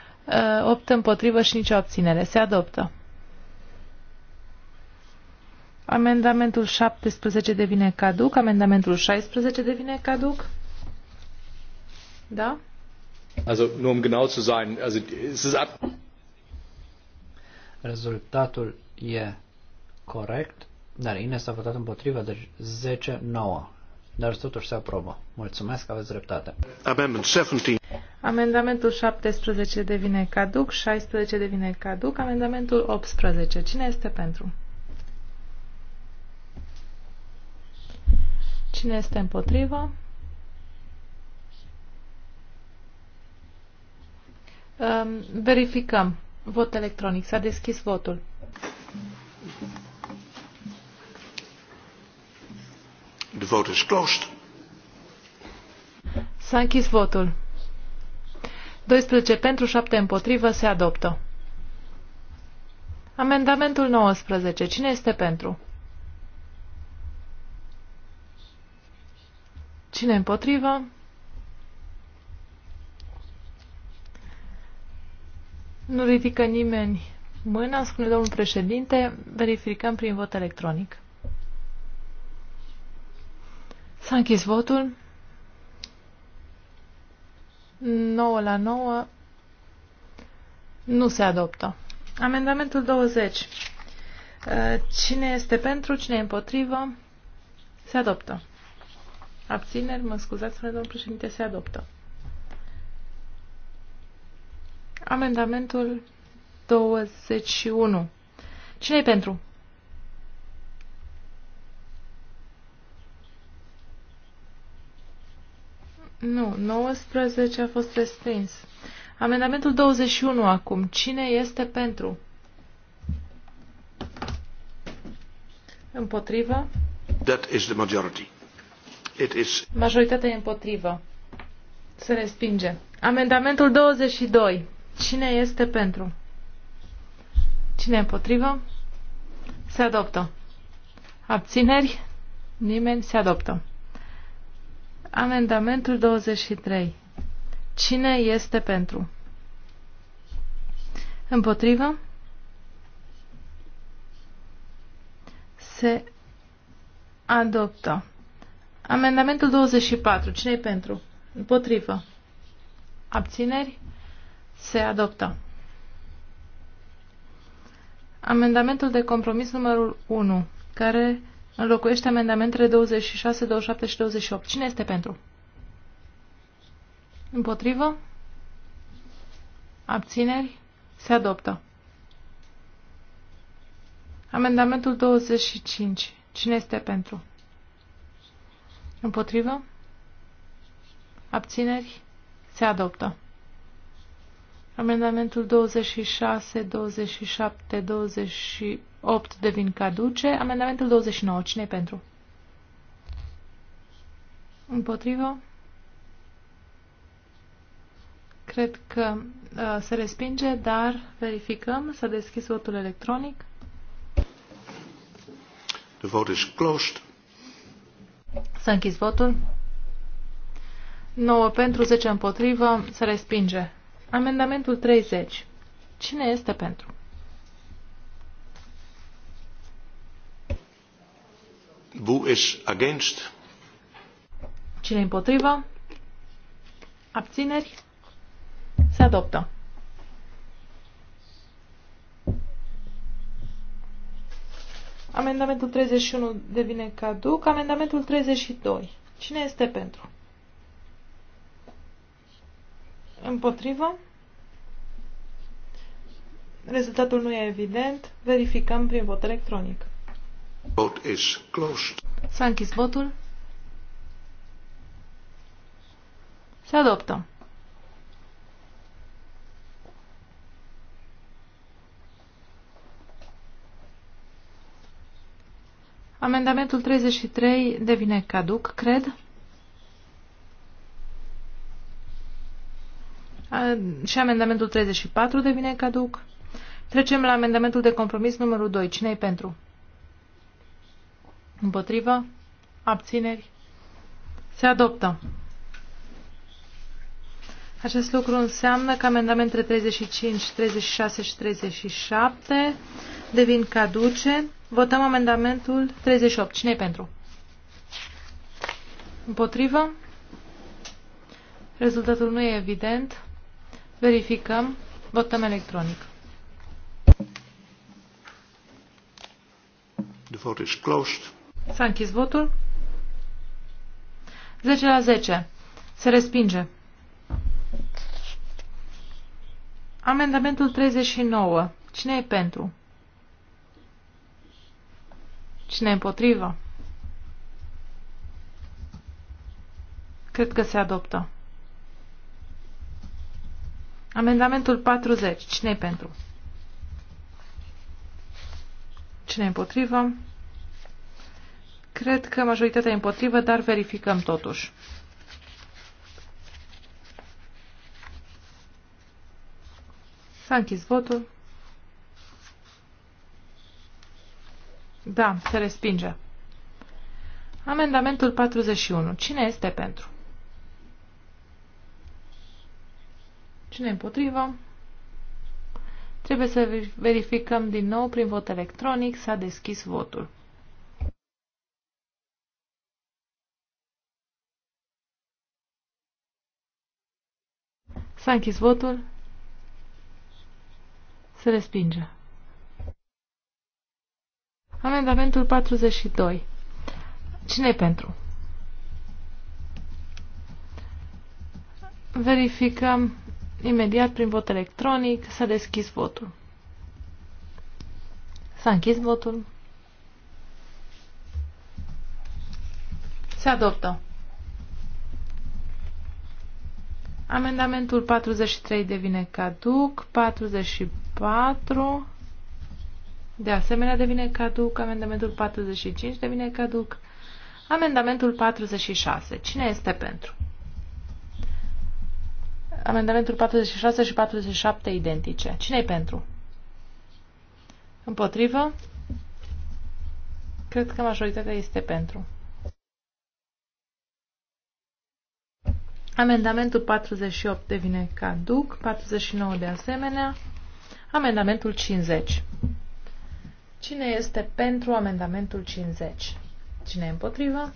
8 uh, împotrivă și nicio abținere. Se adoptă. Amendamentul 17 devine caduc. Amendamentul 16 devine caduc. Da? Also, nur um genau zu sein, also, es ist ab Rezultatul e corect, dar Ines a votat împotriva, deci 10-9. Dar totuși se aprobă. Mulțumesc, aveți dreptate. Amendment 17. Amendamentul 17 devine caduc, 16 devine caduc, amendamentul 18. Cine este pentru? Cine este împotrivă? Um, verificăm. Vot electronic. S-a deschis votul. The vote is closed. S-a închis votul. 12 pentru, 7 împotrivă, se adoptă. Amendamentul 19. Cine este pentru? Cine împotrivă? Nu ridică nimeni mâna, spune domnul președinte. Verificăm prin vot electronic. S-a închis votul. 9 la 9 nu se adoptă. Amendamentul 20. Uh, cine este pentru, cine e împotrivă, se adoptă. Abțineri, mă scuzați, spune domnul președinte, se adoptă. Amendamentul 21. cine e pentru? Nu, 19 a fost restrins. Amendamentul 21 acum. Cine este pentru? Împotrivă? That is the majority. Majoritatea e împotrivă. Se respinge. Amendamentul 22. Cine este pentru? Cine e împotrivă? Se adoptă. Abțineri? Nimeni se adoptă. Amendamentul 23. Cine este pentru? Împotrivă? Se adoptă. Amendamentul 24. Cine-i pentru? Împotrivă. Abțineri? Se adoptă. Amendamentul de compromis numărul 1, care înlocuiește amendamentele 26, 27 și 28. Cine este pentru? Împotrivă? Abțineri? Se adoptă. Amendamentul 25. Cine este pentru? Împotrivă? Abțineri? Se adoptă. Amendamentul 26, 27, 28 devin caduce. Amendamentul 29. cine pentru? Împotrivă? Cred că uh, se respinge, dar verificăm. S-a deschis votul electronic. The vote is closed. Să închizi votul. 9 pentru, 10 împotrivă, se respinge. Amendamentul 30. Cine este pentru? Bu is against? Cine împotrivă? Abțineri? Se adoptă. Amendamentul 31 devine caduc. Amendamentul 32. Cine este pentru? Împotrivă? Rezultatul nu e evident. Verificăm prin vot electronic. Vote is closed. S-a închis votul. Se adoptă. Amendamentul 33 devine caduc, cred. Și amendamentul 34 devine caduc. Trecem la amendamentul de compromis numărul 2. cine e pentru? Împotrivă? Abțineri? Se adoptă. Acest lucru înseamnă că amendamentele 35, 36 și 37 devin caduce. Votăm amendamentul 38. cine e pentru? Împotrivă? Rezultatul nu e evident. Verificăm. Votăm electronic. The vote is closed. S-a închis votul. 10 la 10. Se respinge. Amendamentul 39. Cine e pentru? Cine împotrivă? Cred că se adoptă. Amendamentul 40. cine pentru? cine împotrivă? Cred că majoritatea e împotrivă, dar verificăm totuși. S-a închis votul. Da, se respinge. Amendamentul 41. Cine este pentru? Cine împotrivă? Trebuie să verificăm din nou prin vot electronic. S-a deschis votul. S-a închis votul. Se respinge. Amendamentul 42. cine e pentru? Verificăm imediat prin vot electronic. S-a deschis votul. S-a închis votul. Se adoptă. Amendamentul 43 devine caduc. 44. De asemenea, devine caduc amendamentul 45, devine caduc amendamentul 46. Cine este pentru? Amendamentul 46 și 47 identice. cine e pentru? Împotrivă? Cred că majoritatea este pentru. Amendamentul 48 devine caduc, 49 de asemenea. Amendamentul 50. Cine este pentru amendamentul 50? Cine e împotrivă?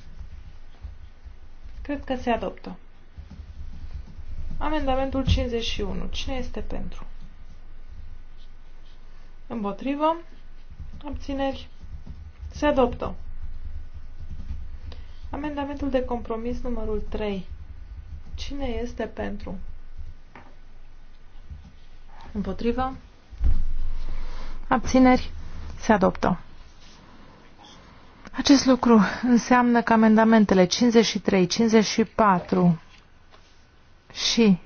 Cred că se adoptă. Amendamentul 51. Cine este pentru? Împotrivă? Abțineri? Se adoptă. Amendamentul de compromis numărul 3. Cine este pentru? Împotrivă? Abțineri? Se adoptă. Acest lucru înseamnă că amendamentele 53, 54 și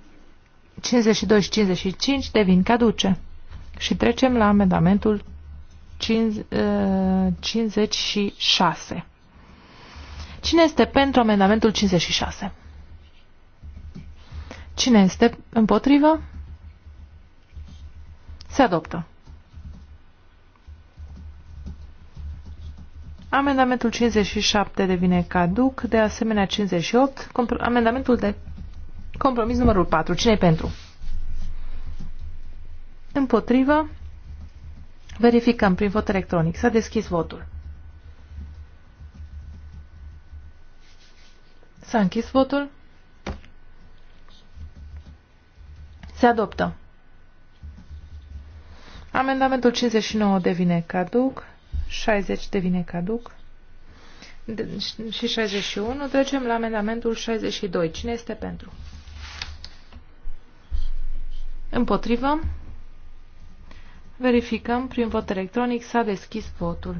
52 și 55 devin caduce. Și trecem la amendamentul 56. Uh, Cine este pentru amendamentul 56? Cine este împotrivă? Se adoptă. Amendamentul 57 devine caduc, de asemenea 58, amendamentul de compromis numărul 4. Cine-i pentru? Împotrivă. Verificăm prin vot electronic. S-a deschis votul. S-a închis votul. Se adoptă. Amendamentul 59 devine caduc. 60 devine caduc. De și 61. Trecem la amendamentul 62. Cine este pentru? Împotrivă. Verificăm prin vot electronic. S-a deschis votul.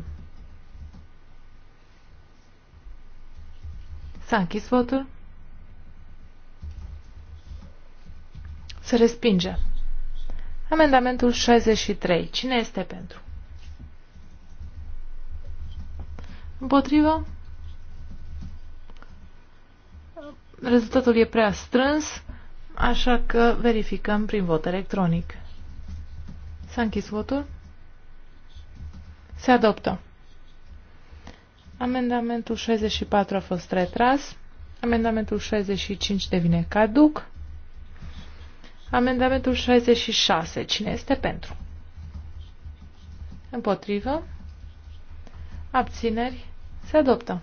S-a închis votul. Se respinge. Amendamentul 63. Cine este pentru? Împotrivă. Rezultatul e prea strâns, așa că verificăm prin vot electronic. S-a închis votul. Se adoptă. Amendamentul 64 a fost retras. Amendamentul 65 devine caduc. Amendamentul 66. Cine este pentru? Împotrivă? Abțineri? Se adoptă.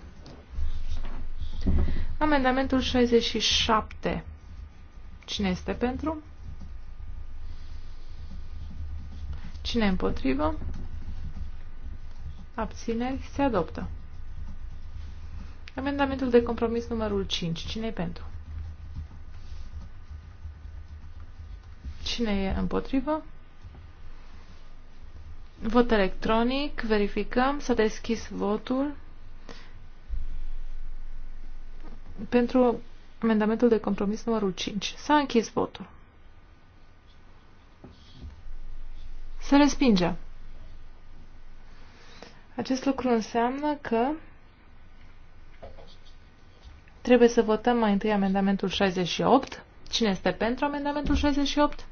Amendamentul 67. Cine este pentru? Cine împotrivă? Abțineri? Se adoptă. Amendamentul de compromis numărul 5. Cine e pentru? Cine e împotrivă? Vot electronic. Verificăm. S-a deschis votul. pentru amendamentul de compromis numărul 5. S-a închis votul. Se respinge. Acest lucru înseamnă că trebuie să votăm mai întâi amendamentul 68. Cine este pentru amendamentul 68?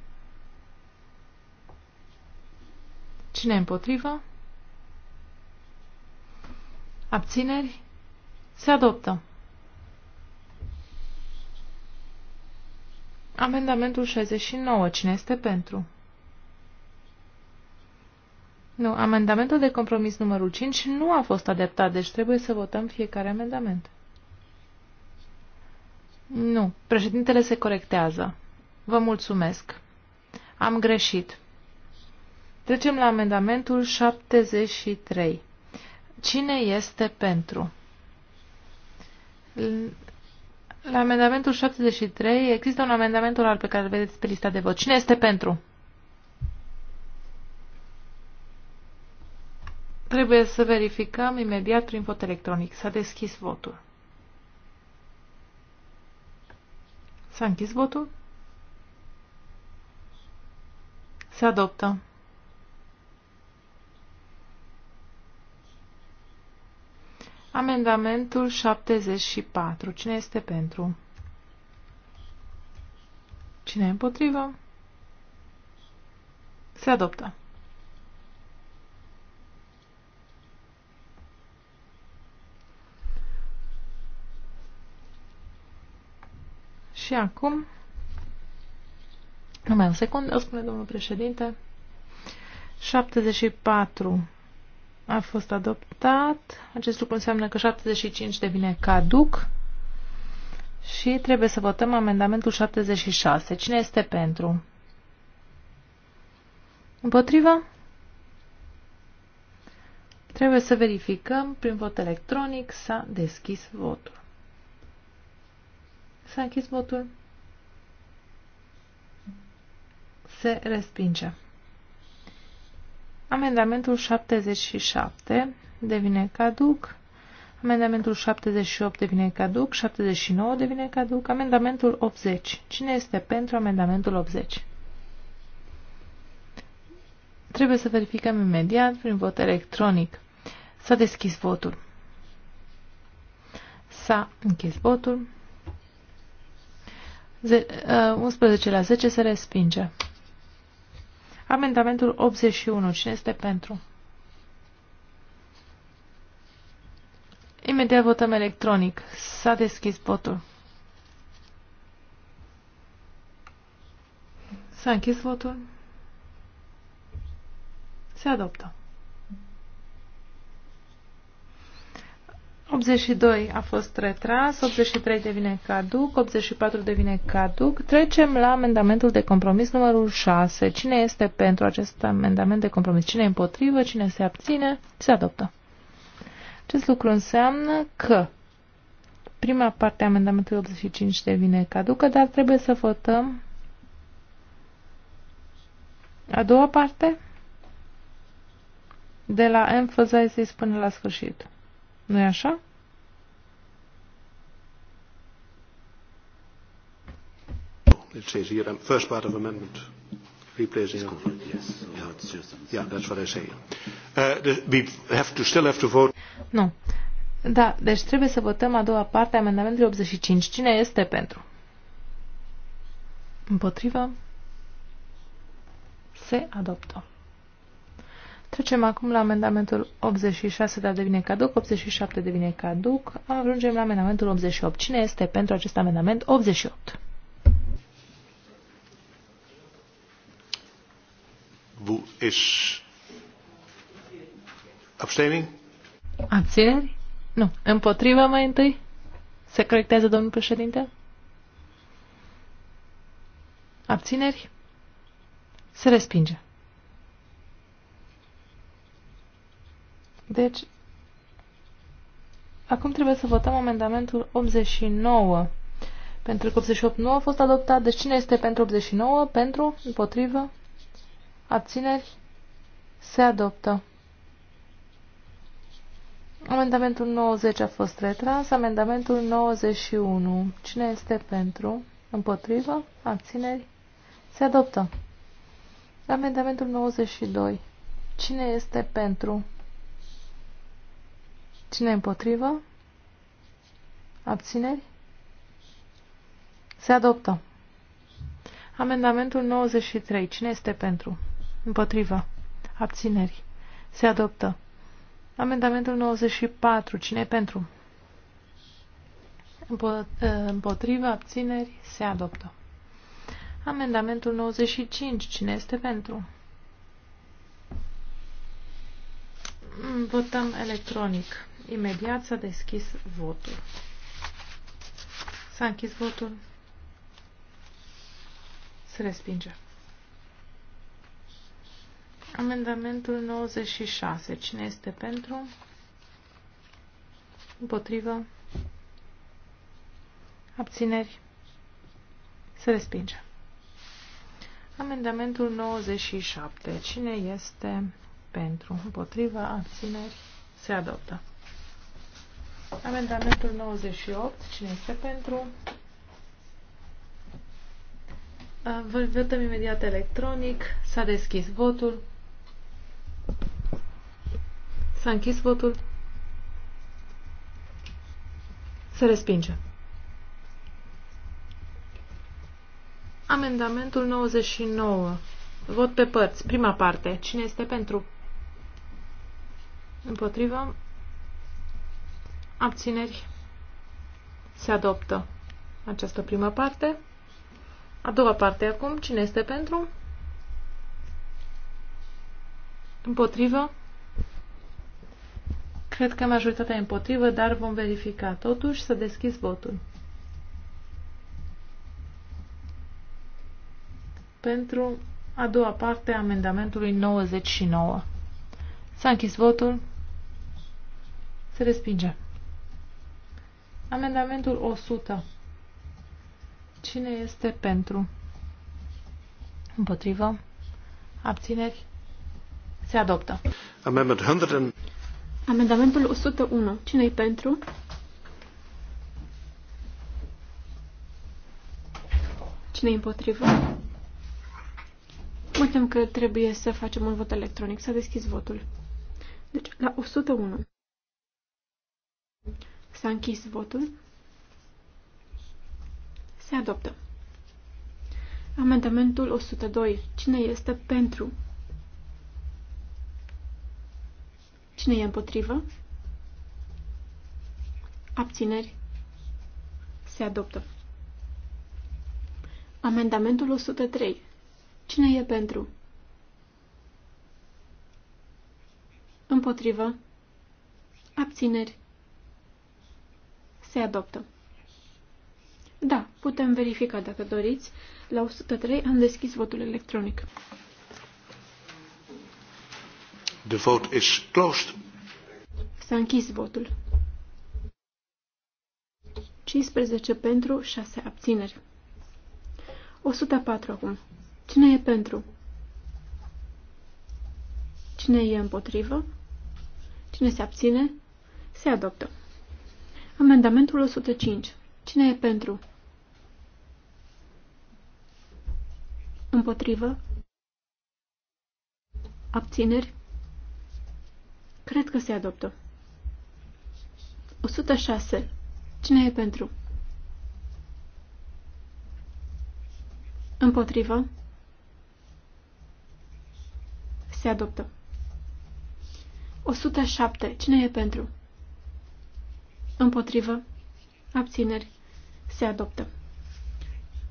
Cine e împotrivă? Abțineri? Se adoptă. Amendamentul 69. Cine este pentru? Nu, amendamentul de compromis numărul 5 nu a fost adeptat, deci trebuie să votăm fiecare amendament. Nu, președintele se corectează. Vă mulțumesc. Am greșit. Trecem la amendamentul 73. Cine este pentru? La amendamentul 73 există un amendament oral pe care îl vedeți pe lista de vot. Cine este pentru? Trebuie să verificăm imediat prin vot electronic. S-a deschis votul. S-a închis votul? Se adoptă. Amendamentul 74. Cine este pentru? Cine e împotrivă? Se adoptă. Și acum, numai un secund, o spune domnul președinte, 74 a fost adoptat. Acest lucru înseamnă că 75 devine caduc și trebuie să votăm amendamentul 76. Cine este pentru? Împotrivă? Trebuie să verificăm prin vot electronic s-a deschis votul. S-a închis votul. Se respinge. Amendamentul 77 devine caduc. Amendamentul 78 devine caduc, 79 devine caduc, amendamentul 80. Cine este pentru amendamentul 80? Trebuie să verificăm imediat prin vot electronic. S-a deschis votul. S-a închis votul. 11 uh, la 10 se respinge. Amendamentul 81. Cine este pentru? Imediat votăm electronic. S-a deschis votul. S-a închis votul. Se adoptă. 82 a fost retras, 83 devine caduc, 84 devine caduc. Trecem la amendamentul de compromis numărul 6. Cine este pentru acest amendament de compromis? Cine e împotrivă? Cine se abține? Se adoptă. Acest lucru înseamnă că prima parte a amendamentului 85 devine caducă, dar trebuie să votăm a doua parte de la emphasizes până la sfârșit nu-i așa? It says here, first part of amendment replacing. Yes, yeah, that's what I say. Uh, we have to still have to vote. Nu. Da, deci trebuie să votăm a doua parte a amendamentului 85. Cine este pentru? Împotrivă? Se adoptă. Trecem acum la amendamentul 86, dar devine caduc, 87 devine caduc. Ajungem la amendamentul 88. Cine este pentru acest amendament 88? Bu, ist Abstaining? Abțineri? Nu. Împotriva mai întâi? Se corectează domnul președinte? Abțineri? Se respinge. Deci, acum trebuie să votăm amendamentul 89. Pentru că 88 nu a fost adoptat. Deci cine este pentru 89? Pentru? Împotrivă? Abțineri? Se adoptă. Amendamentul 90 a fost retras. Amendamentul 91. Cine este pentru? Împotrivă? Abțineri? Se adoptă. Amendamentul 92. Cine este pentru? Cine împotrivă? Abțineri? Se adoptă. Amendamentul 93. Cine este pentru? Împotrivă. Abțineri. Se adoptă. Amendamentul 94. Cine e pentru? Ă, împotrivă. Abțineri. Se adoptă. Amendamentul 95. Cine este pentru? Votăm electronic. Imediat s-a deschis votul. S-a închis votul. Se respinge. Amendamentul 96. Cine este pentru? Împotrivă? Abțineri? Se respinge. Amendamentul 97. Cine este pentru? Împotrivă? Abțineri? Se adoptă. Amendamentul 98. Cine este pentru? Vă votăm imediat electronic. S-a deschis votul. S-a închis votul. Se respinge. Amendamentul 99. Vot pe părți. Prima parte. Cine este pentru? Împotrivă? abțineri, se adoptă această primă parte. A doua parte acum, cine este pentru? Împotrivă? Cred că majoritatea e împotrivă, dar vom verifica totuși să deschis votul. Pentru a doua parte a amendamentului 99. S-a închis votul. Se respinge. Amendamentul 100. Cine este pentru? Împotrivă? Abțineri? Se adoptă. Amendment 100 Amendamentul 101. cine e pentru? Cine-i împotrivă? Mă că trebuie să facem un vot electronic. S-a deschis votul. Deci, la 101. S-a închis votul. Se adoptă. Amendamentul 102. Cine este pentru? Cine e împotrivă? Abțineri. Se adoptă. Amendamentul 103. Cine e pentru? Împotrivă. Abțineri. Se adoptă. Da, putem verifica dacă doriți. La 103 am deschis votul electronic. The vote is closed. S-a închis votul. 15 pentru, 6 abțineri. 104 acum. Cine e pentru? Cine e împotrivă? Cine se abține? Se adoptă. Amendamentul 105. Cine e pentru? Împotrivă? Abțineri? Cred că se adoptă. 106. Cine e pentru? Împotrivă? Se adoptă. 107. Cine e pentru? Împotrivă. Abțineri. Se adoptă.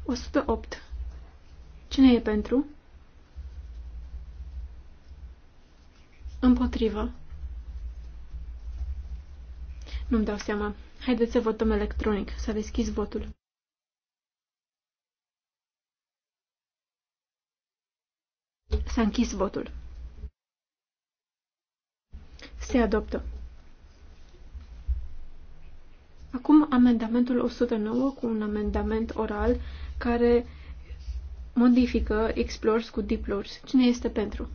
108. Cine e pentru? Împotrivă. Nu-mi dau seama. Haideți să votăm electronic. S-a deschis votul. S-a închis votul. Se adoptă. Acum amendamentul 109 cu un amendament oral care modifică explores cu deplores. Cine este pentru?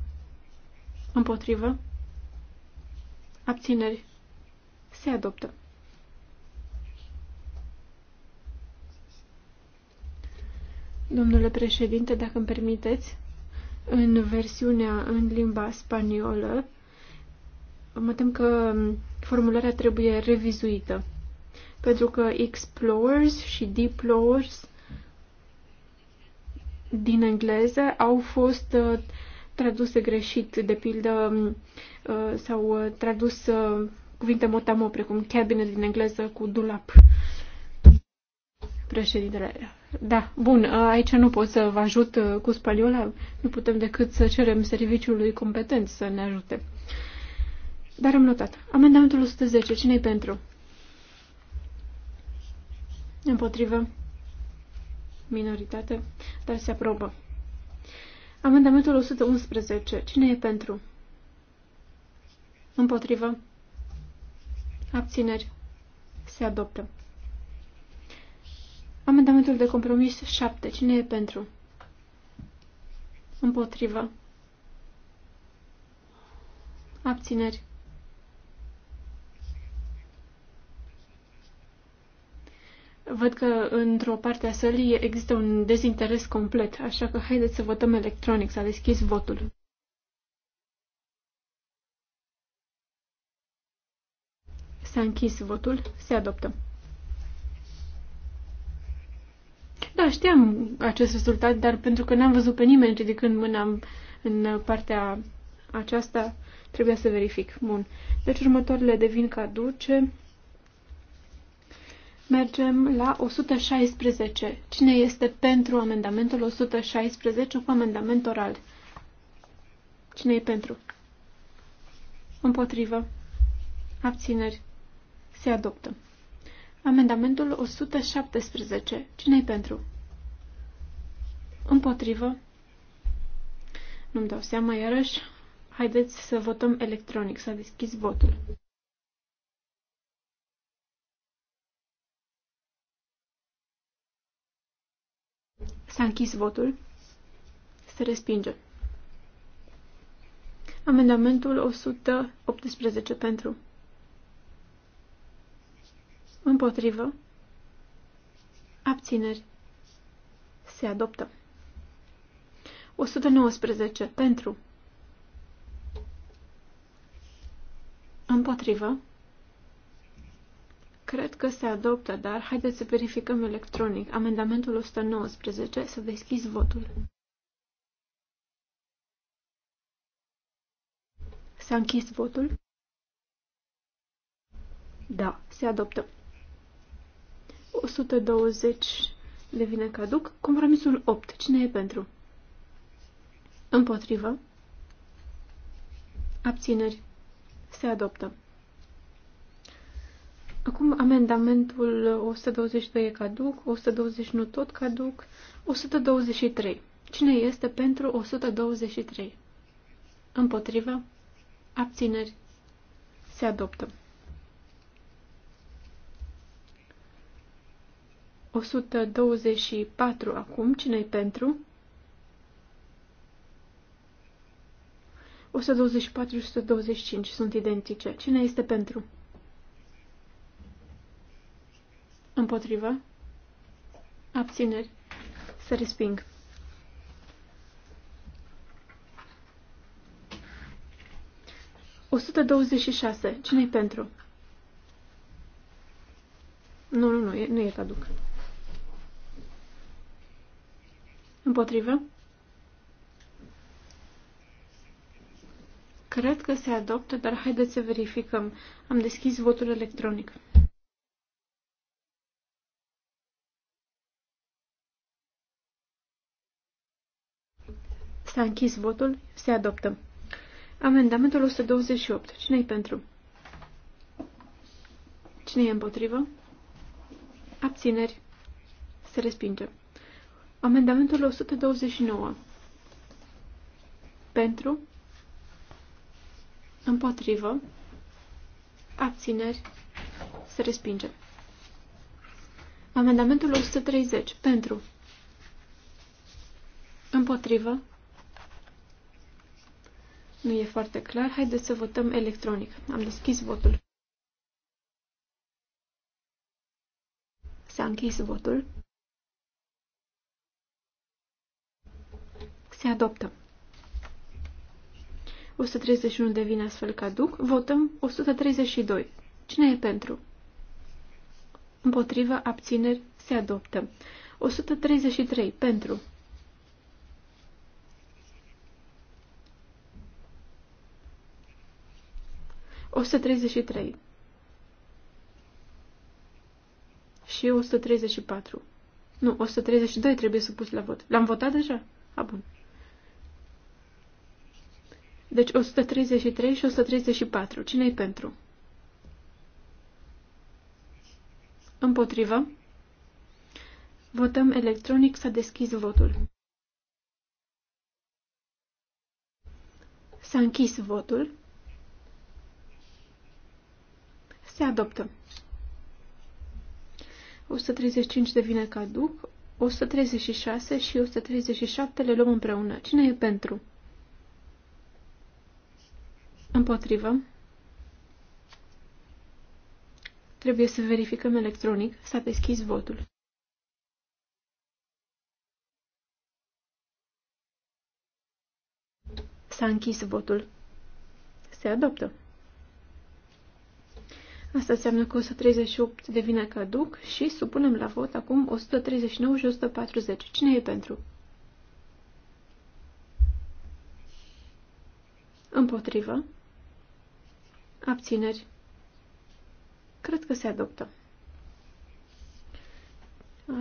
Împotrivă? Abțineri? Se adoptă. Domnule președinte, dacă îmi permiteți, în versiunea în limba spaniolă, mă tem că formularea trebuie revizuită pentru că explorers și deplorers din engleză au fost uh, traduse greșit, de pildă um, uh, s-au uh, tradus uh, cuvinte motamo precum cabinet din engleză cu dulap. Președintele, da, bun, uh, aici nu pot să vă ajut uh, cu spaliola, nu putem decât să cerem serviciului competent să ne ajute. Dar am notat. Amendamentul 110, cine-i pentru? Împotrivă. Minoritate. Dar se aprobă. Amendamentul 111. Cine e pentru? Împotrivă. Abțineri. Se adoptă. Amendamentul de compromis 7. Cine e pentru? Împotrivă. Abțineri. Văd că într-o parte a sălii există un dezinteres complet, așa că haideți să votăm electronic. S-a deschis votul. S-a închis votul. Se adoptă. Da, știam acest rezultat, dar pentru că n-am văzut pe nimeni ridicând mâna în partea aceasta, trebuia să verific. Bun. Deci următoarele devin caduce. Mergem la 116. Cine este pentru amendamentul 116 cu amendament oral? Cine e pentru? Împotrivă. Abțineri. Se adoptă. Amendamentul 117. cine e pentru? Împotrivă. Nu-mi dau seama iarăși. Haideți să votăm electronic. să a deschis votul. S-a închis votul. Se respinge. Amendamentul 118 pentru. Împotrivă. Abțineri. Se adoptă. 119 pentru. Împotrivă. Cred că se adoptă, dar haideți să verificăm electronic. Amendamentul 119, să deschizi votul. S-a închis votul? Da, se adoptă. 120 devine caduc. Compromisul 8. Cine e pentru? Împotrivă. Abțineri. Se adoptă. Acum amendamentul 122 e caduc, 129 tot caduc, 123. Cine este pentru 123? Împotrivă? Abțineri? Se adoptă. 124 acum. cine e pentru? 124 și 125 sunt identice. Cine este pentru? Împotrivă. Abțineri. Se resping. O 126. Cine-i pentru? Nu, nu, nu, nu e caduc. Împotrivă? Cred că se adoptă, dar haideți să verificăm. Am deschis votul electronic. S-a închis votul. Se adoptă. Amendamentul 128. cine e pentru? Cine e împotrivă? Abțineri. Se respinge. Amendamentul 129. Pentru. Împotrivă. Abțineri. Se respinge. Amendamentul 130. Pentru. Împotrivă. Nu e foarte clar. Haideți să votăm electronic. Am deschis votul. S-a închis votul. Se adoptă. 131 devine astfel caduc. Votăm 132. Cine e pentru? Împotrivă, abțineri, se adoptă. 133. Pentru. 133 și 134. Nu, 132 trebuie să pus la vot. L-am votat deja? A, bun. Deci 133 și 134. cine e pentru? Împotrivă. Votăm electronic. S-a deschis votul. S-a închis votul. se adoptă. 135 devine caduc, 136 și 137 le luăm împreună. Cine e pentru? Împotrivă. Trebuie să verificăm electronic. S-a deschis votul. S-a închis votul. Se adoptă. Asta înseamnă că 138 devine caduc și supunem la vot acum 139 și 140. Cine e pentru? Împotrivă. Abțineri. Cred că se adoptă.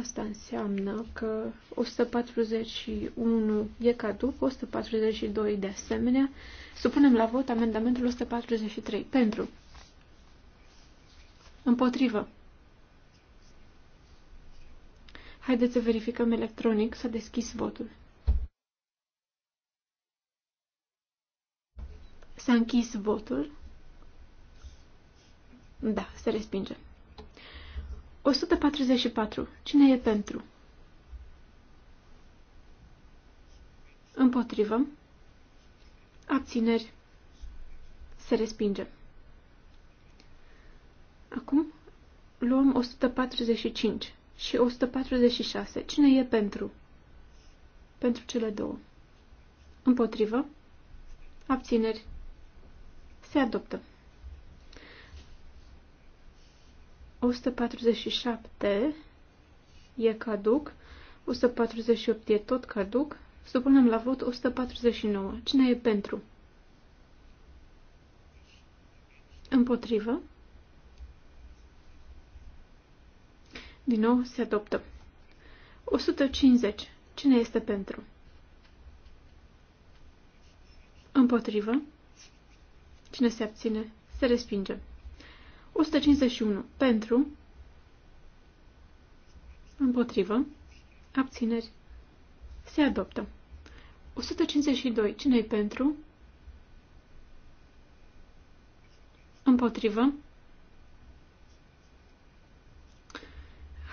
Asta înseamnă că 141 e caduc, 142 de asemenea. Supunem la vot amendamentul 143. Pentru. Împotrivă. Haideți să verificăm electronic. S-a deschis votul. S-a închis votul. Da, se respinge. 144. Cine e pentru? Împotrivă. Abțineri. Se respinge. Acum luăm 145 și 146. Cine e pentru? Pentru cele două. Împotrivă. Abțineri. Se adoptă. 147 e caduc. 148 e tot caduc. Supunem la vot 149. Cine e pentru? Împotrivă. Din nou se adoptă. 150. Cine este pentru? Împotrivă. Cine se abține? Se respinge. 151. Pentru. Împotrivă. Abțineri. Se adoptă. 152. cine e pentru? Împotrivă.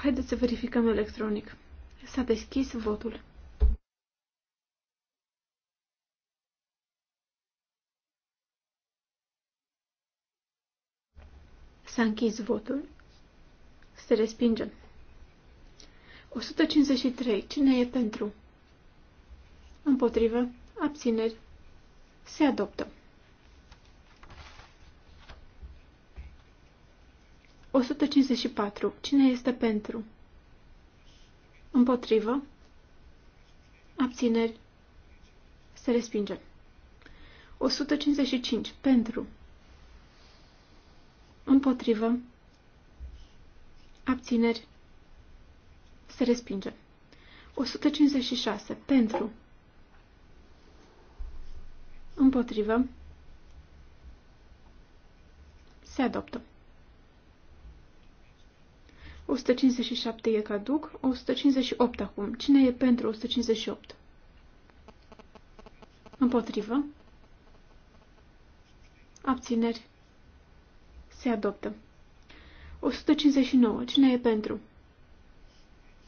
Haideți să verificăm electronic. S-a deschis votul. S-a închis votul. Se respinge. 153. Cine e pentru? Împotrivă. Abțineri. Se adoptă. 154. Cine este pentru? Împotrivă. Abțineri. Se respinge. 155. Pentru. Împotrivă. Abțineri. Se respinge. 156. Pentru. Împotrivă. Se adoptă. 157 e caduc, 158 acum. Cine e pentru 158? Împotrivă. Abțineri. Se adoptă. 159. Cine e pentru?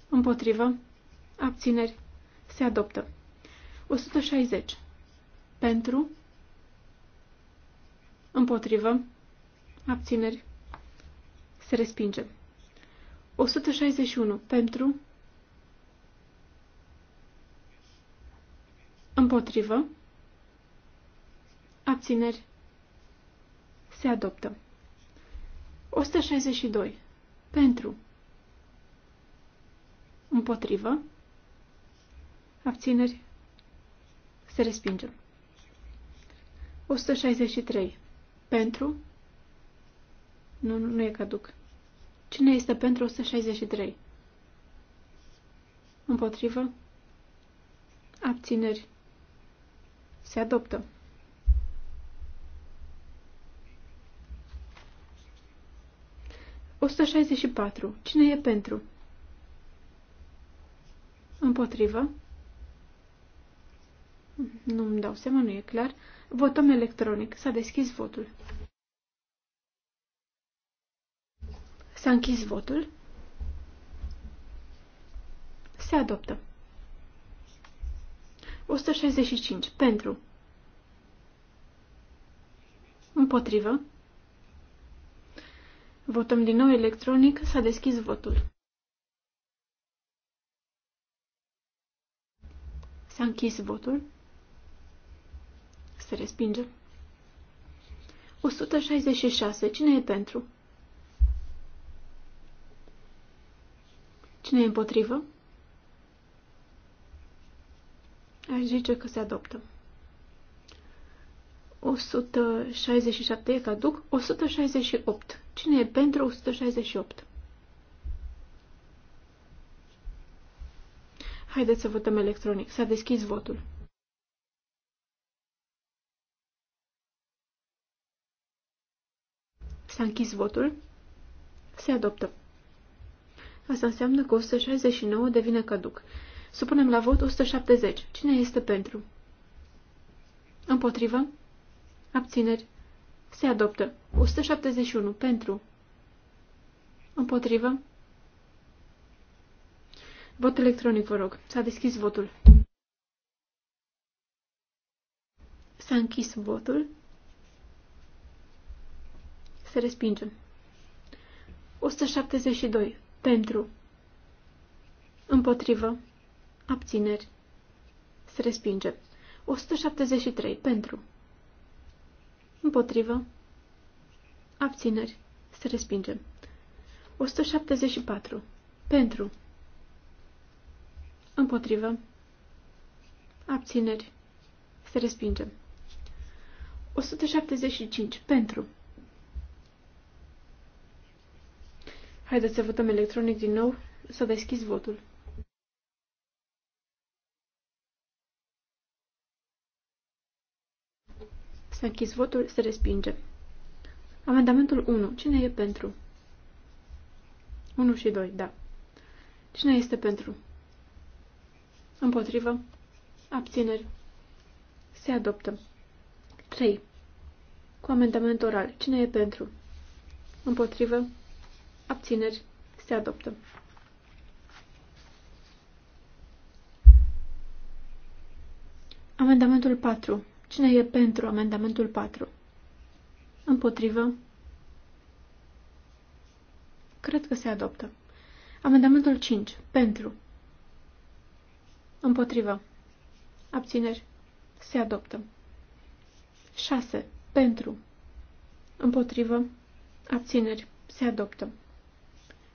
Împotrivă. Abțineri. Se adoptă. 160. Pentru. Împotrivă. Abțineri. Se respinge. 161. Pentru. Împotrivă. Abțineri. Se adoptă. 162. Pentru. Împotrivă. Abțineri. Se respinge. 163. Pentru. Nu, nu, nu e caduc. Cine este pentru 163? Împotrivă? Abțineri. Se adoptă. patru. Cine e pentru? Împotrivă? Nu-mi dau seama, nu e clar. Votăm electronic. S-a deschis votul. S-a închis votul. Se adoptă. 165. Pentru. Împotrivă. Votăm din nou electronic. S-a deschis votul. S-a închis votul. Se respinge. 166. Cine e pentru? Cine e împotrivă? Aș zice că se adoptă. 167 e caduc. 168. Cine e pentru 168? Haideți să votăm electronic. S-a deschis votul. S-a închis votul. Se adoptă. Asta înseamnă că 169 devine caduc. Supunem la vot 170. Cine este pentru? Împotrivă? Abțineri. Se adoptă. 171. Pentru. Împotrivă? Vot electronic, vă rog. S-a deschis votul. S-a închis votul. Se respinge. 172. Pentru. Împotrivă. Abțineri. Se respinge. 173. Pentru. Împotrivă. Abțineri. Se respinge. 174. Pentru. Împotrivă. Abțineri. Se respinge. 175. Pentru. Haideți să votăm electronic din nou. Să deschizi votul. S-a închis votul, se respinge. Amendamentul 1. Cine e pentru? 1 și 2, da. Cine este pentru? Împotrivă. Abțineri. Se adoptă. 3. Cu amendament oral. Cine e pentru? Împotrivă. Abțineri. Se adoptă. Amendamentul 4. Cine e pentru amendamentul 4? Împotrivă. Cred că se adoptă. Amendamentul 5. Pentru. Împotrivă. Abțineri. Se adoptă. 6. Pentru. Împotrivă. Abțineri. Se adoptă.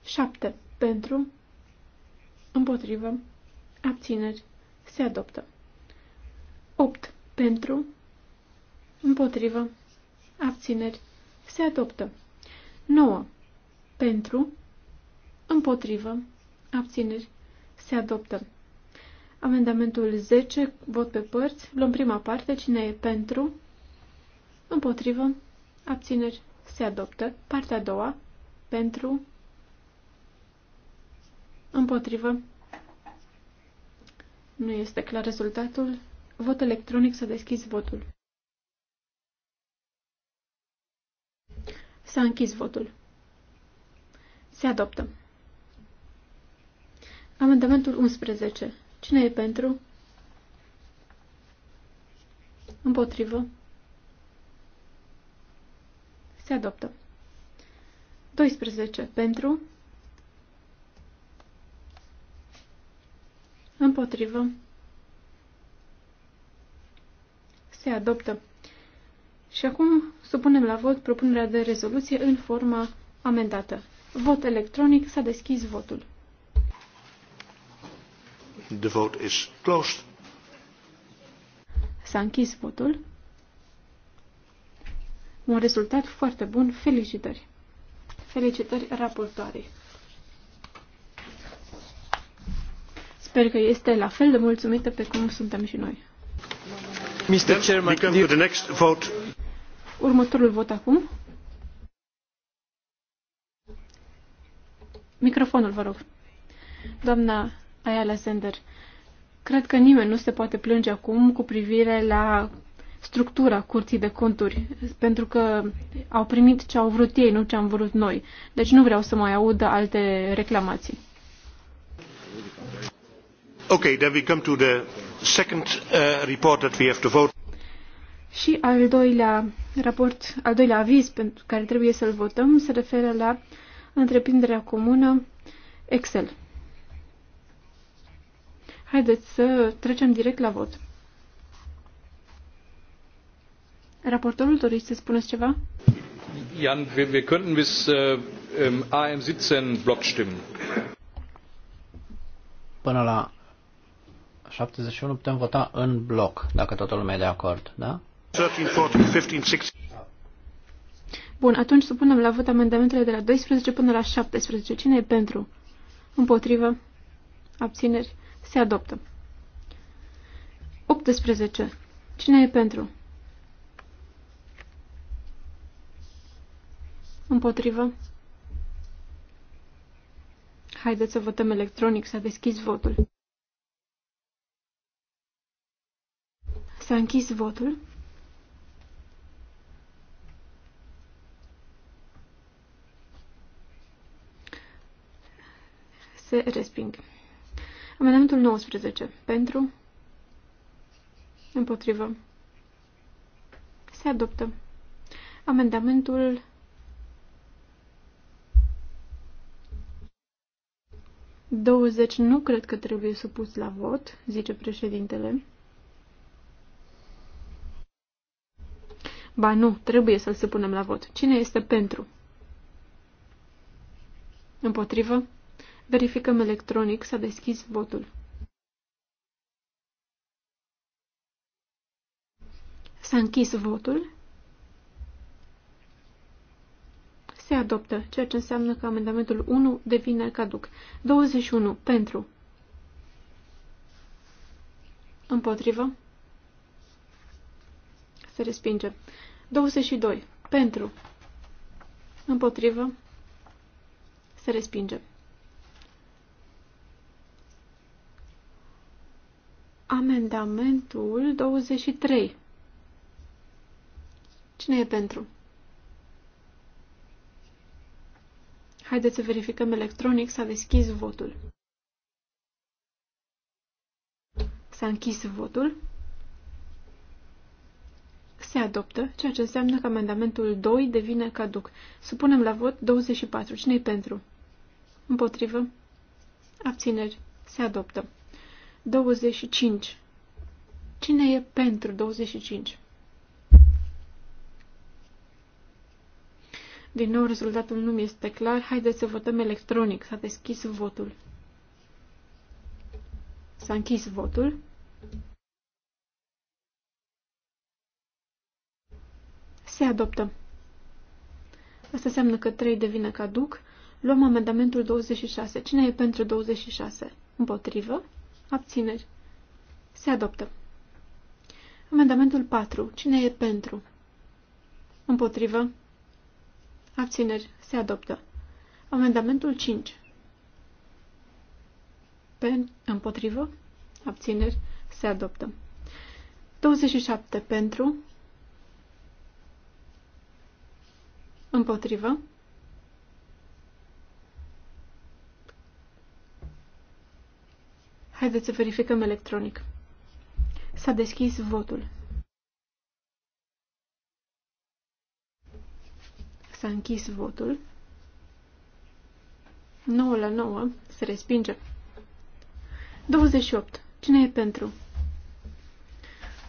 7. Pentru, împotrivă, abțineri, se adoptă. 8. Pentru, împotrivă, abțineri, se adoptă. 9. Pentru, împotrivă, abțineri, se adoptă. Amendamentul 10, vot pe părți, luăm prima parte, cine e pentru, împotrivă, abțineri, se adoptă. Partea a doua, pentru, Împotrivă. Nu este clar rezultatul. Vot electronic să deschizi votul. S-a închis votul. Se adoptă. Amendamentul 11. Cine e pentru? Împotrivă. Se adoptă. 12. Pentru. Împotrivă. Se adoptă. Și acum supunem la vot propunerea de rezoluție în forma amendată. Vot electronic. S-a deschis votul. The vote is closed. S-a închis votul. Un rezultat foarte bun. Felicitări! Felicitări raportoarei! Sper că este la fel de mulțumită pe cum suntem și noi. Mr. Chairman, to the next vote. Următorul vot acum. Microfonul, vă rog. Doamna Ayala Sender, cred că nimeni nu se poate plânge acum cu privire la structura curții de conturi, pentru că au primit ce au vrut ei, nu ce am vrut noi. Deci nu vreau să mai aud alte reclamații. Okay, then we come to the second uh, report that we have to vote. Și al doilea raport, al doilea aviz pentru care trebuie să-l votăm se referă la întreprinderea comună Excel. Haideți să trecem direct la vot. Raportorul, dorește să spuneți ceva? Jan, wir, wir könnten bis uh, um, AM17 block stimmen. Până la 71 putem vota în bloc, dacă toată lumea e de acord, da? 13, 14, 15, 16. Bun, atunci supunem la vot amendamentele de la 12 până la 17. Cine e pentru? Împotrivă? Abțineri? Se adoptă. 18. Cine e pentru? Împotrivă? Haideți să votăm electronic, să deschizi votul. S-a închis votul. Se resping. Amendamentul 19. Pentru. Împotrivă. Se adoptă. Amendamentul Douăzeci nu cred că trebuie supus la vot, zice președintele. Ba nu, trebuie să-l supunem la vot. Cine este pentru? Împotrivă? Verificăm electronic, s-a deschis votul. S-a închis votul. Se adoptă, ceea ce înseamnă că amendamentul 1 devine caduc. 21. Pentru. Împotrivă. Se respinge. 22. Pentru. Împotrivă. Se respinge. Amendamentul 23. Cine e pentru? Haideți să verificăm electronic, s-a deschis votul. S-a închis votul. Se adoptă, ceea ce înseamnă că amendamentul 2 devine caduc. Supunem la vot 24. Cine-i pentru? Împotrivă. Abțineri. Se adoptă. 25. Cine e pentru 25? Din nou, rezultatul nu mi este clar. Haideți să votăm electronic. S-a deschis votul. S-a închis votul. Se adoptă. Asta înseamnă că 3 devine caduc. Luăm amendamentul 26. Cine e pentru 26? Împotrivă. Abțineri. Se adoptă. Amendamentul 4. Cine e pentru? Împotrivă. Abțineri. Se adoptă. Amendamentul 5. Pen, împotrivă. Abțineri. Se adoptă. 27. Pentru. Împotrivă. Haideți să verificăm electronic. S-a deschis votul. S-a închis votul. 9 la 9 se respinge. 28. Cine e pentru?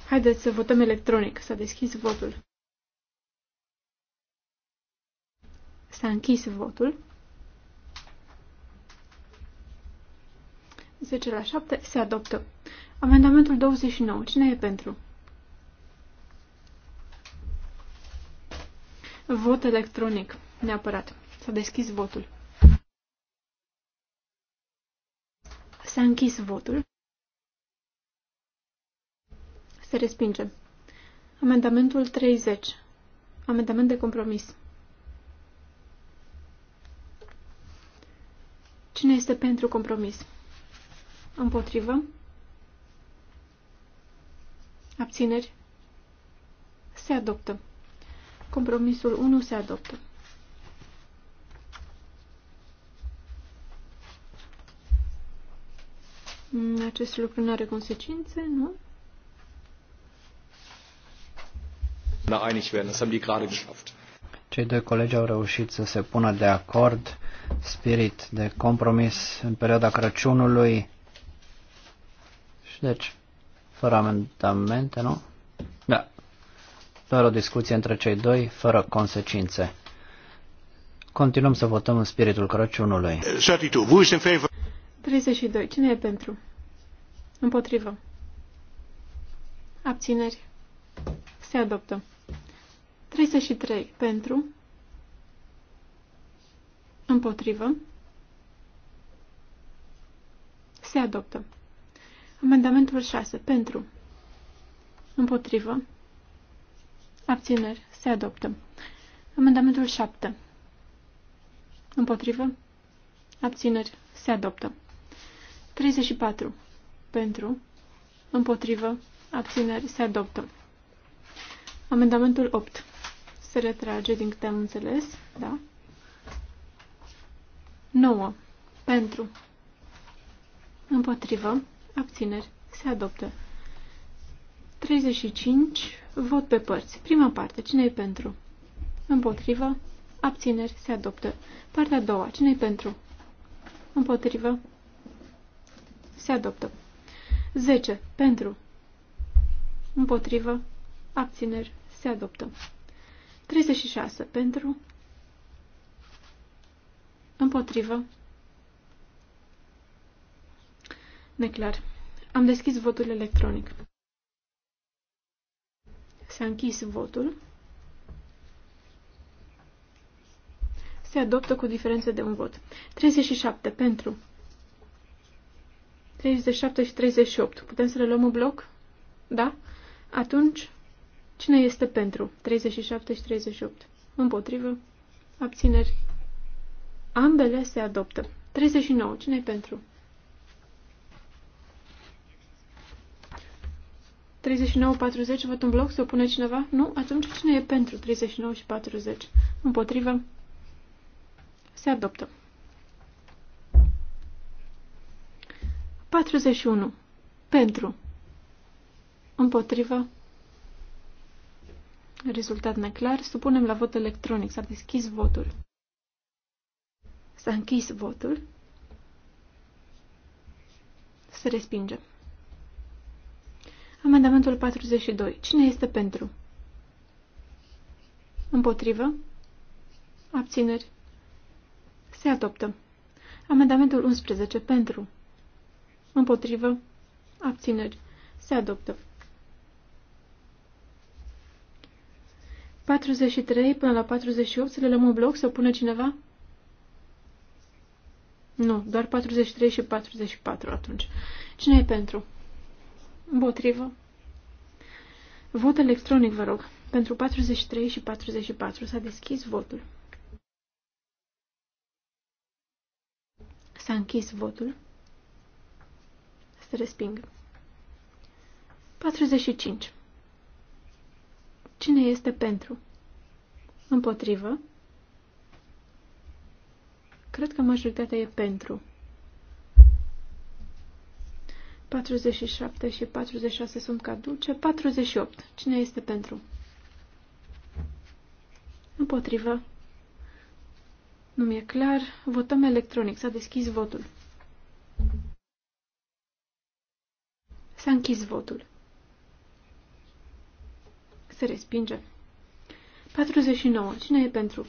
Haideți să votăm electronic. S-a deschis votul. S-a închis votul. 10 la 7 se adoptă. Amendamentul 29. Cine e pentru? Vot electronic. Neapărat. S-a deschis votul. S-a închis votul. Se respinge. Amendamentul 30. Amendament de compromis. Cine este pentru compromis? Împotrivă? Abțineri? Se adoptă. Compromisul 1 se adoptă. Mm, acest lucru nu are consecințe, nu? Na, da, einig werden. Das haben die gerade geschafft. Cei doi colegi au reușit să se pună de acord spirit de compromis în perioada Crăciunului și deci fără amendamente, nu? Da. Doar o discuție între cei doi, fără consecințe. Continuăm să votăm în spiritul Crăciunului. 32. Cine e pentru? Împotrivă. Abțineri. Se adoptă. 33 pentru, împotrivă, se adoptă. Amendamentul 6 pentru, împotrivă, abțineri, se adoptă. Amendamentul 7 împotrivă, abțineri, se adoptă. 34 pentru, împotrivă, abțineri, se adoptă. Amendamentul 8 se retrage din câte am înțeles, da? 9. Pentru. Împotrivă. Abțineri. Se adoptă. 35. Vot pe părți. Prima parte. cine e pentru? Împotrivă. Abțineri. Se adoptă. Partea a doua. cine e pentru? Împotrivă. Se adoptă. 10. Pentru. Împotrivă. Abțineri. Se adoptă. 36 pentru, împotrivă, neclar. Am deschis votul electronic. S-a închis votul. Se adoptă cu diferență de un vot. 37 pentru. 37 și 38. Putem să le luăm în bloc? Da? Atunci Cine este pentru? 37 și 38. Împotrivă. Abțineri. Ambele se adoptă. 39. Cine e pentru? 39-40, văd un bloc, se opune cineva? Nu? Atunci cine e pentru 39 și 40? Împotrivă? Se adoptă. 41. Pentru. Împotrivă. Rezultat neclar. Supunem la vot electronic. S-a deschis votul. S-a închis votul. Se respinge. Amendamentul 42. Cine este pentru? Împotrivă? Abțineri? Se adoptă. Amendamentul 11. Pentru? Împotrivă? Abțineri? Se adoptă. 43 până la 48, să le luăm în bloc, să pună cineva? Nu, doar 43 și 44 atunci. Cine e pentru? Împotrivă. Vot electronic, vă rog. Pentru 43 și 44 s-a deschis votul. S-a închis votul. Să resping. 45. Cine este pentru? Împotrivă? Cred că majoritatea e pentru. 47 și 46 sunt caduce. 48. Cine este pentru? Împotrivă. Nu mi-e clar. Votăm electronic. S-a deschis votul. S-a închis votul se respinge. 49. Cine e pentru?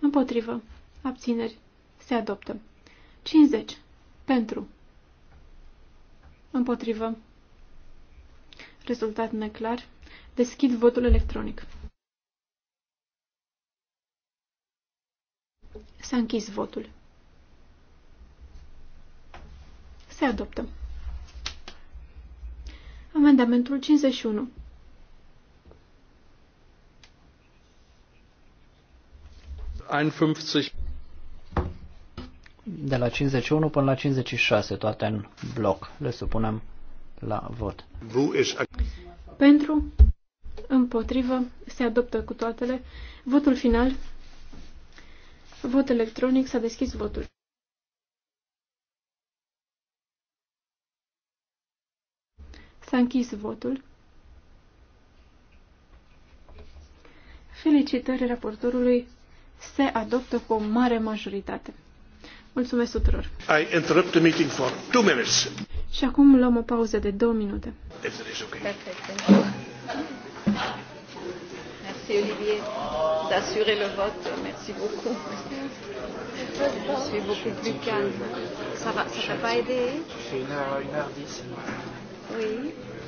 Împotrivă. Abțineri. Se adoptă. 50. Pentru. Împotrivă. Rezultat neclar. Deschid votul electronic. S-a închis votul. Se adoptă. Amendamentul 51. 51 de la 51 până la 56, toate în bloc. Le supunem la vot. Pentru, împotrivă, se adoptă cu toatele. Votul final. Vot electronic. S-a deschis votul. S-a închis votul. Felicitări raportorului se adoptă cu o mare majoritate. Mulțumesc tuturor! I interrupt the meeting for two minutes. Și acum luăm o pauză de două minute. If there Merci Olivier d'assurer le vote. Merci beaucoup. Je suis beaucoup plus calme. Ça va, ça t'a pas aidé C'est une heure, une heure dix. Oui.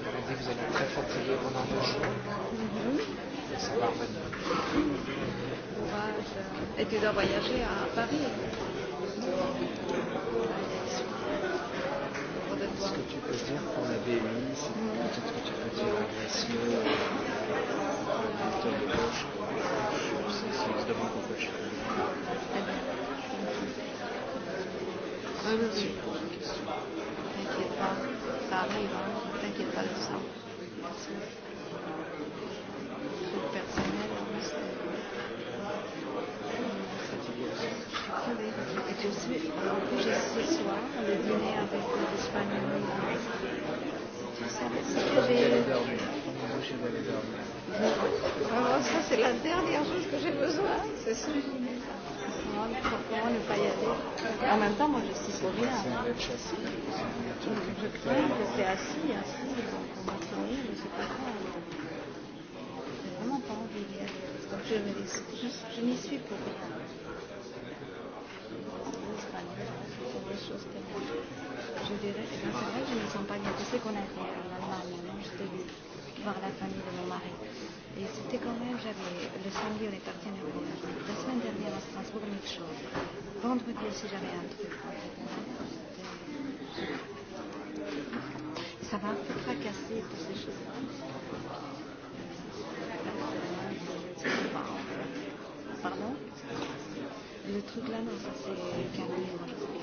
On dit que vous allez être très fatigué pendant deux jours. Mm -hmm. Ça va revenir courage euh, et tu dois voyager à Paris. Ce que tu peux dire pour la BMI, c'est peut-être que tu peux dire agressieux, l'éditeur de gauche, c'est devant qu'on peut le chercher. Ah, oui, oui, oui. T'inquiète pas, ça arrive, hein. t'inquiète pas de ça. Merci. ce soir, le dîner avec les Espagnols. Tu savais ce ça, c'est la dernière chose que j'ai besoin, c'est ça. dîner. Comment ne pas y aller En même temps, moi, je suis pour rien. Je crains que c'est assis, assis, donc on va sourire, je ne sais pas quoi. Je n'ai vraiment pas envie d'y aller. Donc je je, je n'y suis pour rien. choses que je dirais que dans je ne me sens pas bien. Tu sais qu'on a en Allemagne, non J'étais venue voir la da famille de mon mari. Et c'était quand même, j'avais le samedi, on est parti en Europe. La semaine dernière à Strasbourg, même chose. Vendredi aussi, j'avais un truc. Ça m'a un peu fracassé toutes ces choses-là. Pardon Le truc là, non, ça c'est carrément...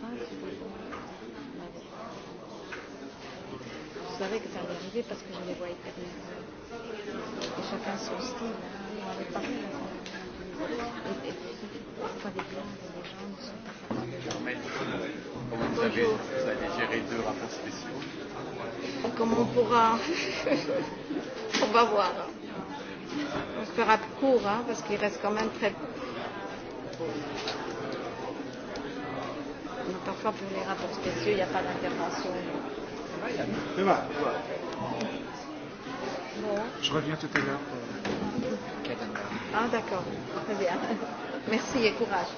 Je savais que ça allait arriver parce que je les voyais venir. Et chacun son style. Hein. On avait parlé la semaine dernière. Et, et parfois des blagues, les gens ne sont pas capables de. Germaine, comment vous avez, vous avez géré deux rapports spéciaux et Comment on pourra. (laughs) on va voir. Hein. On fera court hein, parce qu'il reste quand même très parfois pour les rapports spéciaux, il n'y a pas d'intervention. Bon. Je reviens tout à l'heure. Euh, ah d'accord, très bien. Merci et courage.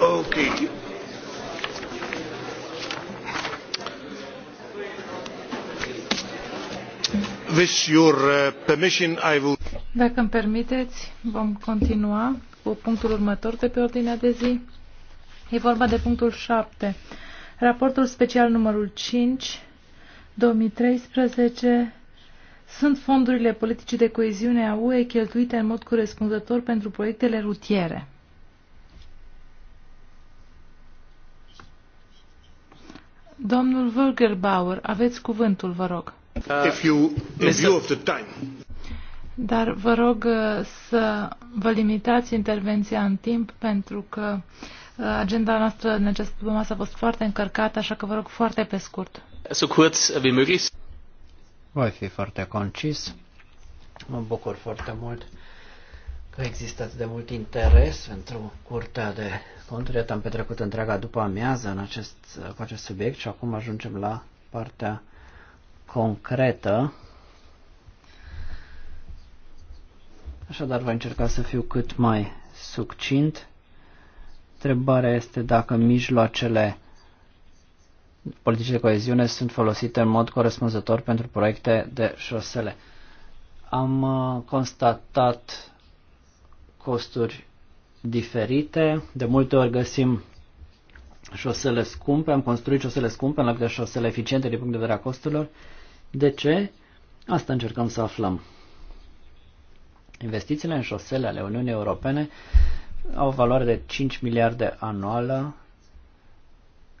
Ok. With your uh, permission, I will... Dacă îmi permiteți, vom continua cu punctul următor de pe ordinea de zi. E vorba de punctul 7. Raportul special numărul 5, 2013, sunt fondurile politicii de coeziune a UE cheltuite în mod corespunzător pentru proiectele rutiere. Domnul Bauer, aveți cuvântul, vă rog. Uh, if you, in view of the time dar vă rog uh, să vă limitați intervenția în timp pentru că uh, agenda noastră în această masă a fost foarte încărcată, așa că vă rog foarte pe scurt. So kurz uh, wie möglich. Voi fi foarte concis. Mă bucur foarte mult că există atât de mult interes pentru curtea de conturi. Am petrecut întreaga după amiază în acest, cu acest subiect și acum ajungem la partea concretă Așadar voi încerca să fiu cât mai succint. Întrebarea este dacă mijloacele politice de coeziune sunt folosite în mod corespunzător pentru proiecte de șosele. Am uh, constatat costuri diferite. De multe ori găsim șosele scumpe, am construit șosele scumpe în loc de șosele eficiente din punct de vedere a costurilor. De ce? Asta încercăm să aflăm. Investițiile în șosele ale Uniunii Europene au o valoare de 5 miliarde anuală,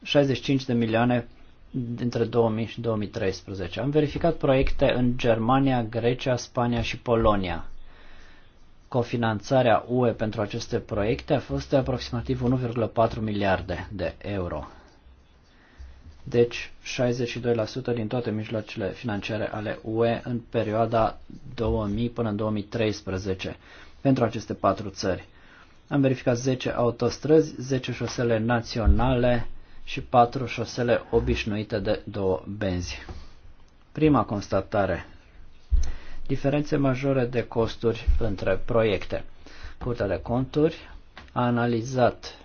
65 de milioane dintre 2000 și 2013. Am verificat proiecte în Germania, Grecia, Spania și Polonia. Cofinanțarea UE pentru aceste proiecte a fost de aproximativ 1,4 miliarde de euro deci 62% din toate mijloacele financiare ale UE în perioada 2000 până în 2013 pentru aceste patru țări. Am verificat 10 autostrăzi, 10 șosele naționale și 4 șosele obișnuite de două benzi. Prima constatare. Diferențe majore de costuri între proiecte. Curtea de conturi a analizat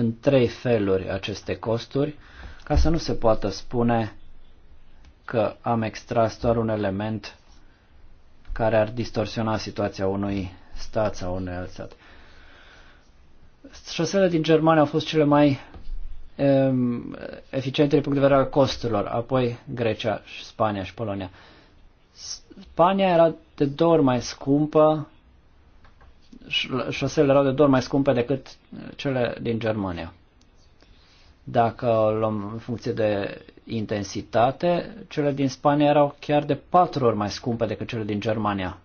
în trei feluri aceste costuri, ca să nu se poată spune că am extras doar un element care ar distorsiona situația unui stat sau unui alt stat. Șosele din Germania au fost cele mai um, eficiente din punct de vedere al costurilor, apoi Grecia, Spania și Polonia. Spania era de două ori mai scumpă șoselele erau de două mai scumpe decât cele din Germania. Dacă luăm în funcție de intensitate, cele din Spania erau chiar de patru ori mai scumpe decât cele din Germania.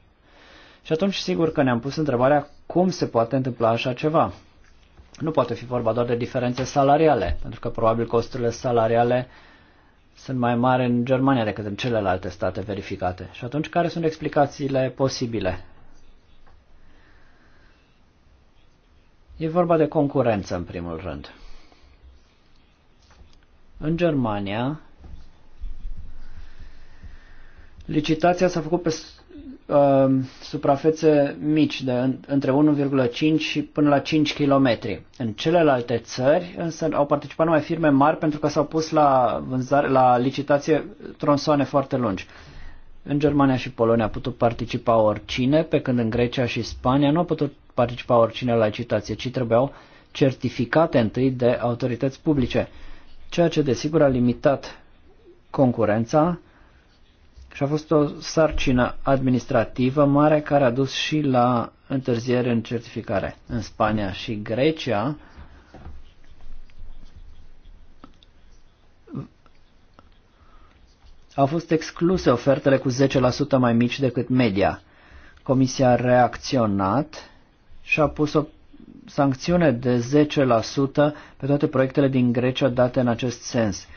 Și atunci sigur că ne-am pus întrebarea cum se poate întâmpla așa ceva. Nu poate fi vorba doar de diferențe salariale, pentru că probabil costurile salariale sunt mai mari în Germania decât în celelalte state verificate. Și atunci, care sunt explicațiile posibile? E vorba de concurență, în primul rând. În Germania, licitația s-a făcut pe uh, suprafețe mici, de între 1,5 și până la 5 km. În celelalte țări, însă, au participat numai firme mari pentru că s-au pus la, vânzare, la licitație tronsoane foarte lungi. În Germania și Polonia a putut participa oricine, pe când în Grecia și Spania nu a putut participa oricine la licitație, ci trebuiau certificate întâi de autorități publice, ceea ce desigur a limitat concurența și a fost o sarcină administrativă mare care a dus și la întârziere în certificare. În Spania și Grecia au fost excluse ofertele cu 10% mai mici decât media. Comisia a reacționat și a pus o sancțiune de 10% pe toate proiectele din Grecia date în acest sens.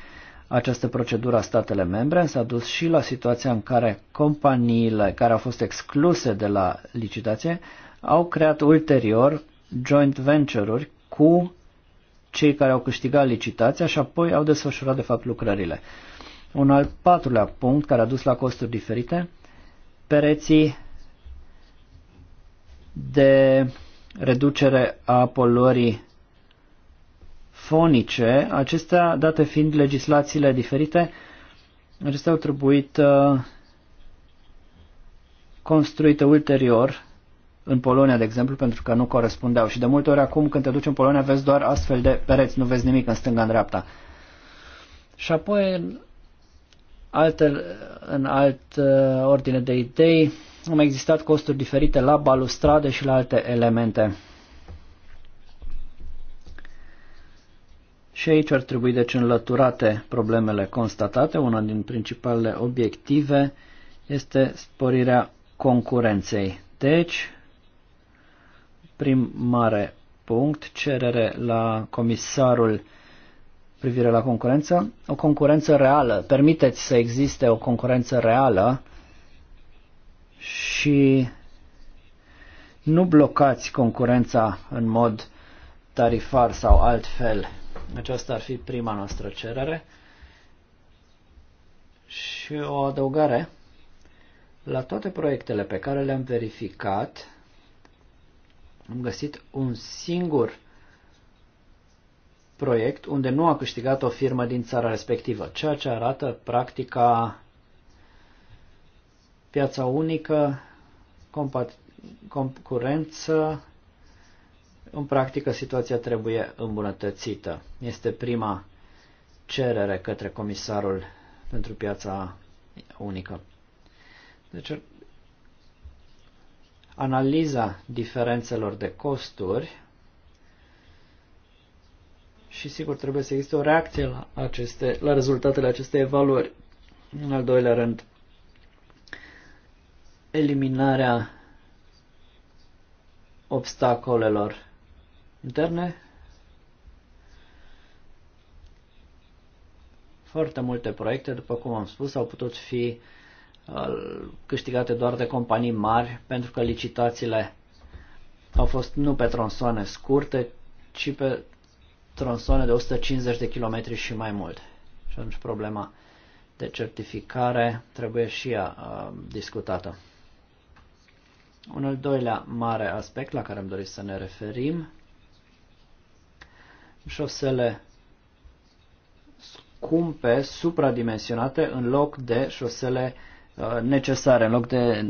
Această procedură a statele membre s-a dus și la situația în care companiile care au fost excluse de la licitație au creat ulterior joint venture-uri cu cei care au câștigat licitația și apoi au desfășurat de fapt lucrările. Un al patrulea punct care a dus la costuri diferite, pereții de reducere a poluării fonice, acestea, date fiind legislațiile diferite, acestea au trebuit uh, construite ulterior în Polonia, de exemplu, pentru că nu corespundeau. Și de multe ori acum când te duci în Polonia vezi doar astfel de pereți, nu vezi nimic în stânga, în dreapta. Și apoi, în, alte, în alt uh, ordine de idei, au mai existat costuri diferite la balustrade și la alte elemente. Și aici ar trebui deci înlăturate problemele constatate. Una din principalele obiective este sporirea concurenței. Deci, prim mare punct, cerere la comisarul privire la concurență, o concurență reală. Permiteți să existe o concurență reală și nu blocați concurența în mod tarifar sau altfel. Aceasta ar fi prima noastră cerere. Și o adăugare. La toate proiectele pe care le-am verificat, am găsit un singur proiect unde nu a câștigat o firmă din țara respectivă, ceea ce arată practica piața unică, concurență, în practică situația trebuie îmbunătățită. Este prima cerere către comisarul pentru piața unică. Deci, analiza diferențelor de costuri și sigur trebuie să existe o reacție la, aceste, la rezultatele acestei evaluări. În al doilea rând, eliminarea obstacolelor interne. Foarte multe proiecte, după cum am spus, au putut fi uh, câștigate doar de companii mari pentru că licitațiile au fost nu pe tronsoane scurte, ci pe tronsoane de 150 de km și mai mult. Și atunci problema de certificare trebuie și ea uh, discutată. Un al doilea mare aspect la care am dorit să ne referim, șosele scumpe, supradimensionate, în loc de șosele uh, necesare, în loc de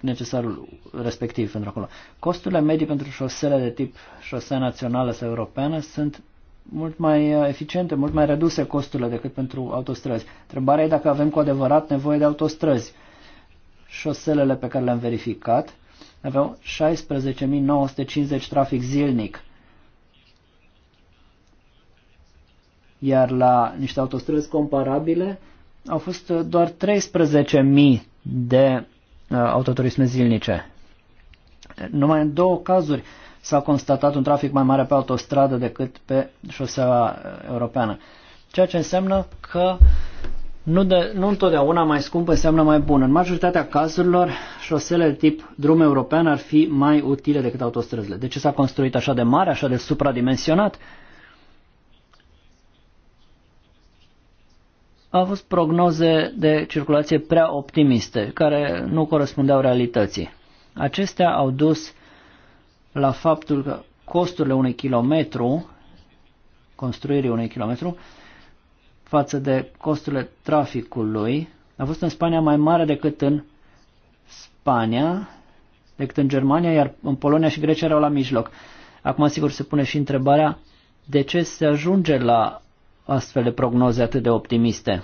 necesarul respectiv pentru acolo. Costurile medii pentru șosele de tip șosea națională sau europeană sunt mult mai uh, eficiente, mult mai reduse costurile decât pentru autostrăzi. Întrebarea e dacă avem cu adevărat nevoie de autostrăzi. Șoselele pe care le-am verificat aveau 16.950 trafic zilnic. Iar la niște autostrăzi comparabile au fost uh, doar 13.000 de uh, autoturisme zilnice. Numai în două cazuri s-a constatat un trafic mai mare pe autostradă decât pe șosea uh, europeană. Ceea ce înseamnă că uh, nu, de, nu întotdeauna mai scump înseamnă mai bun. În majoritatea cazurilor, șosele tip drum european ar fi mai utile decât autostrăzile. De ce s-a construit așa de mare, așa de supradimensionat? Au fost prognoze de circulație prea optimiste, care nu corespundeau realității. Acestea au dus la faptul că costurile unui kilometru, construirii unui kilometru, față de costurile traficului a fost în Spania mai mare decât în Spania, decât în Germania, iar în Polonia și Grecia erau la mijloc. Acum, sigur, se pune și întrebarea de ce se ajunge la astfel de prognoze atât de optimiste.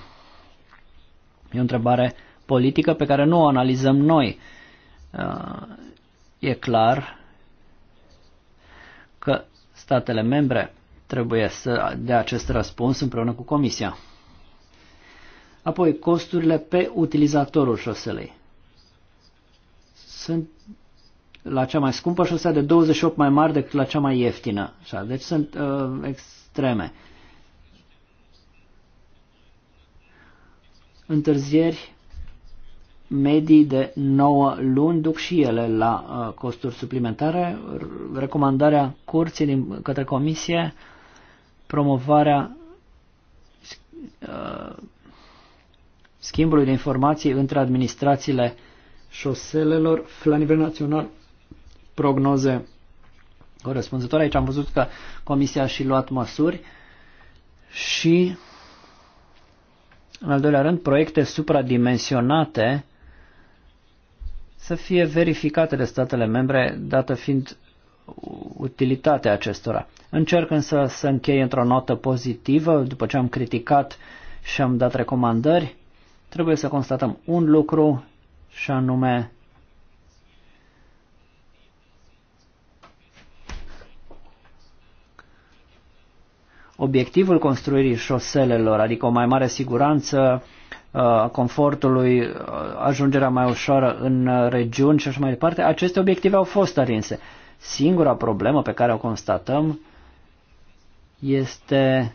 E o întrebare politică pe care nu o analizăm noi. Uh, e clar că statele membre trebuie să dea acest răspuns împreună cu comisia. Apoi, costurile pe utilizatorul șoselei. Sunt la cea mai scumpă șosea de 28 mai mari decât la cea mai ieftină. Așa, deci sunt uh, extreme. Întârzieri medii de 9 luni duc și ele la uh, costuri suplimentare. Recomandarea curții din, către comisie promovarea uh, schimbului de informații între administrațiile șoselelor la nivel național prognoze corespunzătoare. Aici am văzut că Comisia a și luat măsuri și, în al doilea rând, proiecte supradimensionate să fie verificate de statele membre, dată fiind utilitatea acestora. Încerc însă să închei într-o notă pozitivă, după ce am criticat și am dat recomandări, trebuie să constatăm un lucru și anume obiectivul construirii șoselelor, adică o mai mare siguranță uh, confortului, uh, ajungerea mai ușoară în uh, regiuni și așa mai departe, aceste obiective au fost atinse. Singura problemă pe care o constatăm este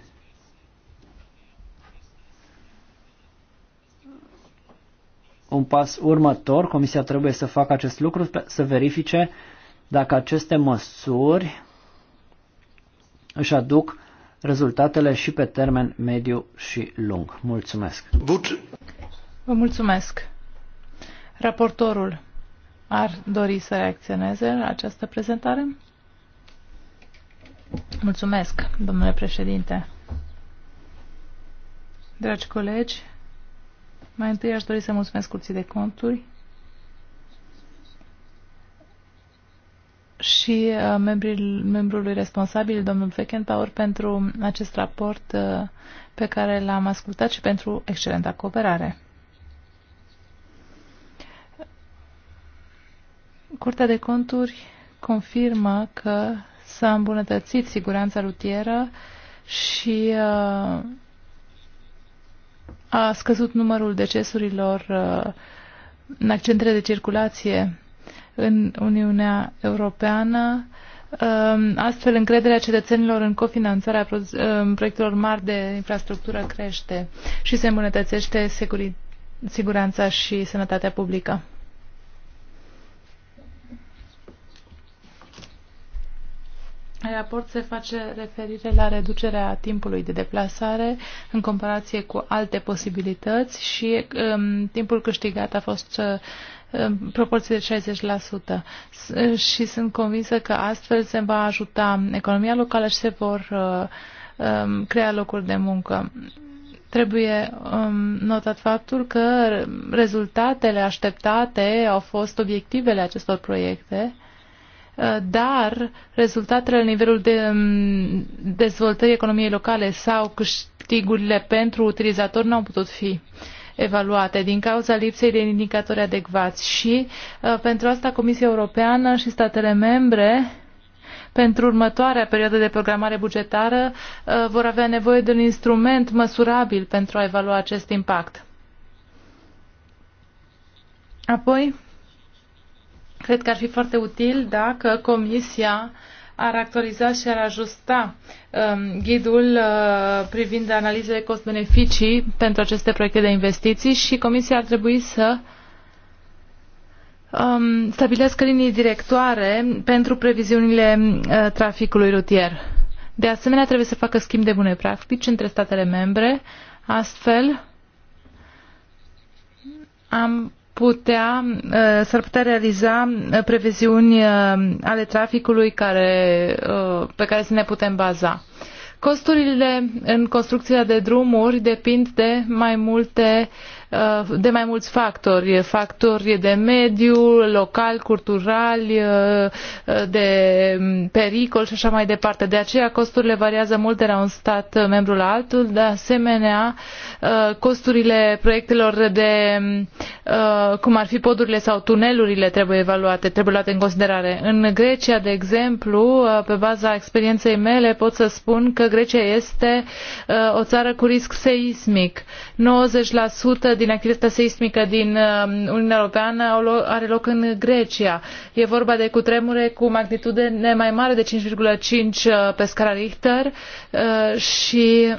un pas următor. Comisia trebuie să facă acest lucru, să verifice dacă aceste măsuri își aduc rezultatele și pe termen mediu și lung. Mulțumesc! Vă mulțumesc! Raportorul ar dori să reacționeze la această prezentare? Mulțumesc, domnule președinte. Dragi colegi, mai întâi aș dori să mulțumesc curții de conturi și uh, membrului responsabil, domnul Feckenpower, pentru acest raport uh, pe care l-am ascultat și pentru excelenta cooperare. Curtea de conturi confirmă că s-a îmbunătățit siguranța rutieră și uh, a scăzut numărul decesurilor uh, în accentele de circulație în Uniunea Europeană, uh, astfel încrederea cetățenilor în cofinanțarea pro um, proiectelor mari de infrastructură crește și se îmbunătățește siguranța și sănătatea publică. raport se face referire la reducerea timpului de deplasare în comparație cu alte posibilități și um, timpul câștigat a fost uh, în proporție de 60% S și sunt convinsă că astfel se va ajuta economia locală și se vor uh, um, crea locuri de muncă. Trebuie um, notat faptul că rezultatele așteptate au fost obiectivele acestor proiecte Eh, dar rezultatele la nivelul de mm, dezvoltării economiei locale sau câștigurile pentru utilizator nu au putut fi evaluate din cauza lipsei de indicatori adecvați și eh, pentru asta Comisia Europeană și statele membre pentru următoarea perioadă de programare bugetară eh, vor avea nevoie de un instrument măsurabil pentru a evalua acest impact. Apoi, Cred că ar fi foarte util dacă Comisia ar actualiza și ar ajusta um, ghidul uh, privind analizele cost-beneficii pentru aceste proiecte de investiții și Comisia ar trebui să um, stabilească linii directoare pentru previziunile uh, traficului rutier. De asemenea, trebuie să facă schimb de bune practici între statele membre, astfel am putea, uh, s-ar putea realiza uh, previziuni uh, ale traficului care, pe care să ne putem baza. Costurile în construcția de drumuri depind de mai multe uh, Eh, de mai mulți factori, eh, factori de mediu, local, culturali, eh, de mm, pericol și așa mai departe. De aceea costurile variază mult de la un stat membru la altul, de asemenea costurile proiectelor de mm, cum ar fi podurile sau tunelurile trebuie evaluate, trebuie luate în considerare. În Grecia, de exemplu, pe baza experienței mele pot să spun că Grecia este o țară cu risc seismic. 90% din activitatea seismică din um, Uniunea Europeană are loc în Grecia. E vorba de cutremure cu magnitudine mai mare de 5,5 uh, pe scara Richter uh, și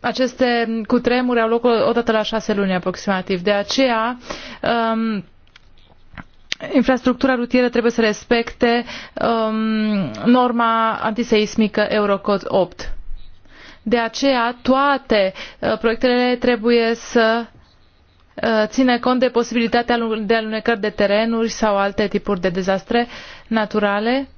aceste cutremure au loc o dată la șase luni aproximativ. De aceea um, infrastructura rutieră trebuie să respecte um, norma antiseismică Eurocod 8. De aceea, toate uh, proiectele trebuie să uh, ține cont de posibilitatea de alunecări de terenuri sau alte tipuri de dezastre naturale.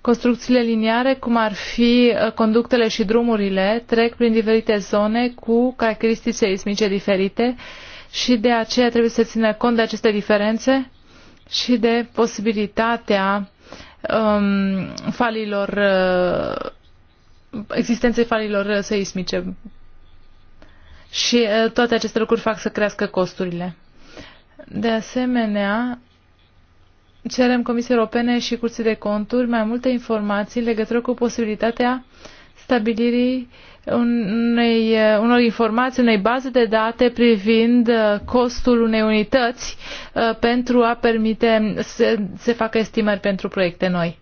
Construcțiile liniare, cum ar fi uh, conductele și drumurile, trec prin diferite zone cu caracteristici seismice diferite și de aceea trebuie să țină cont de aceste diferențe și de posibilitatea um, falilor uh, existenței falilor seismice. Și uh, toate aceste lucruri fac să crească costurile. De asemenea, cerem Comisiei Europene și Curții de Conturi mai multe informații legătură cu posibilitatea stabilirii unei, uh, unor informații, unei baze de date privind uh, costul unei unități pentru a permite să se facă estimări pentru proiecte noi.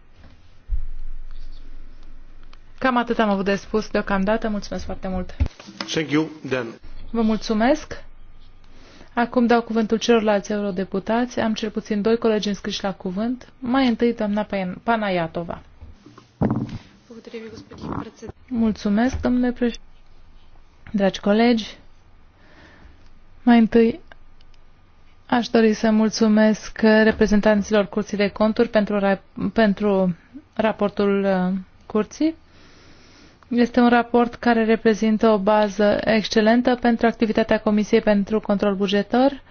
Cam atât am avut de spus deocamdată. Mulțumesc foarte mult. Thank you, Dan. Vă mulțumesc. Acum dau cuvântul celorlalți eurodeputați. Am cel puțin doi colegi înscriși la cuvânt. Mai întâi, doamna Panayatova. Mulțumesc, domnule președinte. Dragi colegi, mai întâi aș dori să mulțumesc reprezentanților Curții de Conturi pentru, ra pentru raportul uh, Curții. Este un raport care reprezintă o bază excelentă pentru activitatea Comisiei pentru Control Bugetar.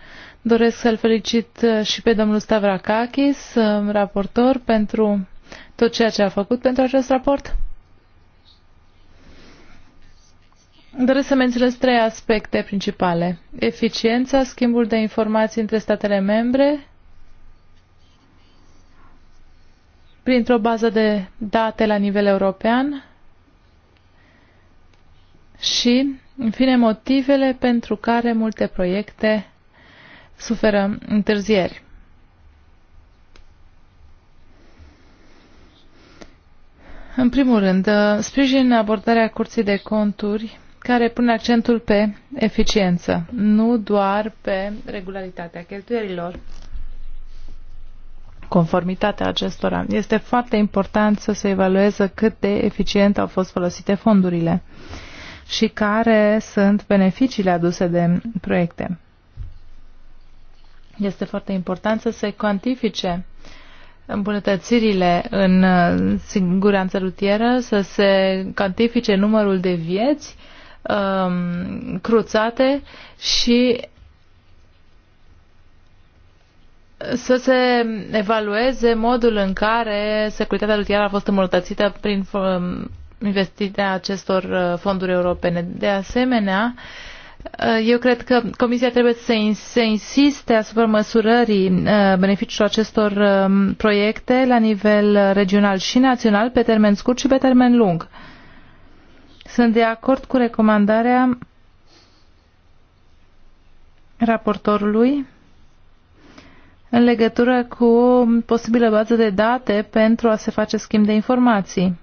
Doresc să-l felicit uh, și pe domnul Stavrakakis, uh, raportor, pentru tot ceea ce a făcut pentru acest raport. Doresc să menționez trei aspecte principale. Eficiența, schimbul de informații între statele membre, printr-o bază de date la nivel european și, în fine, motivele pentru care multe proiecte suferă întârzieri. În primul rând, sprijin abordarea curții de conturi care pune accentul pe eficiență, nu doar pe regularitatea cheltuierilor. Conformitatea acestora. Este foarte important să se evalueze cât de eficient au fost folosite fondurile. Uh, și care sunt beneficiile aduse de proiecte. Este foarte important să se cuantifice îmbunătățirile în uh, siguranță rutieră, să se cuantifice numărul de vieți um, cruțate și să se evalueze modul în care securitatea rutieră a fost îmbunătățită prin um, investite acestor uh, fonduri europene. De asemenea, uh, eu cred că Comisia trebuie să se insiste asupra măsurării uh, beneficiilor acestor um, proiecte la nivel regional și național, pe termen scurt și pe termen lung. Sunt de acord cu recomandarea raportorului în legătură cu posibilă bază de date pentru a se face schimb de informații.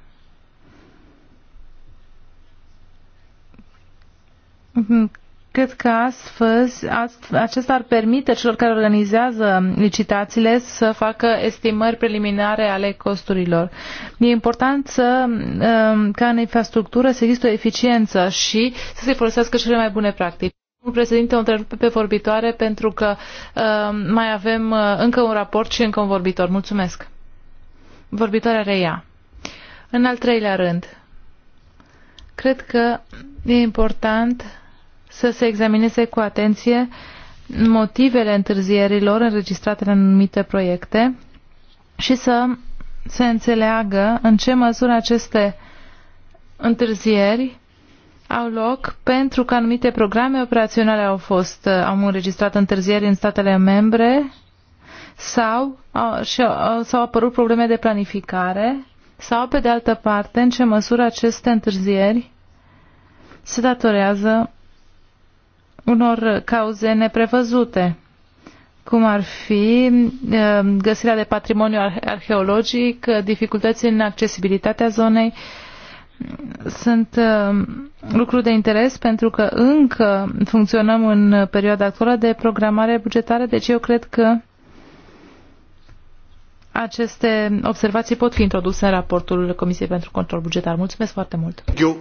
Mhm. Cred că astăzi acesta ar permite celor care organizează licitațiile să facă estimări preliminare ale costurilor. E important să, um, ca în infrastructură să există o eficiență și să se folosească cele mai bune practici. Domnul președinte, o întrerupe pe vorbitoare pentru că um, mai avem uh, încă un raport și încă un vorbitor. Mulțumesc. Vorbitoarea reia. În al treilea rând, cred că e important să se examineze cu atenție motivele întârzierilor înregistrate în anumite proiecte și să se înțeleagă în ce măsură aceste întârzieri au loc pentru că anumite programe operaționale au fost, au înregistrat întârzieri în statele membre sau s-au apărut probleme de planificare sau, pe de altă parte, în ce măsură aceste întârzieri se datorează unor cauze neprevăzute, cum ar fi um, găsirea de patrimoniu arheologic, dificultăți în accesibilitatea zonei, sunt um, lucruri de interes pentru că încă funcționăm în perioada actuală de programare bugetară, deci eu cred că aceste observații pot fi introduse în raportul Comisiei pentru Control Bugetar. Mulțumesc foarte mult! Eu.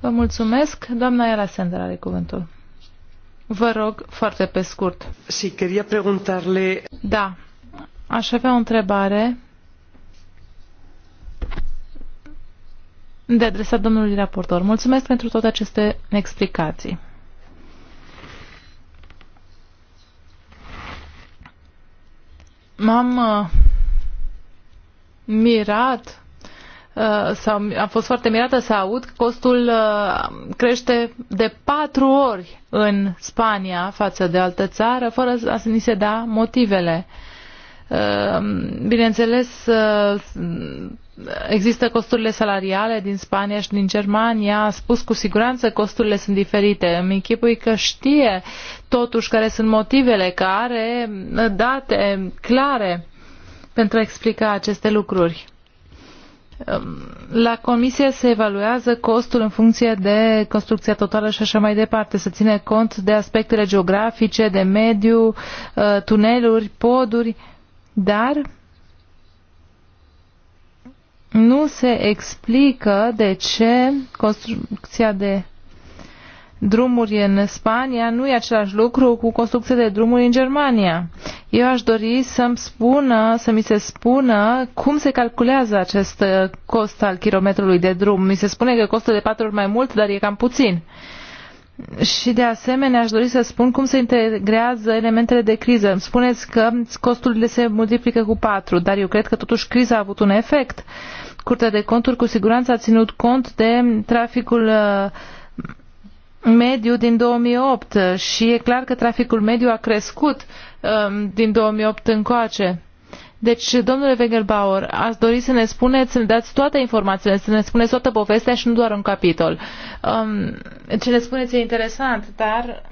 Vă mulțumesc. Doamna Iara Sender are cuvântul. Vă rog, foarte pe scurt. Si, quería preguntarle... Da, aș avea o întrebare de adresat domnului raportor. Mulțumesc pentru toate aceste explicații. M-am uh, mirat Uh, Am fost foarte mirată să aud că costul uh, crește de patru ori în Spania față de altă țară, fără a să ni se da motivele. Uh, bineînțeles, există costurile salariale din Spania și din Germania. A spus cu siguranță costurile sunt diferite. Îmi închipui că știe totuși care sunt motivele, care are date clare pentru a explica aceste lucruri. Ehm, la comisie se evaluează costul în funcție de construcția totală și așa mai departe. Se ține cont de aspectele geografice, de mediu, eh, tuneluri, poduri, dar nu se explică de ce construcția de drumuri în Spania nu e același lucru cu construcția de drumuri în Germania. Eu aș dori să-mi spună, să mi se spună cum se calculează acest uh, cost al kilometrului de drum. Mi se spune că costă de patru ori mai mult, dar e cam puțin. Și de asemenea aș dori să spun cum se integrează elementele de criză. Îmi spuneți că costurile se multiplică cu patru, dar eu cred că totuși criza a avut un efect. Curtea de conturi cu siguranță a ținut cont de traficul uh, mediu din 2008 și e clar că traficul mediu a crescut um, din 2008 încoace. Deci, domnule Wegelbauer, ați dori să ne spuneți, să ne dați toate informațiile, să ne spuneți toată povestea și nu doar un capitol. Um, ce ne spuneți e interesant, dar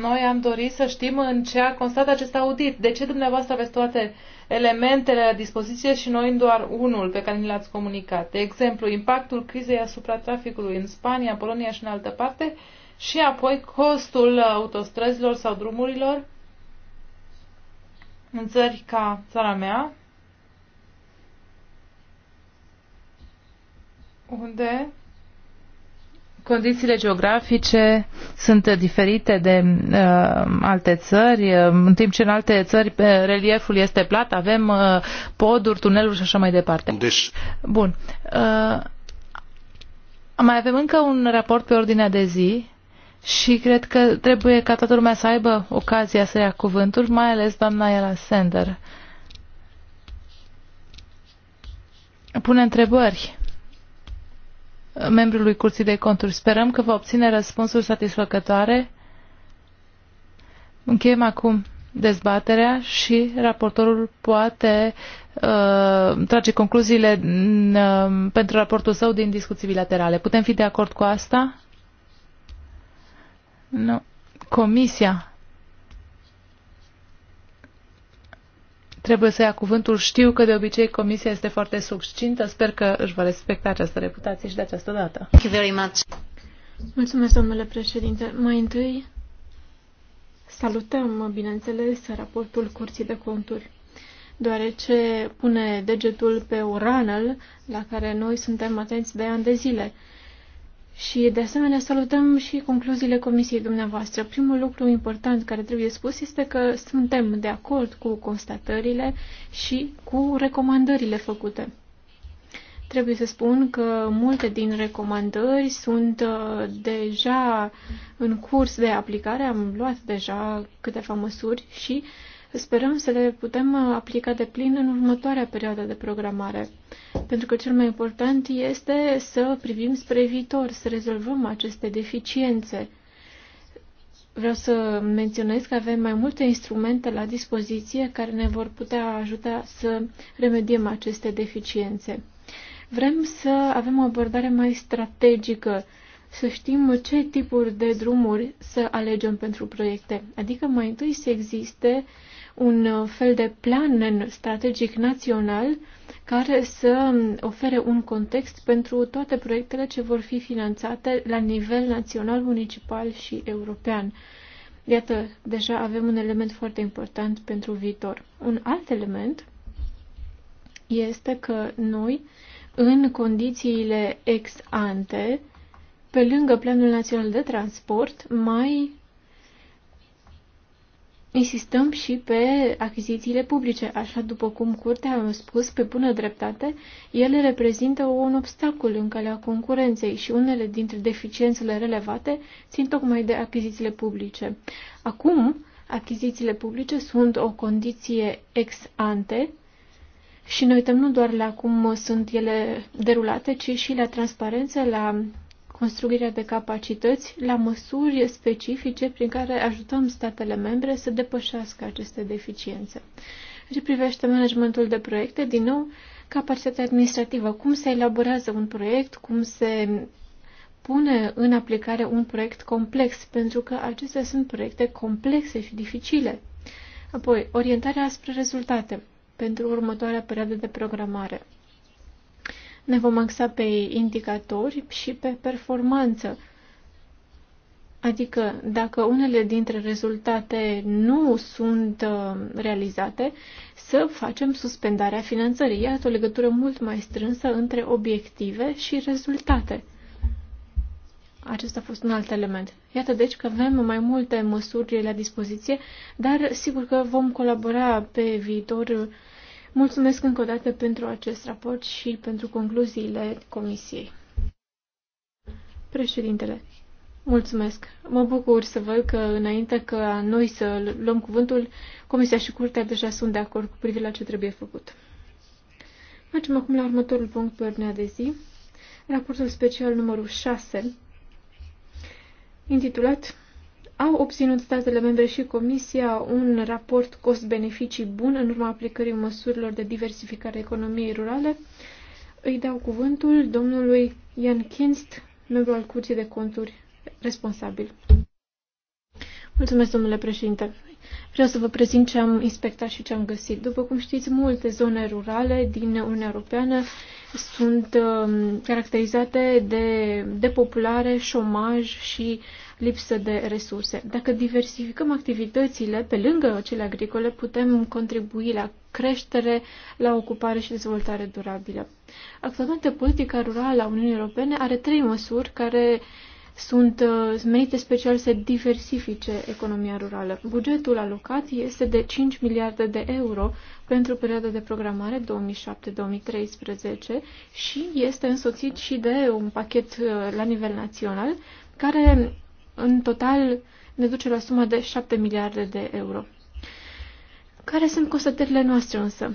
noi am dorit să știm în ce a constat acest audit. De ce dumneavoastră aveți toate elementele la dispoziție și noi în doar unul pe care ni l-ați comunicat? De exemplu, impactul crizei asupra traficului în Spania, Polonia și în altă parte, uh, și apoi costul uh, autostrăzilor sau drumurilor în țări ca țara mea, unde condițiile geografice sunt diferite de uh, alte țări, uh, în timp ce în alte țări relieful este plat, avem uh, poduri, tuneluri și așa mai departe. Deci... Bun. Uh, mai avem încă un raport pe ordinea de zi și cred că trebuie ca toată lumea să aibă ocazia să ia cuvântul, mai ales doamna Ela Sender. Pune întrebări membrului Curții de Conturi. Sperăm că va obține răspunsuri satisfăcătoare. Încheiem acum dezbaterea și raportorul poate uh, trage concluziile mm, uh, pentru raportul său din discuții bilaterale. Putem fi de acord cu asta? Nu. Comisia trebuie să ia cuvântul. Știu că de obicei comisia este foarte succintă. Sper că își va respecta această reputație și de această dată. Thank you very much. Mulțumesc, domnule președinte. Mai întâi salutăm, bineînțeles, raportul Curții de Conturi, deoarece pune degetul pe o rană la care noi suntem atenți de ani de zile. Și, de asemenea, salutăm și concluziile comisiei dumneavoastră. Primul lucru important care trebuie spus este că suntem de acord cu constatările și cu recomandările făcute. Trebuie să spun că multe din recomandări sunt uh, deja în curs de aplicare, am luat deja câteva măsuri și uh, Sperăm să le putem uh, aplica de plin în următoarea perioadă de programare. Pentru că cel mai important este să privim spre viitor, să rezolvăm aceste deficiențe. Vreau să menționez că avem mai multe instrumente la dispoziție care ne vor putea ajuta să remediem aceste deficiențe. Vrem să avem o abordare mai strategică, să știm ce tipuri de drumuri să alegem pentru proiecte. Adică mai întâi să existe uh, un fel de plan strategic național care să ofere un context pentru toate proiectele ce vor fi finanțate la nivel național, municipal și european. Iată, deja avem un element foarte important pentru viitor. Un alt element este că noi, în condițiile ex ante, pe lângă Planul Național de Transport, mai insistăm și pe achizițiile publice, așa după cum Curtea a spus pe bună dreptate, ele reprezintă un obstacol în calea concurenței și unele dintre deficiențele relevate țin tocmai de achizițiile publice. Acum, achizițiile publice sunt o condiție ex ante și noi uităm nu doar la cum sunt ele derulate, ci și la transparență, la construirea de capacități la măsuri specifice prin care ajutăm statele membre să depășească aceste deficiențe. ce privește managementul de proiecte, din nou, capacitatea administrativă, cum se elaborează un proiect, cum se pune în aplicare un proiect complex, pentru că acestea sunt proiecte complexe și dificile. Apoi, orientarea spre rezultate pentru următoarea perioadă de programare. Ne vom axa pe indicatori și pe performanță. Adică dacă unele dintre rezultate nu sunt uh, realizate, să facem suspendarea finanțării. Iată o legătură mult mai strânsă între obiective și rezultate. Acesta a fost un alt element. Iată deci că avem mai multe măsuri la dispoziție, dar sigur că vom colabora pe viitor Mulțumesc încă o dată pentru acest raport și pentru concluziile comisiei. Președintele, mulțumesc. Mă bucur să văd că înainte ca noi să luăm cuvântul, Comisia și Curtea deja sunt de acord cu privire la ce trebuie făcut. Mergem acum la următorul punct pe ordinea de zi, raportul special numărul 6, intitulat au obținut statele membre și Comisia un raport cost-beneficii bun în urma aplicării măsurilor de diversificare a economiei rurale. Îi dau cuvântul domnului Ian Kinst, membru al Curții de Conturi responsabil. Mulțumesc, domnule președinte. Vreau să vă prezint ce am inspectat și ce am găsit. După cum știți, multe zone rurale din Uniunea Europeană sunt um, caracterizate de depopulare, șomaj și lipsă de resurse. Dacă diversificăm activitățile pe lângă cele agricole, putem contribui la creștere, la ocupare și dezvoltare durabilă. Actualmente, politica rurală a Uniunii Europene are trei măsuri care sunt uh, menite special să diversifice economia rurală. Bugetul alocat este de 5 miliarde de euro pentru perioada de programare 2007-2013 și este însoțit și de un pachet uh, la nivel național care în total ne duce la suma de 7 miliarde de euro. Care sunt constatările noastre însă?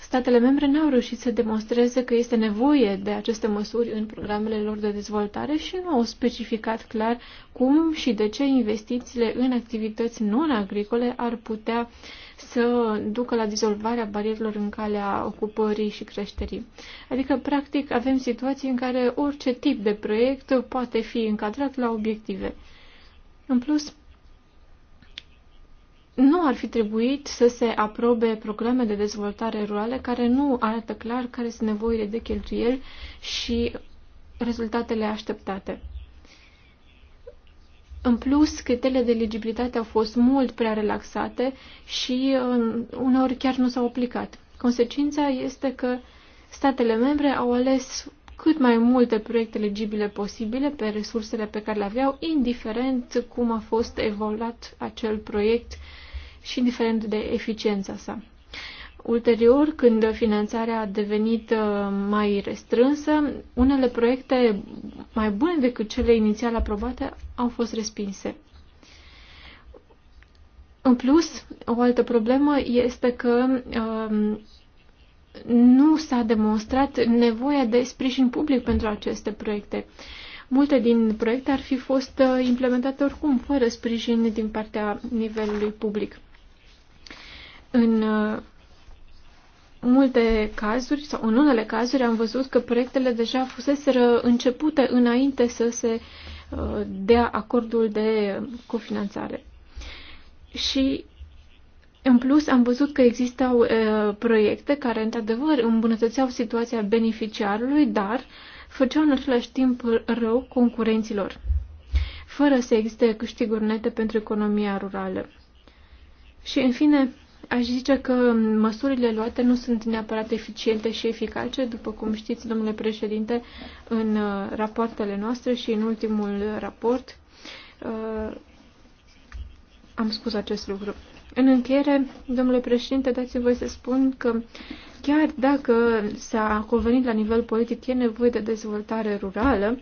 Statele membre n-au reușit să demonstreze că este nevoie de aceste măsuri în programele lor de dezvoltare și nu au specificat clar cum și de ce investițiile în activități non-agricole ar putea să ducă la dizolvarea barierilor în calea ocupării și creșterii. Adică, practic, avem situații în care orice tip de proiect poate fi încadrat la obiective. În plus, nu ar fi trebuit să se aprobe programe de dezvoltare rurale care nu arată clar care sunt nevoile de cheltuieli și rezultatele așteptate. În plus, criteriile de eligibilitate au fost mult prea relaxate și uneori chiar nu s-au aplicat. Consecința este că statele membre au ales cât mai multe proiecte legibile posibile pe resursele pe care le aveau, indiferent cum a fost evoluat acel proiect și indiferent de eficiența sa. Ulterior, când finanțarea a devenit uh, mai restrânsă, unele proiecte mai bune decât cele inițial aprobate au fost respinse. În plus, o altă problemă este că um, nu s-a demonstrat nevoia de sprijin public pentru aceste proiecte. Multe din proiecte ar fi fost uh, implementate oricum, fără sprijin din partea nivelului public. În uh, multe cazuri, sau în unele cazuri, am văzut că proiectele deja fuseseră începute înainte să se uh, dea acordul de cofinanțare. Și în plus, am văzut că existau uh, proiecte care, într-adevăr, îmbunătățeau situația beneficiarului, dar făceau în același timp rău concurenților, fără să existe câștiguri nete pentru economia rurală. Și, în fine, aș zice că măsurile luate nu sunt neapărat eficiente și eficace, după cum știți, domnule președinte, în rapoartele noastre și în ultimul raport am spus acest lucru. În încheiere, domnule președinte, dați-mi voi să spun că chiar dacă s-a convenit la nivel politic e nevoie de dezvoltare rurală,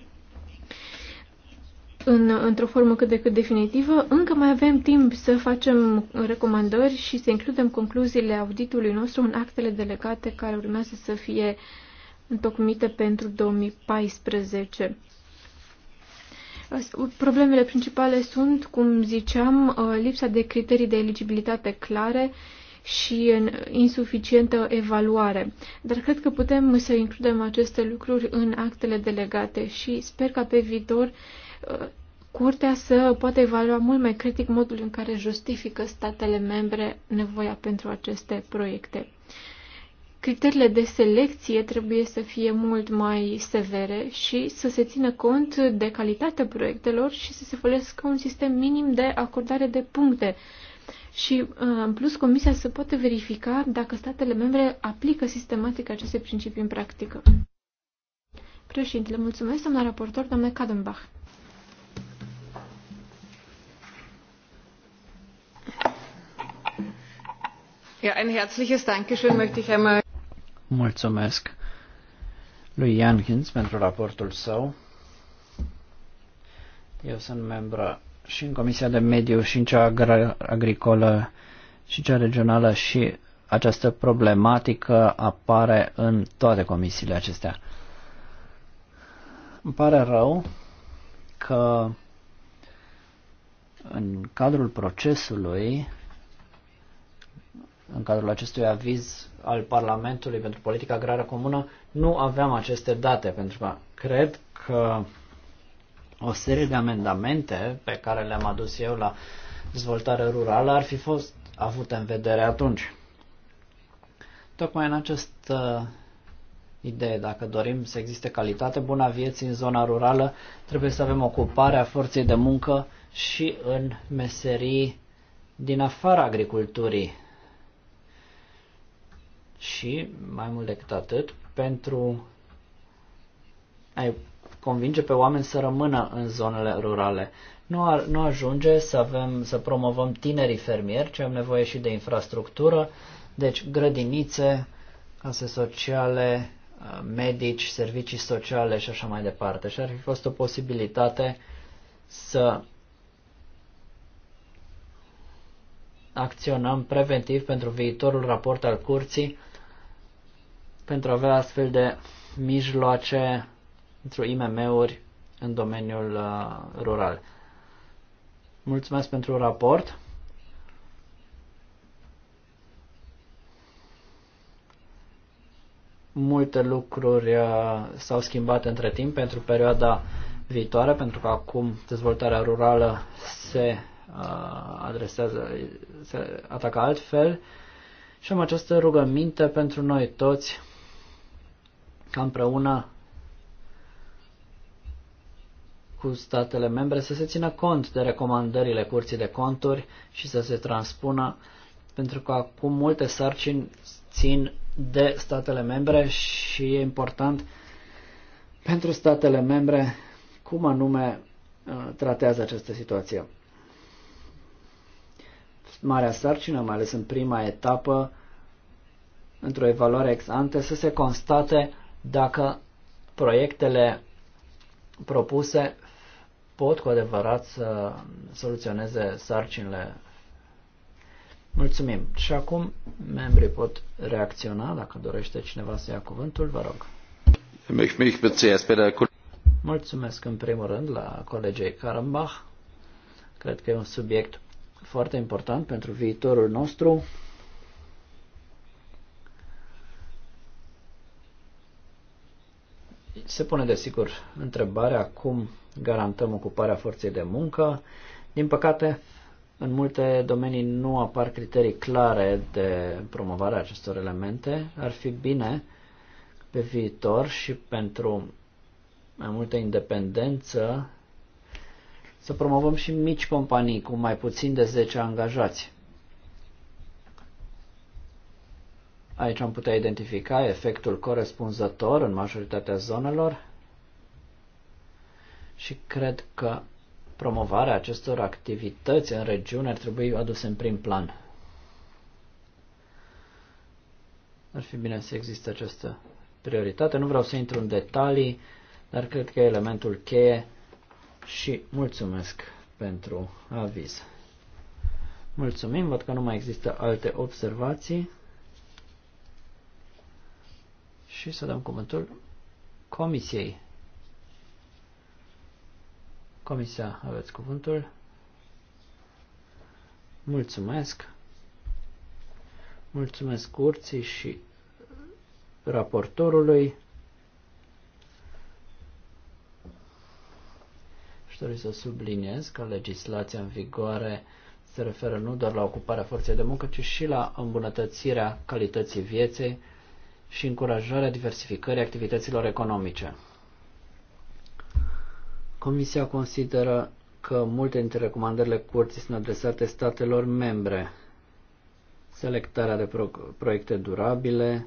în, într-o formă cât de cât definitivă, încă mai avem timp să facem recomandări și să includem concluziile auditului nostru în actele delegate care urmează să fie întocmite pentru 2014. Problemele principale sunt, cum ziceam, uh, lipsa de criterii de eligibilitate clare și insuficientă evaluare. Dar cred că putem să includem aceste lucruri în actele delegate și sper ca pe viitor uh, curtea să poată evalua mult mai critic modul în care justifică statele membre nevoia pentru aceste proiecte criteriile de selecție trebuie să fie mult mai severe și să se țină cont de calitatea proiectelor și să se folosească un sistem minim de acordare de puncte. Și, uh, în plus, Comisia să poate verifica dacă statele membre aplică sistematic aceste principii în practică. Președintele, mulțumesc, doamna raportor, doamna Kadenbach. Ja, ein herzliches Dankeschön möchte ich einmal Mulțumesc lui Ian Hintz pentru raportul său. Eu sunt membru și în Comisia de Mediu și în cea agricolă și cea regională și această problematică apare în toate comisiile acestea. Îmi pare rău că în cadrul procesului, în cadrul acestui aviz, al Parlamentului pentru politica agrară comună, nu aveam aceste date, pentru că cred că o serie de amendamente pe care le-am adus eu la dezvoltare rurală ar fi fost avute în vedere atunci. Tocmai în această uh, idee, dacă dorim să existe calitate bună a vieții în zona rurală, trebuie să avem ocuparea forței de muncă și în meserii din afara agriculturii, și, mai mult decât atât, pentru a convinge pe oameni să rămână în zonele rurale. Nu, ar, nu ajunge să, avem, să promovăm tinerii fermieri, ci am nevoie și de infrastructură, deci grădinițe, case sociale, uh, medici, servicii sociale și așa mai departe. Și ar fi fost o posibilitate să acționăm preventiv pentru viitorul raport al curții pentru a avea astfel de mijloace pentru IMM-uri în domeniul uh, rural. Mulțumesc pentru raport. Multe lucruri uh, s-au schimbat între timp pentru perioada viitoare, pentru că acum dezvoltarea rurală se uh, adresează, se atacă altfel. Și am această rugăminte pentru noi toți ca împreună cu statele membre să se țină cont de recomandările Curții de Conturi și să se transpună, pentru că acum multe sarcini țin de statele membre și e important pentru statele membre cum anume uh, tratează această situație. Marea sarcină, mai ales în prima etapă, într-o evaluare ex ante, să se constate dacă proiectele propuse pot cu adevărat să soluționeze sarcinile. Mulțumim. Și acum membrii pot reacționa, dacă dorește cineva să ia cuvântul, vă rog. Mulțumesc în primul rând la colegei Karambach. Cred că e un subiect foarte important pentru viitorul nostru. Se pune, desigur, întrebarea cum garantăm ocuparea forței de muncă. Din păcate, în multe domenii nu apar criterii clare de promovare a acestor elemente. Ar fi bine pe viitor și pentru mai multă independență să promovăm și mici companii cu mai puțin de 10 angajați. Aici am putea identifica efectul corespunzător în majoritatea zonelor și cred că promovarea acestor activități în regiune ar trebui aduse în prim plan. Ar fi bine să existe această prioritate. Nu vreau să intru în detalii, dar cred că e elementul cheie și mulțumesc pentru aviz. Mulțumim, văd că nu mai există alte observații și să dăm cuvântul Comisiei. Comisia, aveți cuvântul. Mulțumesc. Mulțumesc curții și raportorului. Și dori să subliniez că legislația în vigoare se referă nu doar la ocuparea forței de muncă, ci și la îmbunătățirea calității vieții și încurajarea diversificării activităților economice. Comisia consideră că multe dintre recomandările curții sunt adresate statelor membre. Selectarea de pro- proiecte durabile,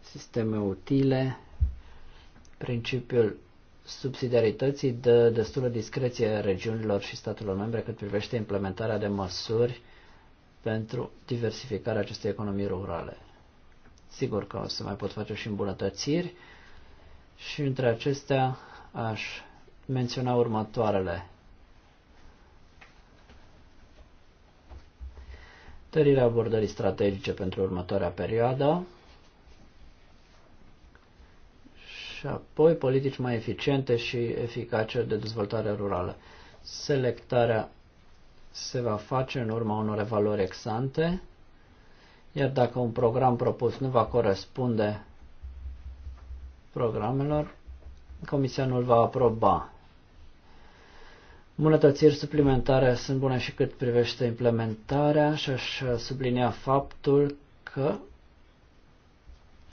sisteme utile, principiul subsidiarității dă destulă discreție regiunilor și statelor membre cât privește implementarea de măsuri pentru diversificarea acestei economii rurale. Sigur că o să mai pot face și îmbunătățiri și între acestea aș menționa următoarele. Tărirea abordării strategice pentru următoarea perioadă și apoi politici mai eficiente și eficace de dezvoltare rurală. Selectarea se va face în urma unor evaluări exante iar dacă un program propus nu va corespunde programelor, Comisia nu-l va aproba. Bunătățiri suplimentare sunt bune și cât privește implementarea și aș sublinia faptul că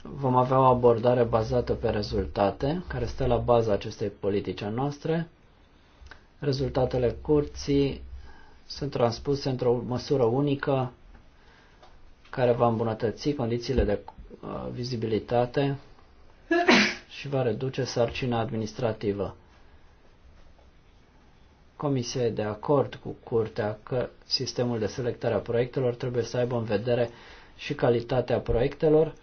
vom avea o abordare bazată pe rezultate, care stă la baza acestei politici a noastre. Rezultatele curții sunt transpuse într-o măsură unică care va îmbunătăți condițiile de uh, vizibilitate și va reduce sarcina administrativă. Comisia e de acord cu curtea că sistemul de selectare a proiectelor trebuie să aibă în vedere și calitatea proiectelor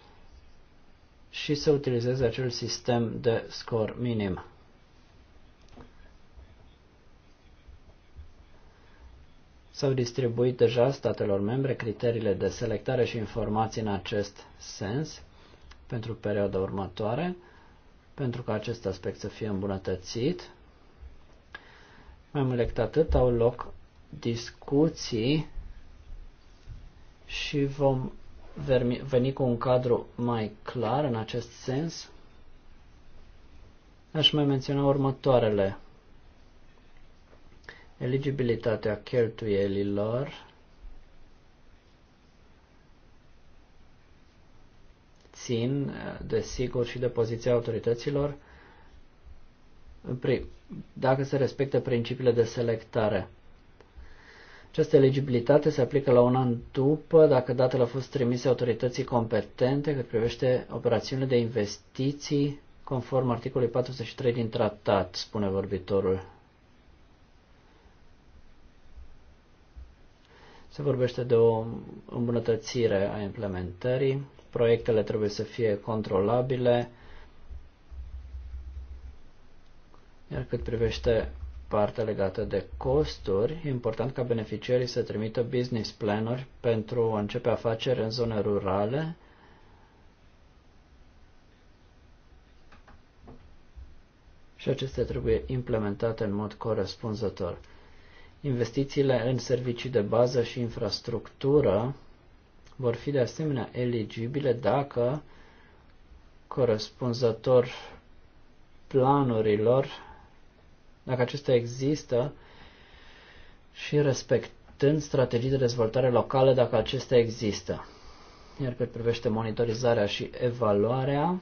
și să utilizeze acel sistem de scor minim. S-au distribuit deja statelor membre criteriile de selectare și informații în acest sens pentru perioada următoare, pentru ca acest aspect să fie îmbunătățit. Mai mult decât atât, au loc discuții și vom veni cu un cadru mai clar în acest sens. Aș mai menționa următoarele eligibilitatea cheltuielilor țin, eh, desigur, și de poziția autorităților dacă se respectă principiile de selectare. Această eligibilitate se aplică la un an după dacă datele au fost trimise autorității competente cât privește operațiunile de investiții conform articolului 43 din tratat, spune vorbitorul. Se vorbește de o îmbunătățire a implementării, proiectele trebuie să fie controlabile, iar cât privește partea legată de costuri, e important ca beneficiarii să trimită business planuri pentru a începe afaceri în zone rurale, și acestea trebuie implementate în mod corespunzător. Investițiile în servicii de bază și infrastructură vor fi de asemenea eligibile dacă corespunzător planurilor, dacă acestea există și respectând strategii de dezvoltare locală dacă acestea există. Iar pe privește monitorizarea și evaluarea,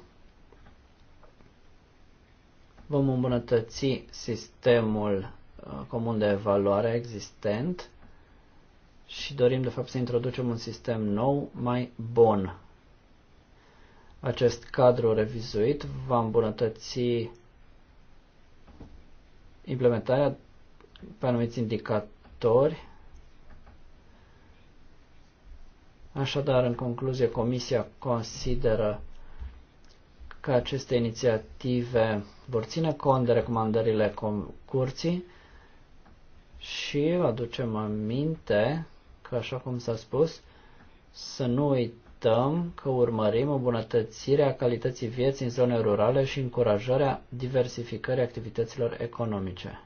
vom îmbunătăți sistemul Uh, comun de evaluare existent și dorim de fapt să introducem un sistem nou mai bun. Acest cadru revizuit va îmbunătăți implementarea pe anumiți indicatori. Așadar, în concluzie, Comisia consideră că aceste inițiative vor ține cont de recomandările curții și aducem aminte că, așa cum s-a spus, să nu uităm că urmărim îmbunătățirea calității vieții în zone rurale și încurajarea diversificării activităților economice.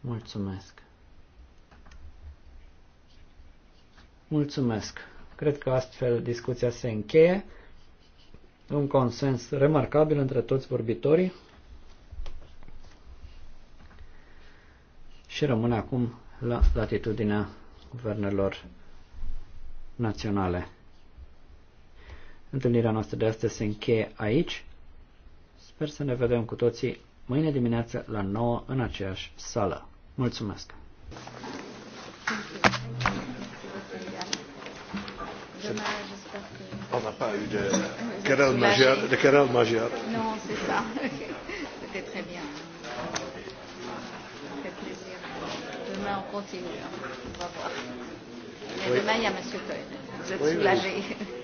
Mulțumesc! Mulțumesc! Cred că astfel discuția se încheie. Un consens remarcabil între toți vorbitorii. și rămâne acum la latitudinea guvernelor naționale. Întâlnirea noastră de astăzi se încheie aici. Sper să ne vedem cu toții mâine dimineață la 9 în aceeași sală. Mulțumesc! On n'a pas eu de querelle majeure. De querelle majeure. Non, c'est ça. (laughs) C'était très bien. mais on continue. On va voir. Mais oui. demain, il y a M. Cohen. Vous êtes oui, soulagé. Oui.